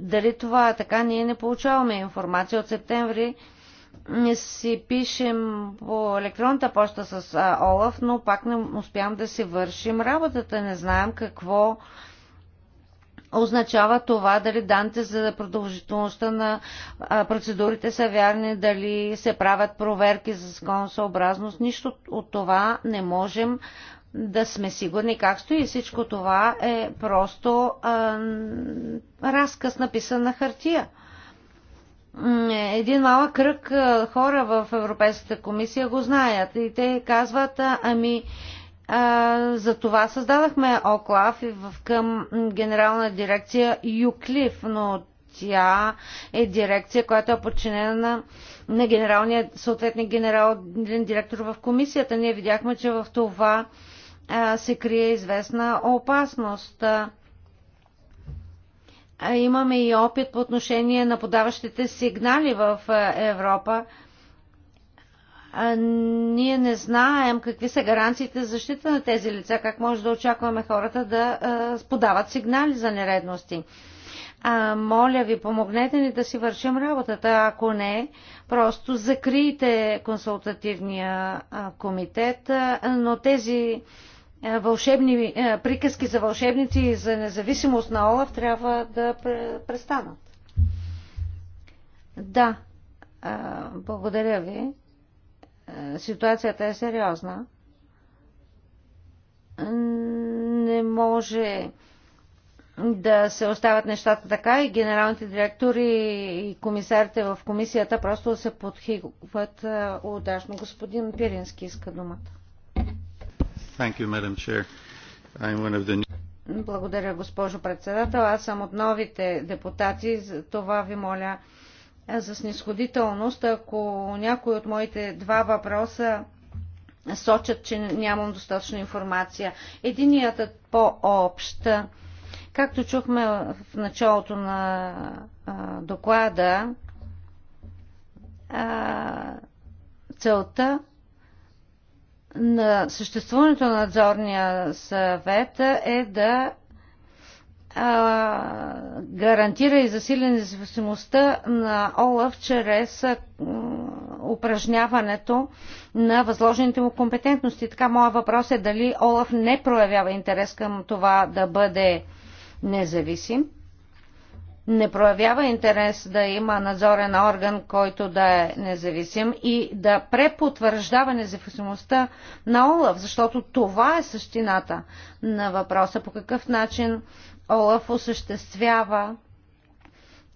дали това е така, ние не получаваме информация от септември не си пишем по електронната почта с Олаф, но пак не успявам да си вършим работата. Не знаем какво означава това, дали данните за продължителността на процедурите са вярни, дали се правят проверки за законосъобразност. Нищо от това не можем да сме сигурни как стои. Всичко това е просто а, разказ написан на хартия един малък кръг хора в Европейската комисия го знаят и те казват, ами а, за това създадахме ОКЛАВ към генерална дирекция ЮКЛИФ, но тя е дирекция, която е подчинена на, на генералния, съответния генерален директор в комисията. Ние видяхме, че в това а, се крие известна опасност. А, Имаме и опит по отношение на подаващите сигнали в Европа. Ние не знаем какви са гаранциите за защита на тези лица, как може да очакваме хората да подават сигнали за нередности. А, моля ви, помогнете ни да си вършим работата. Ако не, просто закрийте консултативния а, комитет, а, но тези е, вълшебни, е, приказки за вълшебници и за независимост на Олаф трябва да престанат. Да, е, благодаря ви. Ситуацията е сериозна. Не може да се остават нещата така и генералните директори и комисарите в комисията просто се подхигват удачно. Господин Пирински иска думата. Благодаря, госпожо председател. Аз съм от новите депутати. За това ви моля за снисходителност. Ако някой от моите два въпроса сочат, че нямам достатъчно информация. Единият е по-общ. Както чухме в началото на доклада, целта на съществуването на надзорния съвет е да а, гарантира и засили независимостта на ОЛАФ чрез а, упражняването на възложените му компетентности. Така, моят въпрос е дали ОЛАФ не проявява интерес към това да бъде независим не проявява интерес да има надзорен орган, който да е независим и да препотвърждава независимостта на Олаф, защото това е същината на въпроса по какъв начин Олаф осъществява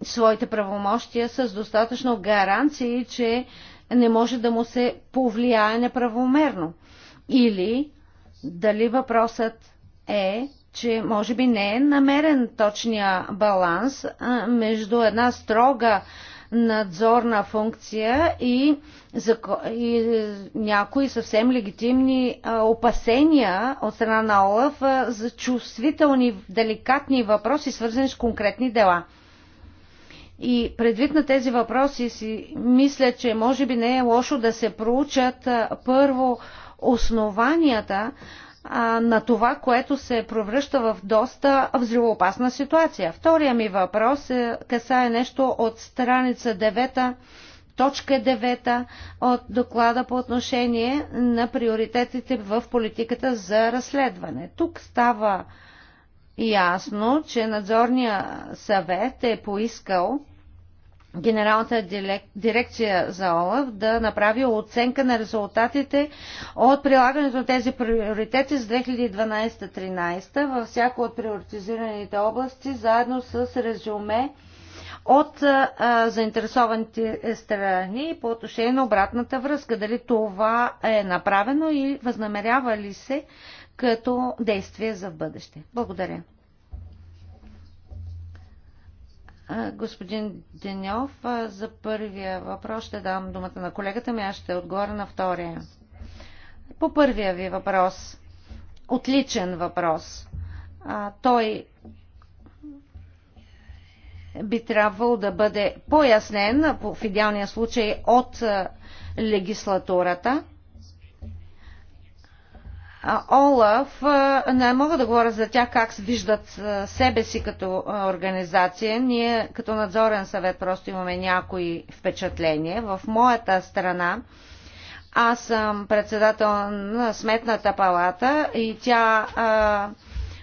своите правомощия с достатъчно гаранции, че не може да му се повлияе неправомерно. Или дали въпросът е че може би не е намерен точния баланс между една строга надзорна функция и, и е, някои съвсем легитимни опасения от страна на ОЛАФ за чувствителни, деликатни въпроси, свързани с конкретни дела. И предвид на тези въпроси си мисля, че може би не е лошо да се проучат първо основанията, а, на това, което се превръща в доста взривоопасна ситуация. Втория ми въпрос е, касае нещо от страница 9 точка 9 от доклада по отношение на приоритетите в политиката за разследване. Тук става ясно, че надзорния съвет е поискал Генералната дирекция за ОЛАВ да направи оценка на резултатите от прилагането на тези приоритети с 2012-2013 във всяко от приоритизираните области, заедно с резюме от а, заинтересованите страни по отношение на обратната връзка. Дали това е направено и възнамерява ли се като действие за бъдеще? Благодаря. Господин Деньов, за първия въпрос ще дам думата на колегата ми, аз ще отговоря на втория. По първия ви въпрос, отличен въпрос, а, той би трябвало да бъде пояснен, в идеалния случай, от легислатурата – Олаф, не мога да говоря за тях как виждат себе си като организация. Ние като надзорен съвет просто имаме някои впечатления. В моята страна аз съм председател на Сметната палата и тя а,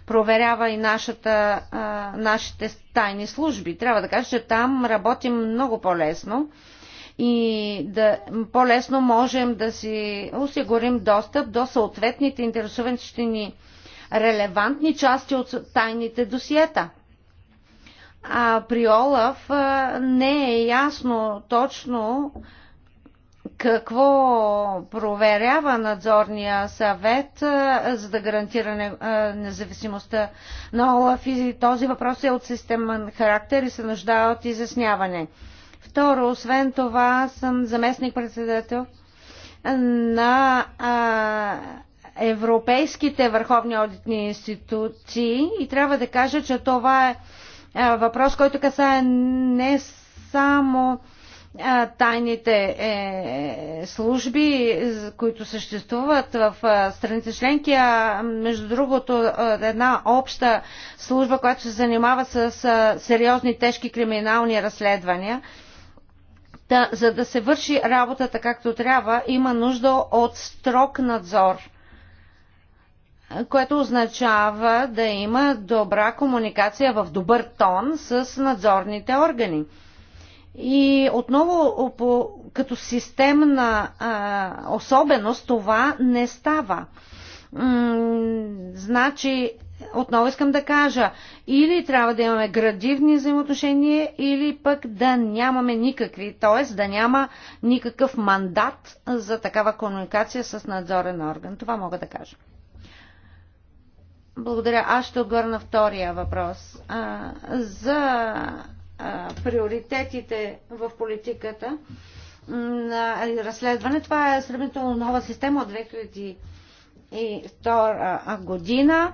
проверява и нашата, а, нашите тайни служби. Трябва да кажа, че там работим много по-лесно и да, по-лесно можем да си осигурим достъп до съответните интересуващи ни релевантни части от тайните досиета. А при Олаф не е ясно точно какво проверява надзорния съвет, за да гарантира независимостта на Олаф и този въпрос е от системен характер и се нуждае от изясняване. Второ, освен това, съм заместник-председател на а, европейските върховни одитни институции и трябва да кажа, че това е а, въпрос, който касае не само а, тайните е, служби, които съществуват в а, страните членки, а между другото една обща служба, която се занимава с а, сериозни тежки криминални разследвания. Та, за да се върши работата както трябва, има нужда от строг надзор, което означава да има добра комуникация в добър тон с надзорните органи. И отново по, като системна а, особеност това не става. М- значи отново искам да кажа, или трябва да имаме градивни взаимоотношения, или пък да нямаме никакви, т.е. да няма никакъв мандат за такава комуникация с надзорен орган. Това мога да кажа. Благодаря. Аз ще отговоря на втория въпрос. А, за а, приоритетите в политиката на разследване, това е сравнително нова система от 2002 година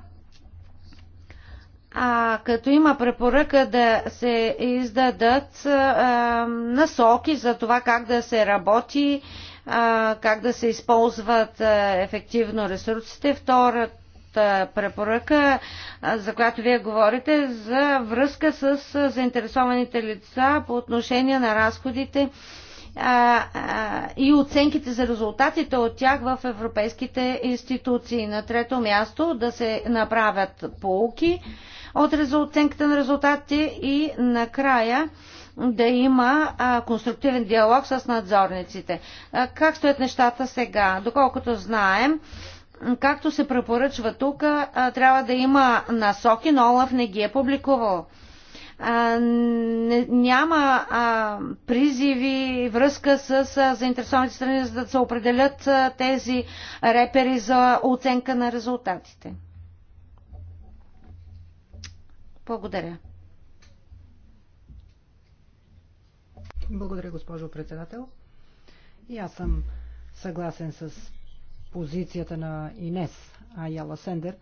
а, като има препоръка да се издадат а, насоки за това как да се работи, а, как да се използват а, ефективно ресурсите. Втората препоръка, а, за която вие говорите, за връзка с а, заинтересованите лица по отношение на разходите а, а, и оценките за резултатите от тях в европейските институции. На трето място да се направят полуки от оценката на резултатите и накрая да има а, конструктивен диалог с надзорниците. А, как стоят нещата сега? Доколкото знаем, както се препоръчва тук, а, трябва да има насоки, но Олаф не ги е публикувал. А, не, няма а, призиви, връзка с а, заинтересованите страни, за да се определят а, тези репери за оценка на резултатите. Благодаря. Благодаря, госпожо председател. И аз съм съгласен с позицията на Инес Аяла Сендер.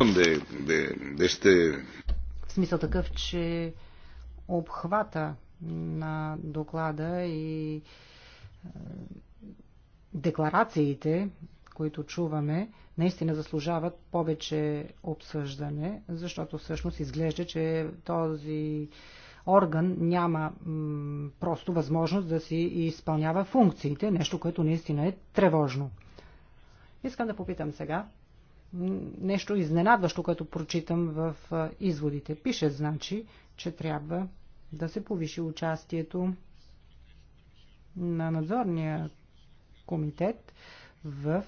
De, de, de este... В смисъл такъв, че обхвата на доклада и е, декларациите, които чуваме, наистина заслужават повече обсъждане, защото всъщност изглежда, че този орган няма просто възможност да си изпълнява функциите, нещо, което наистина е тревожно. Искам да попитам сега нещо изненадващо, което прочитам в изводите. Пише, значи, че трябва да се повиши участието на надзорния комитет в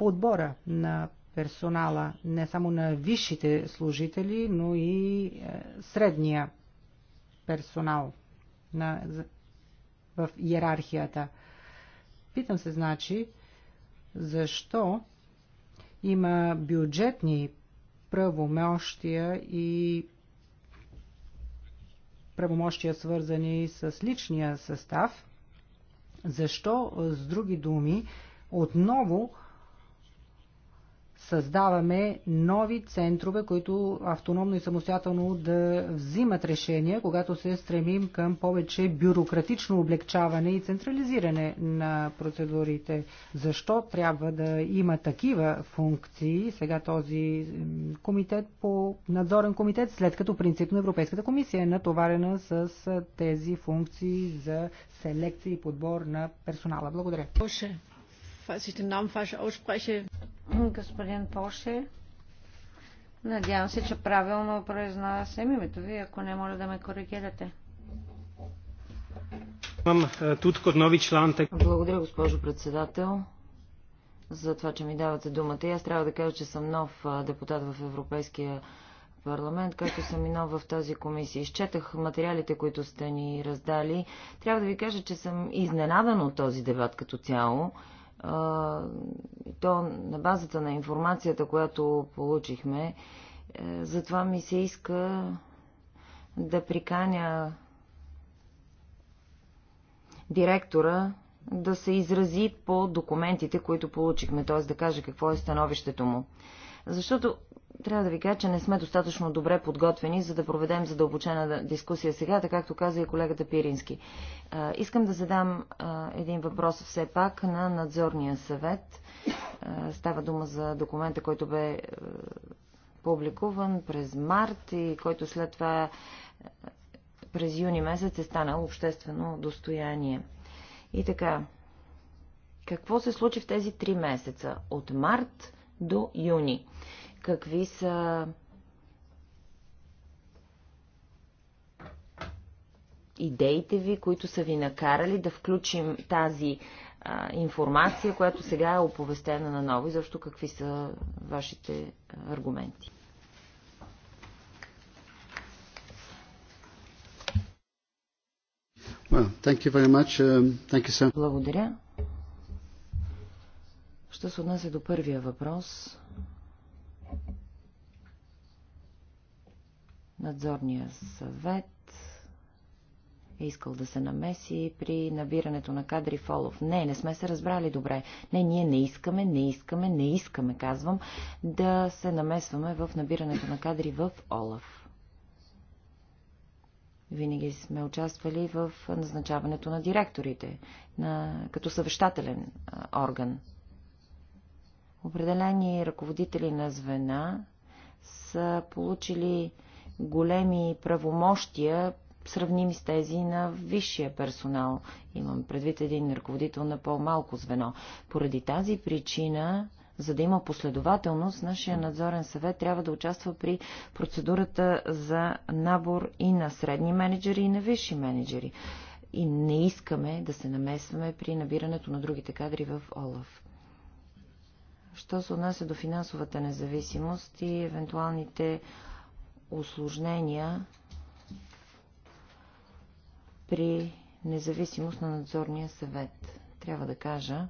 подбора на персонала, не само на висшите служители, но и е, средния персонал на, в иерархията. Питам се, значи, защо има бюджетни правомощия и правомощия свързани с личния състав, защо, с други думи, отново създаваме нови центрове, които автономно и самостоятелно да взимат решения, когато се стремим към повече бюрократично облегчаване и централизиране на процедурите. Защо трябва да има такива функции сега този комитет по надзорен комитет, след като принципно Европейската комисия е натоварена с тези функции за селекция и подбор на персонала? Благодаря господин Поше. Надявам се, че правилно произнасям името ви, ако не моля да ме коригирате. Е, Благодаря, госпожо председател, за това, че ми давате думата. И аз трябва да кажа, че съм нов е, депутат в Европейския парламент, както съм и нов в тази комисия. Изчетах материалите, които сте ни раздали. Трябва да ви кажа, че съм изненадан от този дебат като цяло и то на базата на информацията, която получихме, е, затова ми се иска да приканя директора да се изрази по документите, които получихме, т.е. да каже какво е становището му. Защото трябва да ви кажа, че не сме достатъчно добре подготвени, за да проведем задълбочена дискусия сега, така както каза и колегата Пирински. Искам да задам един въпрос все пак на надзорния съвет. Става дума за документа, който бе публикуван през март и който след това през юни месец е станал обществено достояние. И така, какво се случи в тези три месеца? От март до юни какви са идеите ви, които са ви накарали да включим тази а, информация, която сега е оповестена на ново, и защо какви са вашите аргументи. Well, thank you very much. Uh, thank you, sir. Благодаря. Ще се отнася до първия въпрос. Надзорния съвет е искал да се намеси при набирането на кадри в Олов. Не, не сме се разбрали добре. Не, ние не искаме, не искаме, не искаме, казвам, да се намесваме в набирането на кадри в Олаф. Винаги сме участвали в назначаването на директорите, на, като съвещателен а, орган. Определени ръководители на звена са получили големи правомощия, сравними с тези на висшия персонал. Имам предвид един ръководител на по-малко звено. Поради тази причина за да има последователност, нашия надзорен съвет трябва да участва при процедурата за набор и на средни менеджери, и на висши менеджери. И не искаме да се намесваме при набирането на другите кадри в ОЛАФ. Що се отнася до финансовата независимост и евентуалните осложнения при независимост на надзорния съвет. Трябва да кажа,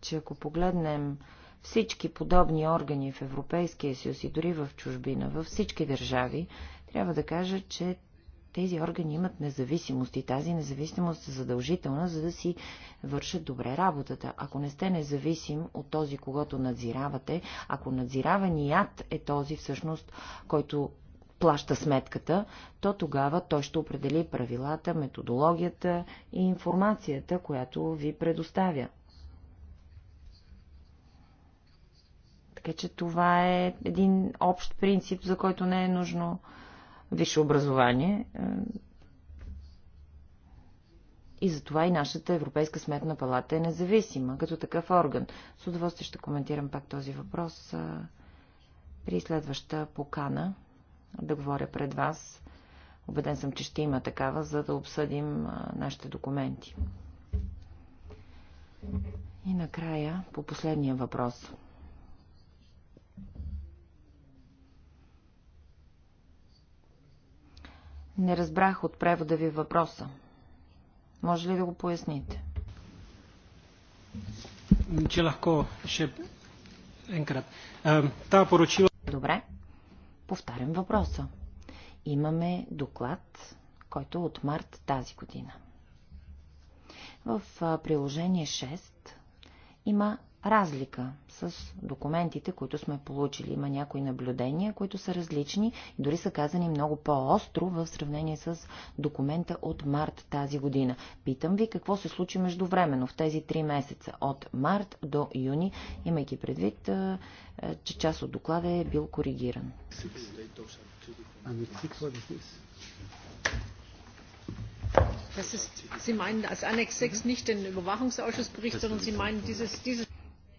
че ако погледнем всички подобни органи в Европейския съюз и дори в чужбина, във всички държави, трябва да кажа, че тези органи имат независимост и тази независимост е задължителна, за да си вършат добре работата. Ако не сте независим от този, когато надзиравате, ако надзираваният е този всъщност, който плаща сметката, то тогава той ще определи правилата, методологията и информацията, която ви предоставя. Така че това е един общ принцип, за който не е нужно висше образование. Е, и затова и нашата Европейска сметна палата е независима, като такъв орган. С удоволствие ще коментирам пак този въпрос е, при следваща покана да говоря пред вас. Обеден съм, че ще има такава, за да обсъдим е, нашите документи. И накрая по последния въпрос – Не разбрах от превода ви въпроса. Може ли да го поясните? Че лахко ще... Енкрат. Е, Та поручила... Добре. Повтарям въпроса. Имаме доклад, който е от март тази година. В приложение 6 има разлика с документите, които сме получили. Има някои наблюдения, които са различни и дори са казани много по-остро в сравнение с документа от март тази година. Питам ви какво се случи междувременно в тези три месеца от март до юни, имайки предвид, че част от доклада е бил коригиран. Sie meinen als Annex 6 nicht den Überwachungsausschussbericht, sondern Sie meinen dieses, dieses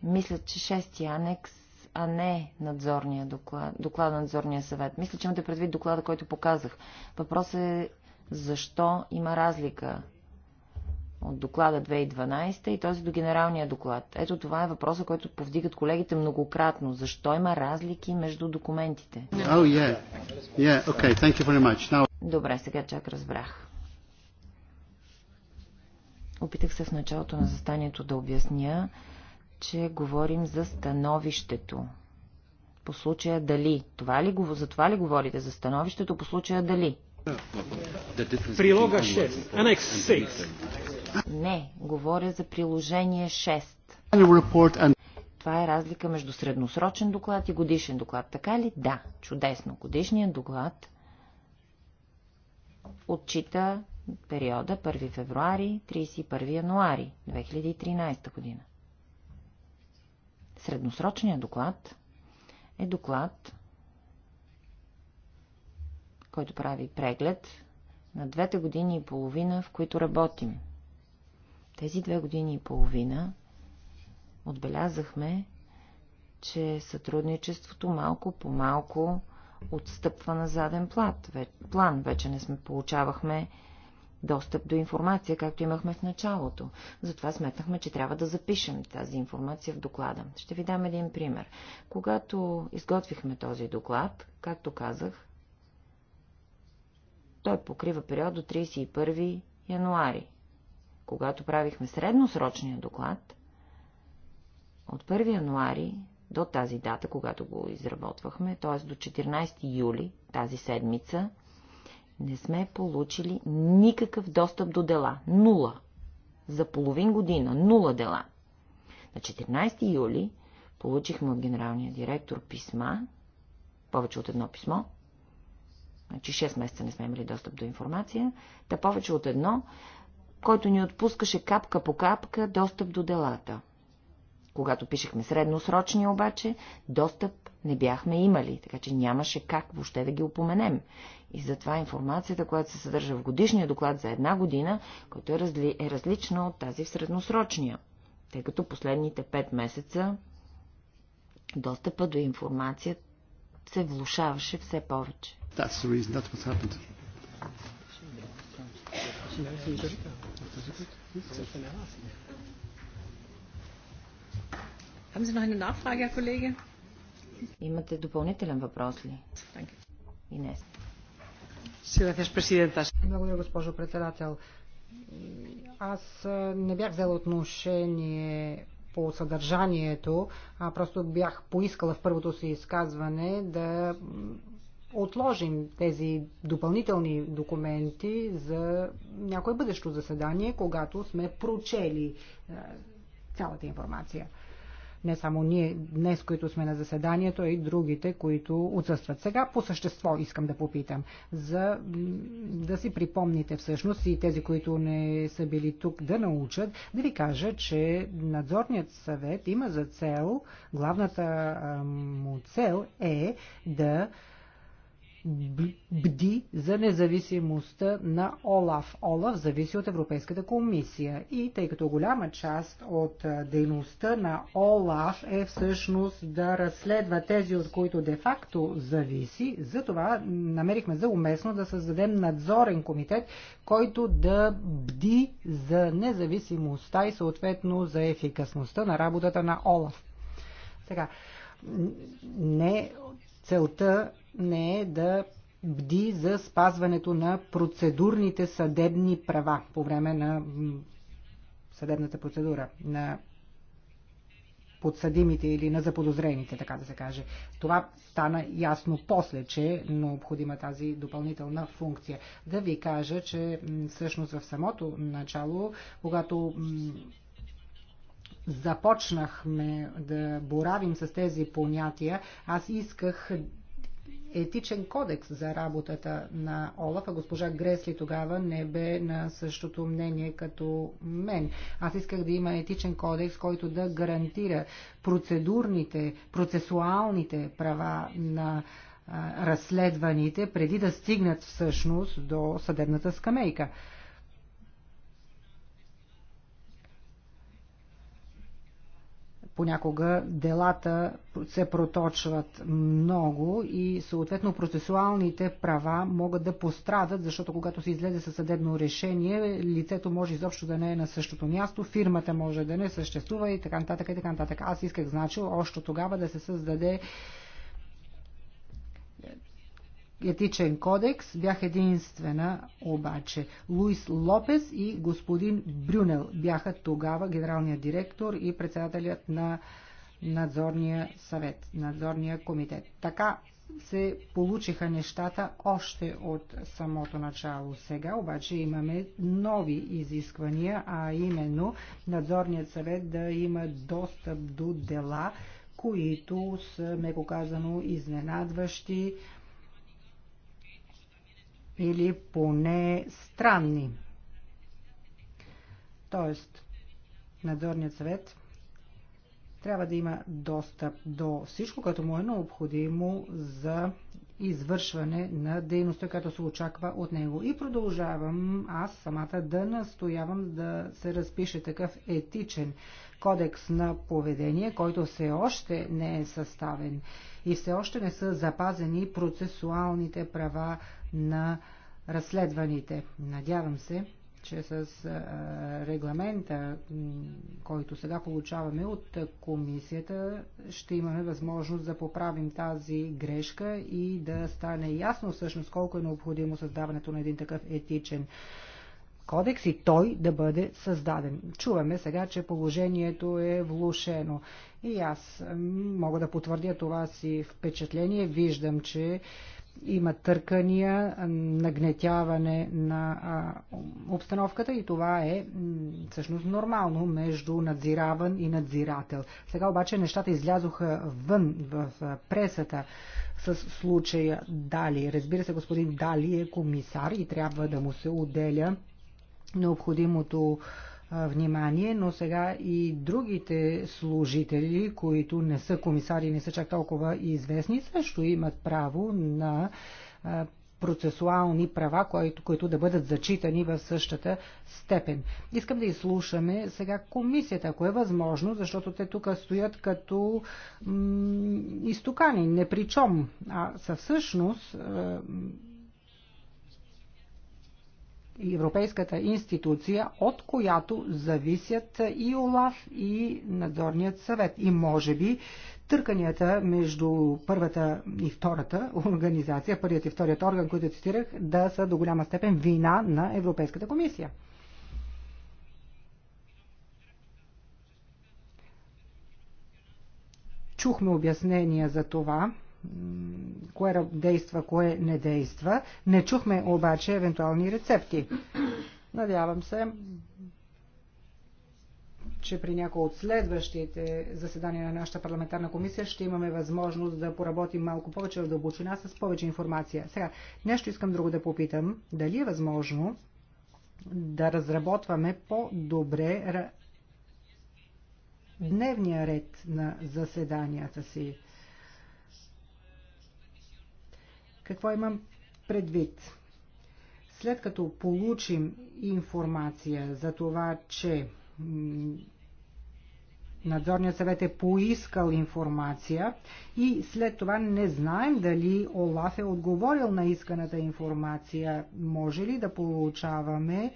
мисля, че шести анекс, а не надзорния доклад, доклад на надзорния съвет. Мисля, че имате предвид доклада, който показах. Въпросът е защо има разлика от доклада 2012 и този до генералния доклад. Ето това е въпроса, който повдигат колегите многократно. Защо има разлики между документите? Oh, yeah. Yeah, okay. Thank you very much. Now... Добре, сега чак разбрах. Опитах се в началото на застанието да обясня, че говорим за становището. По случая дали. Това ли, за това ли говорите? За становището по случая дали? Прилога 6. Анекс 6. Не, говоря за приложение 6. Това е разлика между средносрочен доклад и годишен доклад. Така ли? Да, чудесно. Годишният доклад отчита периода 1 февруари 31 януари 2013 година. Средносрочният доклад е доклад, който прави преглед на двете години и половина, в които работим. Тези две години и половина отбелязахме, че сътрудничеството малко по малко отстъпва на заден план. Вече не сме получавахме достъп до информация, както имахме в началото. Затова сметнахме, че трябва да запишем тази информация в доклада. Ще ви дам един пример. Когато изготвихме този доклад, както казах, той покрива период до 31 януари. Когато правихме средносрочния доклад, от 1 януари до тази дата, когато го изработвахме, т.е. до 14 юли тази седмица, не сме получили никакъв достъп до дела. Нула. За половин година. Нула дела. На 14 юли получихме от генералния директор писма, повече от едно писмо, значи 6 месеца не сме имали достъп до информация, та повече от едно, който ни отпускаше капка по капка достъп до делата. Когато пишехме средносрочни обаче, достъп не бяхме имали, така че нямаше как въобще да ги упоменем. И затова информацията, която се съдържа в годишния доклад за една година, който е, разли... е различна от тази в средносрочния, тъй като последните пет месеца достъпа до информация се влушаваше все повече. That's Имате допълнителен въпрос ли? Инес. Благодаря, госпожо председател. Аз не бях взела отношение по съдържанието, а просто бях поискала в първото си изказване да отложим тези допълнителни документи за някое бъдещо заседание, когато сме прочели цялата информация. Не само ние днес, които сме на заседанието, а и другите, които отсъстват. Сега по същество искам да попитам, за да си припомните всъщност и тези, които не са били тук да научат, да ви кажа, че надзорният съвет има за цел, главната му цел е да бди за независимостта на ОЛАФ. ОЛАФ зависи от Европейската комисия и тъй като голяма част от дейността на ОЛАФ е всъщност да разследва тези, от които де-факто зависи, затова намерихме за уместно да създадем надзорен комитет, който да бди за независимостта и съответно за ефикасността на работата на ОЛАФ. Сега, не целта не е да бди за спазването на процедурните съдебни права по време на съдебната процедура на подсъдимите или на заподозрените, така да се каже. Това стана ясно после, че е необходима тази допълнителна функция. Да ви кажа, че всъщност в самото начало, когато започнахме да боравим с тези понятия, аз исках етичен кодекс за работата на Олаф, а госпожа Гресли тогава не бе на същото мнение като мен. Аз исках да има етичен кодекс, който да гарантира процедурните, процесуалните права на а, разследваните, преди да стигнат всъщност до съдебната скамейка. понякога делата се проточват много и съответно процесуалните права могат да пострадат, защото когато се излезе със съдебно решение, лицето може изобщо да не е на същото място, фирмата може да не съществува и така нататък и така нататък. Аз исках, значи, още тогава да се създаде етичен кодекс бях единствена обаче. Луис Лопес и господин Брюнел бяха тогава генералният директор и председателят на надзорния съвет, надзорния комитет. Така се получиха нещата още от самото начало. Сега обаче имаме нови изисквания, а именно надзорният съвет да има достъп до дела, които са, меко казано, изненадващи, или поне странни. Тоест, надзорният съвет трябва да има достъп до всичко, което му е необходимо за извършване на дейността, която се очаква от него. И продължавам аз самата да настоявам да се разпише такъв етичен кодекс на поведение, който все още не е съставен и все още не са запазени процесуалните права на разследваните. Надявам се, че с регламента, който сега получаваме от комисията, ще имаме възможност да поправим тази грешка и да стане ясно всъщност колко е необходимо създаването на един такъв етичен кодекс и той да бъде създаден. Чуваме сега, че положението е влушено. И аз мога да потвърдя това си впечатление. Виждам, че има търкания, нагнетяване на обстановката и това е всъщност нормално между надзираван и надзирател. Сега обаче нещата излязоха вън в пресата с случая Дали. Разбира се, господин Дали е комисар и трябва да му се отделя необходимото внимание, но сега и другите служители, които не са комисари, не са чак толкова известни, също имат право на процесуални права, които, които да бъдат зачитани в същата степен. Искам да изслушаме сега комисията, ако е възможно, защото те тук стоят като м- изтокани, непричом. А всъщност европейската институция, от която зависят и ОЛАФ, и надзорният съвет. И може би търканията между първата и втората организация, първият и вторият орган, който цитирах, да са до голяма степен вина на Европейската комисия. Чухме обяснения за това, кое действа, кое не действа. Не чухме обаче евентуални рецепти. Надявам се, че при някои от следващите заседания на нашата парламентарна комисия ще имаме възможност да поработим малко повече в дълбочина с повече информация. Сега, нещо искам друго да попитам. Дали е възможно да разработваме по-добре дневния ред на заседанията си? Какво имам предвид? След като получим информация за това, че Надзорният съвет е поискал информация и след това не знаем дали Олаф е отговорил на исканата информация. Може ли да получаваме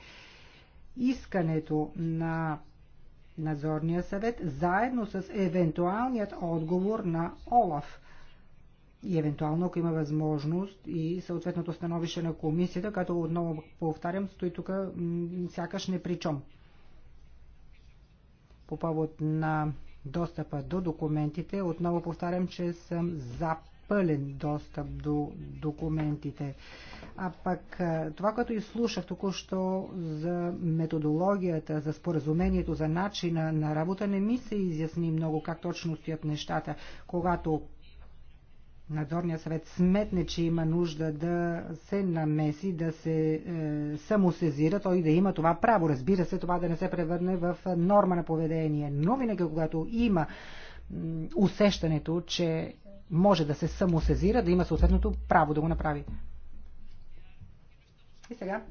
искането на Надзорния съвет заедно с евентуалният отговор на Олаф? и евентуално, ако има възможност и съответното становище на комисията, като отново повтарям, стои тук сякаш не причом. По повод на достъпа до документите, отново повтарям, че съм за пълен достъп до документите. А пък това, което изслушах току-що за методологията, за споразумението, за начина на работа, не ми се изясни много как точно стоят нещата. Когато надзорният съвет сметне, че има нужда да се намеси, да се е, самосезира, той да има това право. Разбира се, това да не се превърне в норма на поведение. Но винаги, когато има усещането, че може да се самосезира, да има съответното право да го направи. И сега,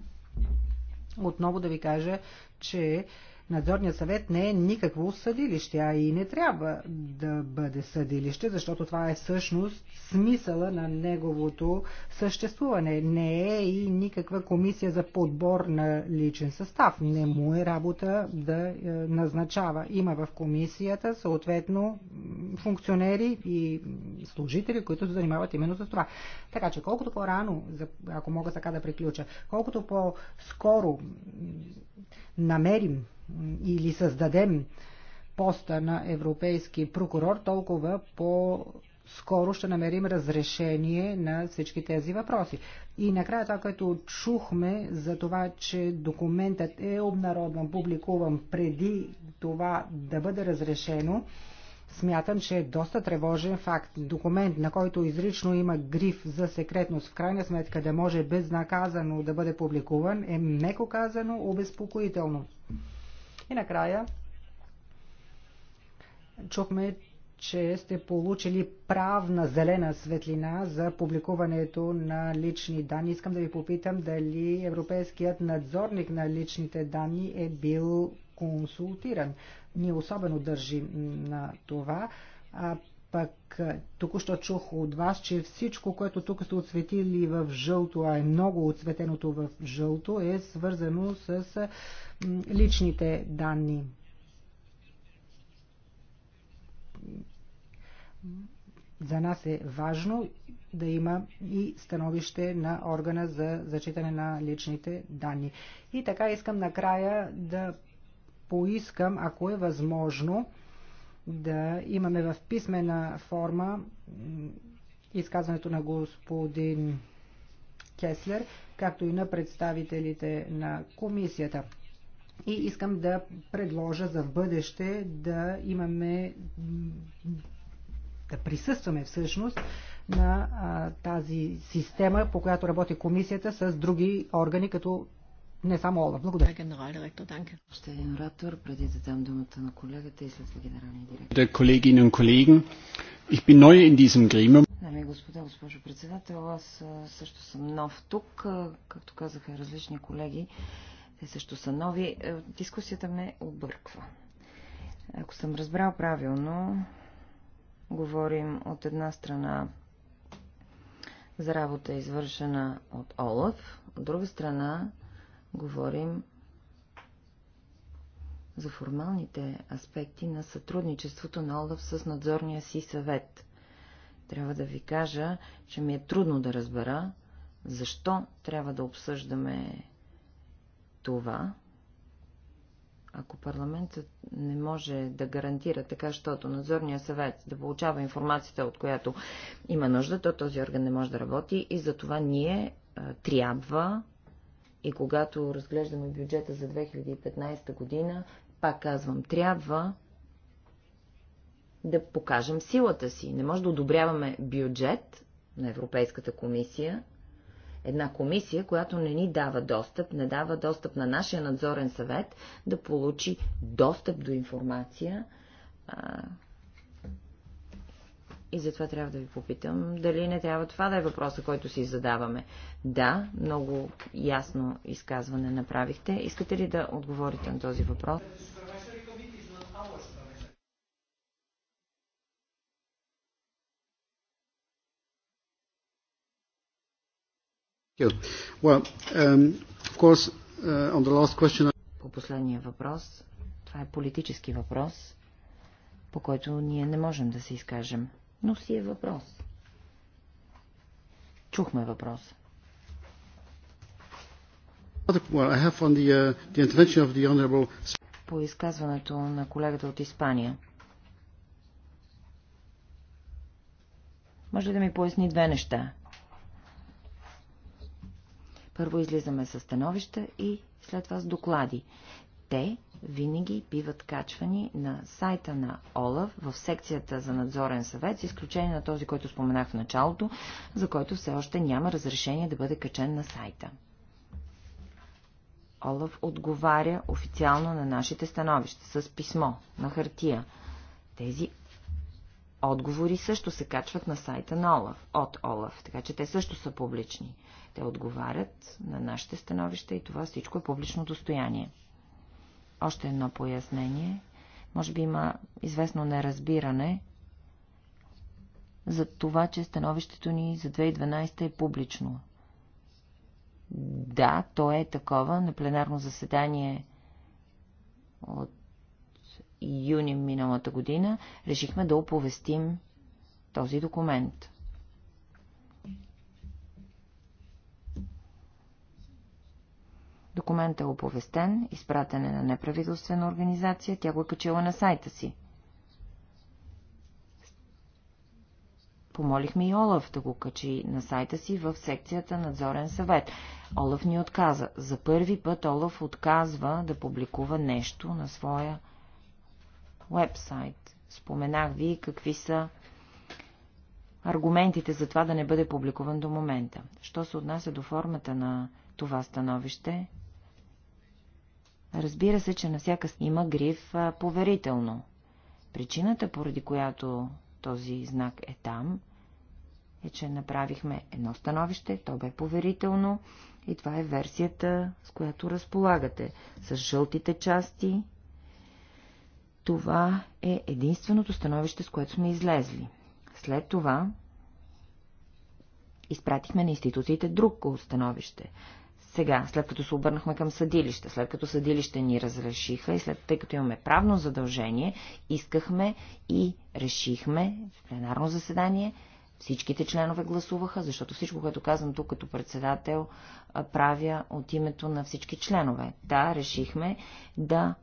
отново да ви кажа, че Надзорният съвет не е никакво съдилище, а и не трябва да бъде съдилище, защото това е всъщност смисъла на неговото съществуване. Не е и никаква комисия за подбор на личен състав. Не му е работа да е, назначава. Има в комисията съответно функционери и служители, които се занимават именно с това. Така че колкото по-рано, ако мога така да приключа, колкото по-скоро намерим или създадем поста на европейски прокурор, толкова по скоро ще намерим разрешение на всички тези въпроси. И накрая това, което чухме за това, че документът е обнародван, публикуван преди това да бъде разрешено, смятам, че е доста тревожен факт. Документ, на който изрично има гриф за секретност, в крайна сметка да може безнаказано да бъде публикуван, е меко казано обезпокоително. И накрая чухме, че сте получили правна зелена светлина за публикуването на лични данни. Искам да ви попитам дали европейският надзорник на личните данни е бил консултиран. Ние особено държим на това пък е, току-що чух от вас, че всичко, което тук сте отсветили в жълто, а е много отсветеното в жълто, е свързано с е, личните данни. За нас е важно да има и становище на органа за зачитане на личните данни. И така искам накрая да поискам, ако е възможно, да имаме в писмена форма изказването на господин Кеслер, както и на представителите на комисията. И искам да предложа за в бъдеще да имаме, да присъстваме всъщност на а, тази система, по която работи комисията с други органи, като не само Олаф. Благодаря. Генерал-директор, данке. Още един оратор, преди да дам думата на колегата и след това генералния директор. Колеги и колеги, ich bin neu in diesem Gremium. Дами и господа, госпожо председател, аз също съм нов тук. Както казаха различни колеги, те също са нови. Е, дискусията ме обърква. Ако съм разбрал правилно, говорим от една страна за работа, извършена от Олаф, от друга страна говорим за формалните аспекти на сътрудничеството на Олаф с надзорния си съвет. Трябва да ви кажа, че ми е трудно да разбера, защо трябва да обсъждаме това, ако парламентът не може да гарантира така, защото надзорния съвет да получава информацията, от която има нужда, то този орган не може да работи и за това ние трябва и когато разглеждаме бюджета за 2015 година, пак казвам, трябва да покажем силата си. Не може да одобряваме бюджет на Европейската комисия, една комисия, която не ни дава достъп, не дава достъп на нашия надзорен съвет да получи достъп до информация, и затова трябва да ви попитам, дали не трябва това да е въпроса, който си задаваме. Да, много ясно изказване направихте. Искате ли да отговорите на този въпрос? Um, uh, по последния въпрос, това е политически въпрос, по който ние не можем да се изкажем но си е въпрос. Чухме въпроса. Uh, По изказването на колегата от Испания. Може ли да ми поясни две неща? Първо излизаме с становища и след това с доклади те винаги биват качвани на сайта на ОЛАВ в секцията за надзорен съвет, с изключение на този, който споменах в началото, за който все още няма разрешение да бъде качен на сайта. ОЛАВ отговаря официално на нашите становища с писмо на хартия. Тези отговори също се качват на сайта на ОЛАВ, от ОЛАВ, така че те също са публични. Те отговарят на нашите становища и това всичко е публично достояние. Още едно пояснение. Може би има известно неразбиране за това, че становището ни за 2012 е публично. Да, то е такова. На пленарно заседание от юни миналата година решихме да оповестим този документ. Документът е оповестен, изпратен е на неправителствена организация, тя го е качила на сайта си. Помолихме и Олаф да го качи на сайта си в секцията Надзорен съвет. Олаф ни отказа. За първи път Олаф отказва да публикува нещо на своя вебсайт. Споменах ви какви са аргументите за това да не бъде публикуван до момента. Що се отнася до формата на това становище, Разбира се, че на всяка има гриф а, поверително. Причината, поради която този знак е там, е, че направихме едно становище, то бе поверително и това е версията, с която разполагате, с жълтите части. Това е единственото становище, с което сме излезли. След това изпратихме на институциите друго становище. Сега, след като се обърнахме към съдилище, след като съдилище ни разрешиха и след тъй като имаме правно задължение, искахме и решихме в пленарно заседание, всичките членове гласуваха, защото всичко, което казвам тук като председател, правя от името на всички членове. Да, решихме да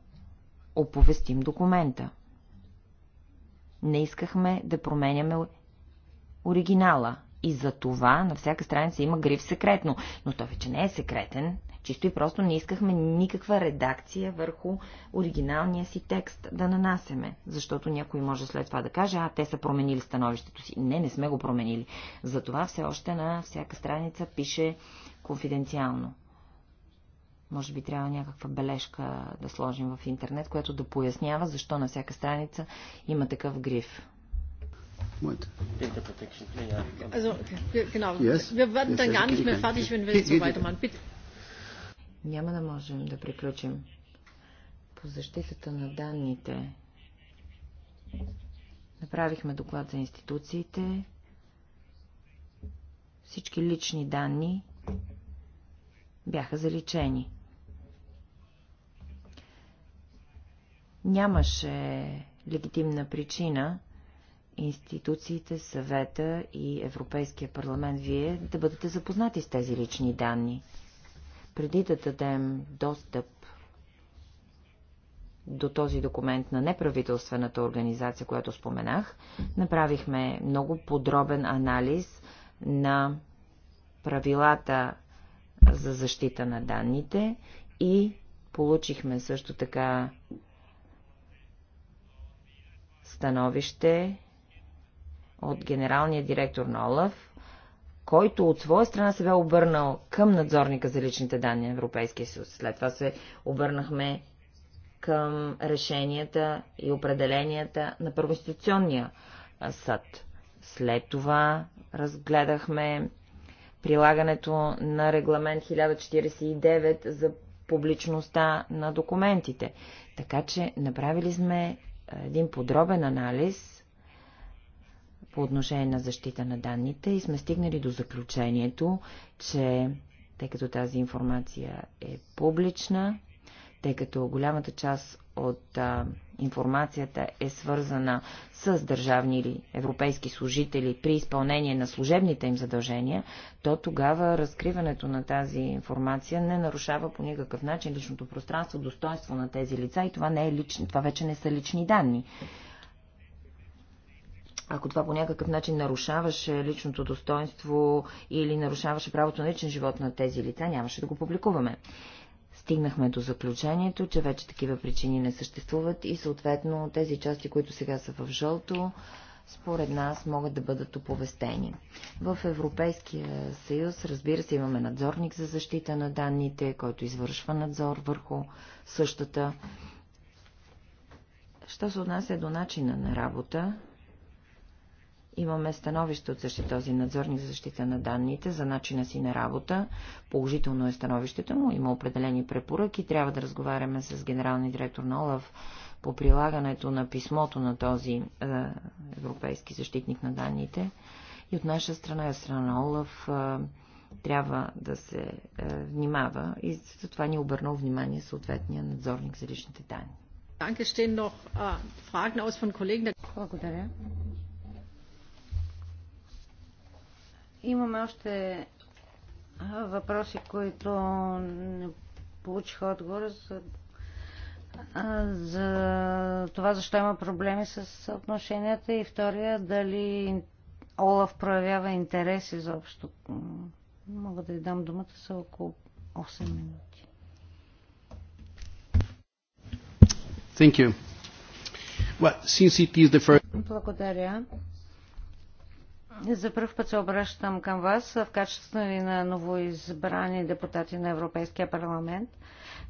оповестим документа. Не искахме да променяме оригинала. И за това на всяка страница има гриф секретно. Но той вече не е секретен. Чисто и просто не искахме никаква редакция върху оригиналния си текст да нанасеме. Защото някой може след това да каже, а те са променили становището си. Не, не сме го променили. Затова все още на всяка страница пише конфиденциално. Може би трябва някаква бележка да сложим в интернет, която да пояснява защо на всяка страница има такъв гриф. Moment. Also, genau. Yes? Wir werden dann gar nicht mehr fertig, wenn wir so weitermachen. Bitte. Няма да можем да приключим по защитата на данните. Направихме доклад за институциите, всички лични данни бяха заличени. Нямаше легитимна причина институциите, съвета и Европейския парламент, вие да бъдете запознати с тези лични данни. Преди да дадем достъп до този документ на неправителствената организация, която споменах, направихме много подробен анализ на правилата за защита на данните и получихме също така становище от генералния директор на ОЛАФ, който от своя страна се бе обърнал към надзорника за личните данни на Европейския съюз. След това се обърнахме към решенията и определенията на първоституционния съд. След това разгледахме прилагането на регламент 1049 за публичността на документите. Така че направили сме един подробен анализ по отношение на защита на данните и сме стигнали до заключението, че тъй като тази информация е публична, тъй като голямата част от а, информацията е свързана с държавни или европейски служители при изпълнение на служебните им задължения, то тогава разкриването на тази информация не нарушава по никакъв начин личното пространство, достоинство на тези лица и това, не е лично, това вече не са лични данни. Ако това по някакъв начин нарушаваше личното достоинство или нарушаваше правото на личен живот на тези лица, нямаше да го публикуваме. Стигнахме до заключението, че вече такива причини не съществуват и съответно тези части, които сега са в жълто, според нас могат да бъдат оповестени. В Европейския съюз, разбира се, имаме надзорник за защита на данните, който извършва надзор върху същата. Що се отнася до начина на работа, имаме становище от същи този надзорник за защита на данните, за начина си на работа. Положително е становището му, има определени препоръки. Трябва да разговаряме с генералния директор на ОЛАВ по прилагането на писмото на този е, европейски защитник на данните. И от наша страна и от страна на ОЛАВ е, трябва да се е, внимава и затова ни е обърна внимание съответния надзорник за личните данни. Благодаря. Имаме още въпроси, които не получиха отговор за, за това защо има проблеми с отношенията и втория дали Олаф проявява интерес изобщо. Мога да й дам думата за около 8 минути. Thank you. Well, since it is the first... Благодаря. За първ път се обръщам към вас в качеството ви на новоизбрани депутати на Европейския парламент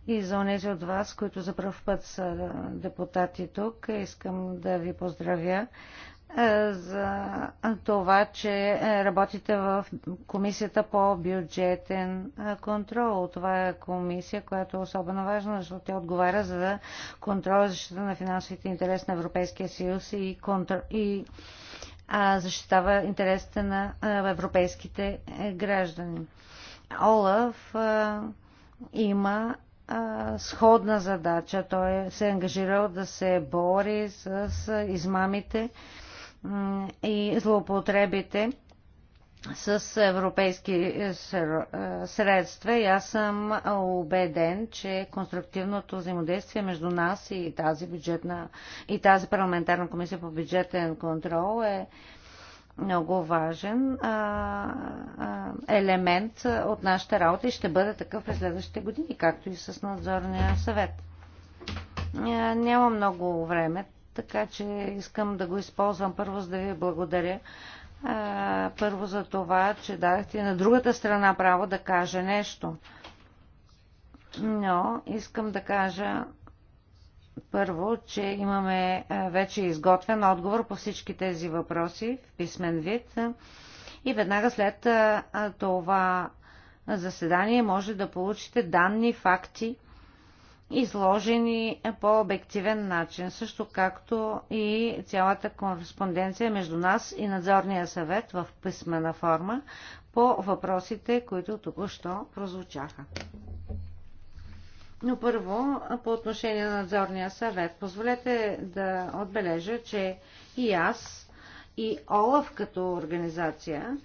и за онези от вас, които за първ път са депутати тук. Искам да ви поздравя за това, че работите в комисията по бюджетен контрол. Това е комисия, която е особено важна, защото тя отговаря за контрол за защита на финансовите интереси на Европейския съюз и, контр... и защитава интересите на европейските е, граждани. Олаф има сходна задача. Той се е ангажирал да се бори с измамите и злоупотребите с европейски е, е, средства и аз съм убеден, че конструктивното взаимодействие между нас и тази бюджетна и тази парламентарна комисия по бюджетен контрол е много важен а, а, елемент от нашата работа и ще бъде такъв през следващите години, както и с надзорния съвет. А, е, няма много време, така че искам да го използвам първо, за да ви благодаря а, първо за това, че дадахте на другата страна право да каже нещо. Но искам да кажа първо, че имаме вече изготвен отговор по всички тези въпроси в писмен вид и веднага след това заседание може да получите данни, факти изложени по обективен начин, също както и цялата кореспонденция между нас и надзорния съвет в писмена форма по въпросите, които току-що прозвучаха. Но първо, по отношение на надзорния съвет, позволете да отбележа, че и аз, и ОЛАВ като организация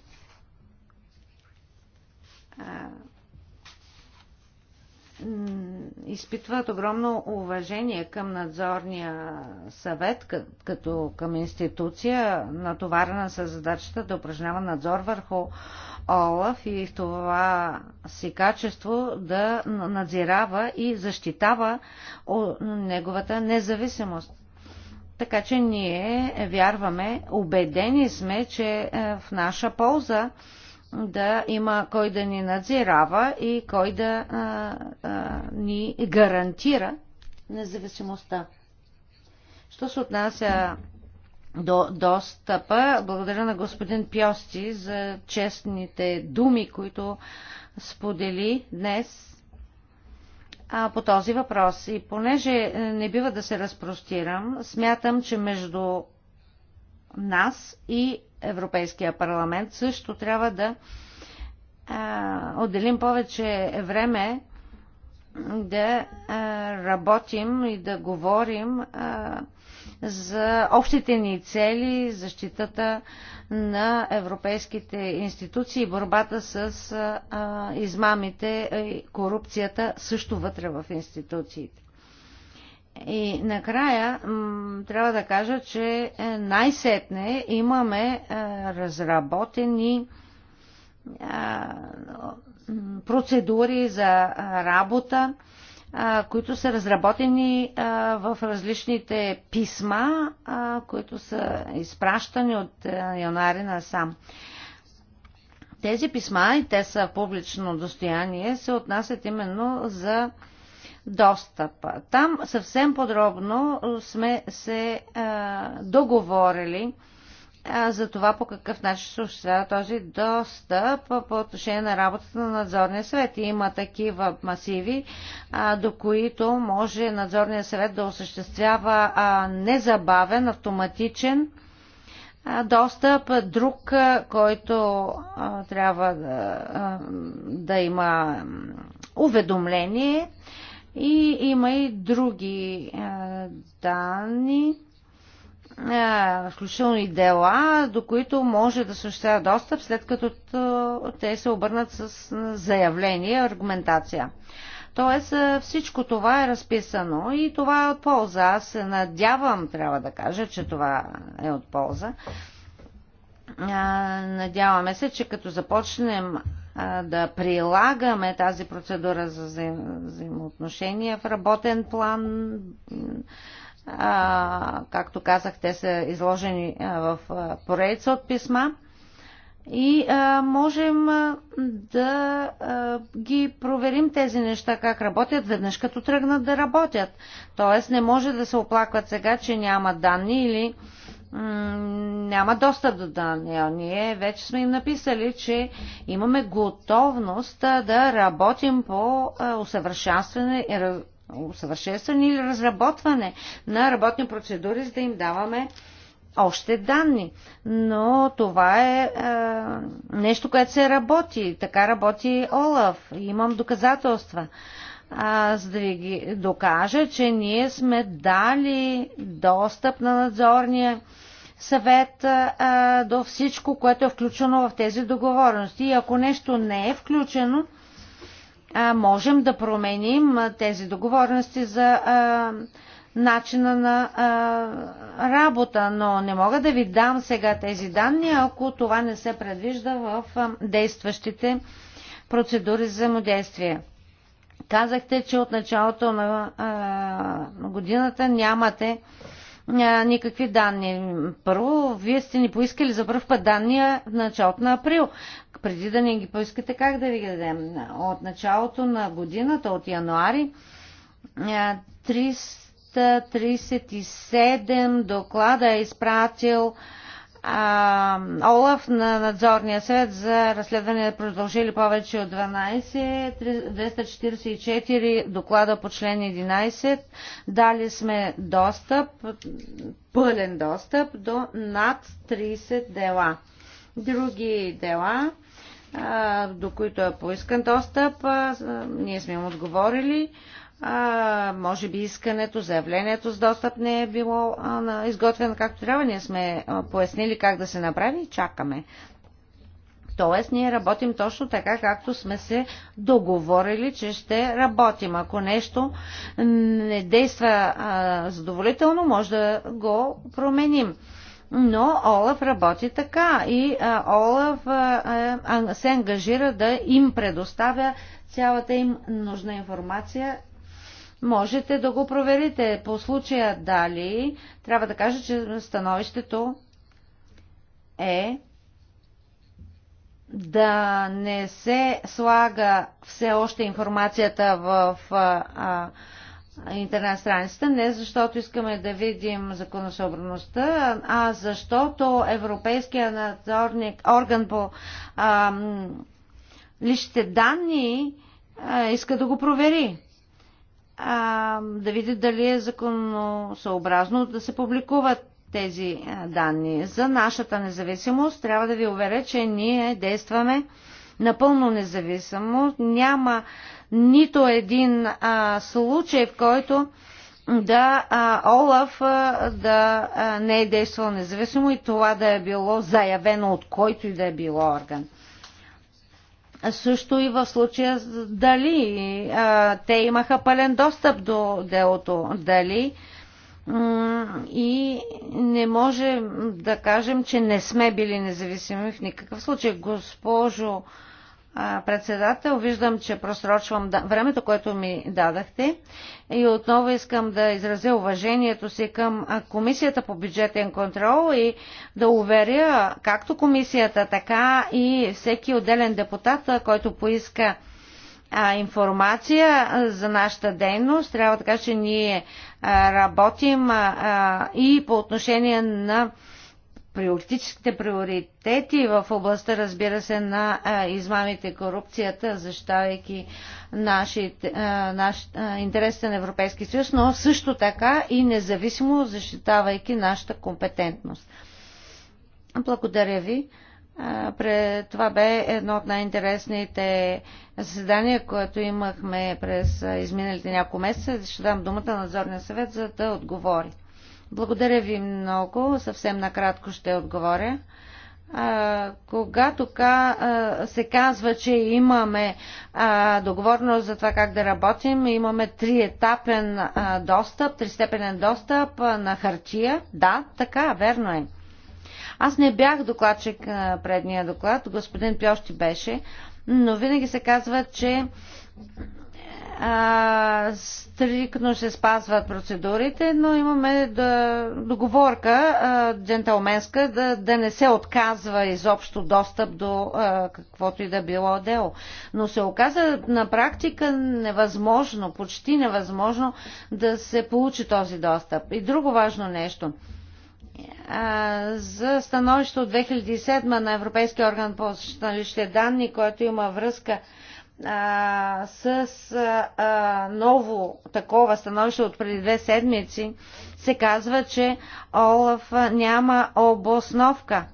изпитват огромно уважение към надзорния съвет, като към институция, натоварена с задачата да упражнява надзор върху Олаф и в това си качество да надзирава и защитава неговата независимост. Така че ние вярваме, убедени сме, че е, в наша полза да има кой да ни надзирава и кой да а, а, ни гарантира независимостта. Що се отнася до достъпа, благодаря на господин Пьости за честните думи, които сподели днес а, по този въпрос. И понеже е, не бива да се разпростирам, смятам, че между нас и Европейския парламент. Също трябва да а, отделим повече време да а, работим и да говорим а, за общите ни цели, защитата на европейските институции и борбата с а, измамите и корупцията също вътре в институциите. И накрая трябва да кажа, че е, най-сетне имаме е, разработени е, процедури за работа, които са разработени в различните писма, които са изпращани от януари насам. Тези писма, и те са публично достояние, се отнасят именно за достъпа. Там съвсем подробно сме се а, договорили а, за това по какъв начин се осъществява този достъп по отношение на работата на надзорния съвет. И има такива масиви, а, до които може надзорния съвет да осъществява а, незабавен, автоматичен достъп, друг, който а, трябва да, а, да има уведомление и има и други е, данни, е, включително и дела, до които може да съществява достъп, след като те се обърнат с заявление, аргументация. Тоест е, всичко това е разписано и това е от полза. Аз се надявам, трябва да кажа, че това е от полза. Надяваме се, че като започнем да прилагаме тази процедура за взаимоотношения в работен план. А, както казах, те са изложени в поредица от писма и а, можем да а, ги проверим тези неща как работят веднъж като тръгнат да работят. Тоест не може да се оплакват сега, че няма данни или няма достъп до данни. Ние вече сме им написали, че имаме готовност да работим по усъвършенстване усъвършенстване или разработване на работни процедури, за да им даваме още данни. Но това е, е нещо, което се работи. Така работи Олаф. Имам доказателства а, за да ви докажа, че ние сме дали достъп на надзорния съвет а, до всичко, което е включено в тези договорности. И ако нещо не е включено, а, можем да променим а, тези договорности за а, начина на а, работа, но не мога да ви дам сега тези данни, ако това не се предвижда в а, действащите процедури за взаимодействие. Казахте, че от началото на а, годината нямате а, никакви данни. Първо, вие сте ни поискали за първ път данни в началото на април. Преди да ни ги поискате, как да ви ги дадем? От началото на годината, от януари, а, 337 доклада е изпратил а, а, Олаф на надзорния съвет за разследване е продължили повече от 12, 244 доклада по член 11. Дали сме достъп, пълен достъп до над 30 дела. Други дела, а, до които е поискан достъп, а, ние сме им отговорили а, може би искането, заявлението с достъп не е било а, изготвено както трябва. Ние сме а, пояснили как да се направи и чакаме. Тоест, ние работим точно така, както сме се договорили, че ще работим. Ако нещо не действа а, задоволително, може да го променим. Но Олаф работи така и а, Олаф а, а, се ангажира да им предоставя цялата им нужна информация Можете да го проверите. По случая дали, трябва да кажа, че становището е да не се слага все още информацията в а, а, интернет страницата, не защото искаме да видим законосъобразността, а защото Европейския надзорник, орган по а, личните данни а, иска да го провери а, да види дали е законосъобразно да се публикуват тези данни. За нашата независимост трябва да ви уверя, че ние действаме напълно независимо. Няма нито един а, случай, в който да а, Олаф а, да а, не е действал независимо и това да е било заявено от който и да е било орган също и в случая дали а, те имаха пълен достъп до делото, дали и не може да кажем, че не сме били независими в никакъв случай. Госпожо председател. Виждам, че просрочвам времето, което ми дадахте. И отново искам да изразя уважението си към Комисията по бюджетен контрол и да уверя както Комисията, така и всеки отделен депутат, който поиска информация за нашата дейност. Трябва така, че ние работим и по отношение на приоритетските приоритети в областта, разбира се, на измамите корупцията, защитавайки нашите, наш, интересите на Европейския съюз, но също така и независимо защитавайки нашата компетентност. Благодаря ви. Това бе едно от най-интересните заседания, което имахме през изминалите няколко месеца. Ще дам думата на надзорния съвет, за да отговори. Благодаря ви много. Съвсем накратко ще отговоря. когато ка, се казва, че имаме договорност за това как да работим, имаме триетапен достъп, тристепенен достъп на хартия. Да, така, верно е. Аз не бях докладчик на предния доклад, господин Пьощи беше, но винаги се казва, че стрикно се спазват процедурите, но имаме да, договорка а, джентълменска да, да не се отказва изобщо достъп до а, каквото и да било дело. Но се оказа на практика невъзможно, почти невъзможно да се получи този достъп. И друго важно нещо за становище от 2007 на Европейския орган по защита на личните данни, който има връзка а, с а, ново такова становище от преди две седмици се казва, че Олаф няма обосновка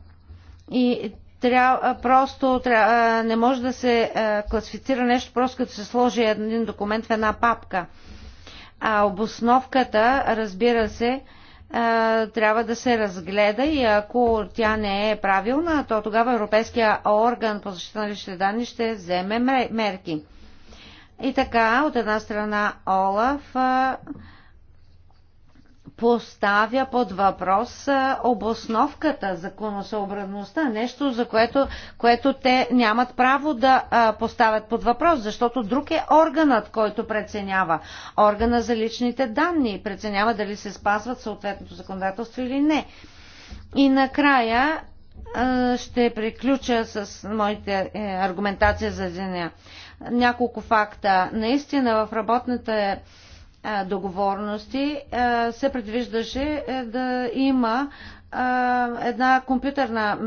и трябва, просто трябва, не може да се а, класифицира нещо просто като се сложи един документ в една папка. А обосновката, разбира се, а, трябва да се разгледа и ако тя не е правилна, то тогава Европейския орган по защита на личните данни ще вземе мерки. И така, от една страна Олаф поставя под въпрос обосновката, законосъобразността, нещо, за което, което те нямат право да поставят под въпрос, защото друг е органът, който преценява. Органа за личните данни преценява дали се спазват съответното законодателство или не. И накрая ще приключа с моите е, аргументация за деня. Няколко факта. Наистина в работната е договорности се предвиждаше е, да има една компютърна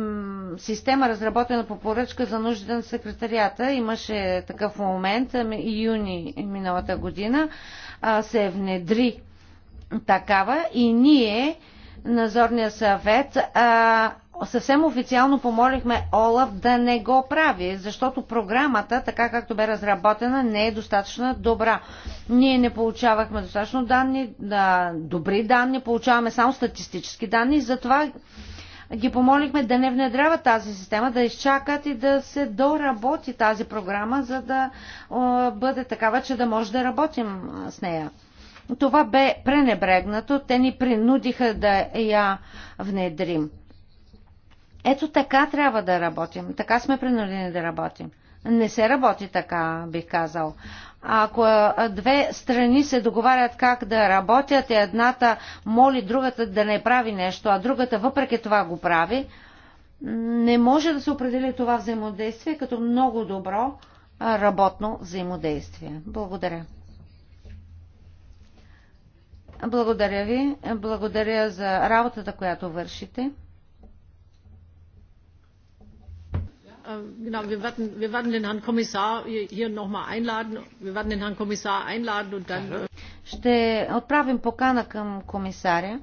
система, разработена по поръчка за нуждите на секретарията. Имаше такъв момент, ами, юни миналата година, се внедри такава и ние, Назорния съвет, съвсем официално помолихме Олаф да не го прави, защото програмата, така както бе разработена, не е достатъчно добра. Ние не получавахме достатъчно данни, да, добри данни, получаваме само статистически данни, затова ги помолихме да не внедряват тази система, да изчакат и да се доработи тази програма, за да о, бъде такава, че да може да работим с нея. Това бе пренебрегнато, те ни принудиха да я внедрим. Ето така трябва да работим. Така сме принудени да работим. Не се работи така, бих казал. Ако две страни се договарят как да работят и едната моли другата да не прави нещо, а другата въпреки това го прави, не може да се определи това взаимодействие като много добро работно взаимодействие. Благодаря. Благодаря ви. Благодаря за работата, която вършите. Äh, genau, wir werden, wir werden den Herrn Kommissar hier noch mal einladen. Wir werden den Herrn Kommissar einladen und dann... Äh, ще отправим покана към комисаря.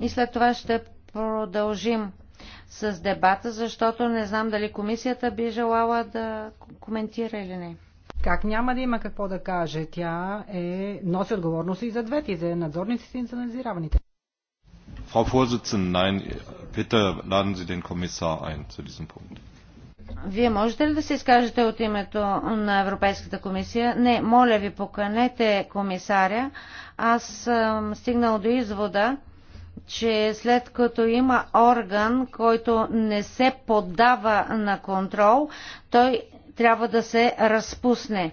И след това ще продължим с дебата, защото не знам дали комисията би желала да коментира или не. Как няма да има какво да каже? Тя е, носи отговорност и за двете, и за надзорниците, и за надзираваните. Frau Vorsitzende, nein, bitte laden Sie den Kommissar ein zu diesem Punkt. Вие можете ли да се изкажете от името на Европейската комисия? Не, моля ви, поканете комисаря. Аз съм стигнал до извода, че след като има орган, който не се поддава на контрол, той трябва да се разпусне.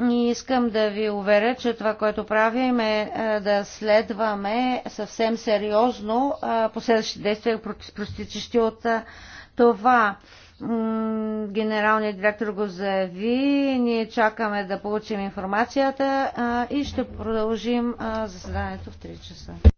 И искам да ви уверя, че това, което правим е, е да следваме съвсем сериозно е, последващи действия, простичащи от е, това. Генералният директор го заяви, ние чакаме да получим информацията и ще продължим заседанието в 3 часа.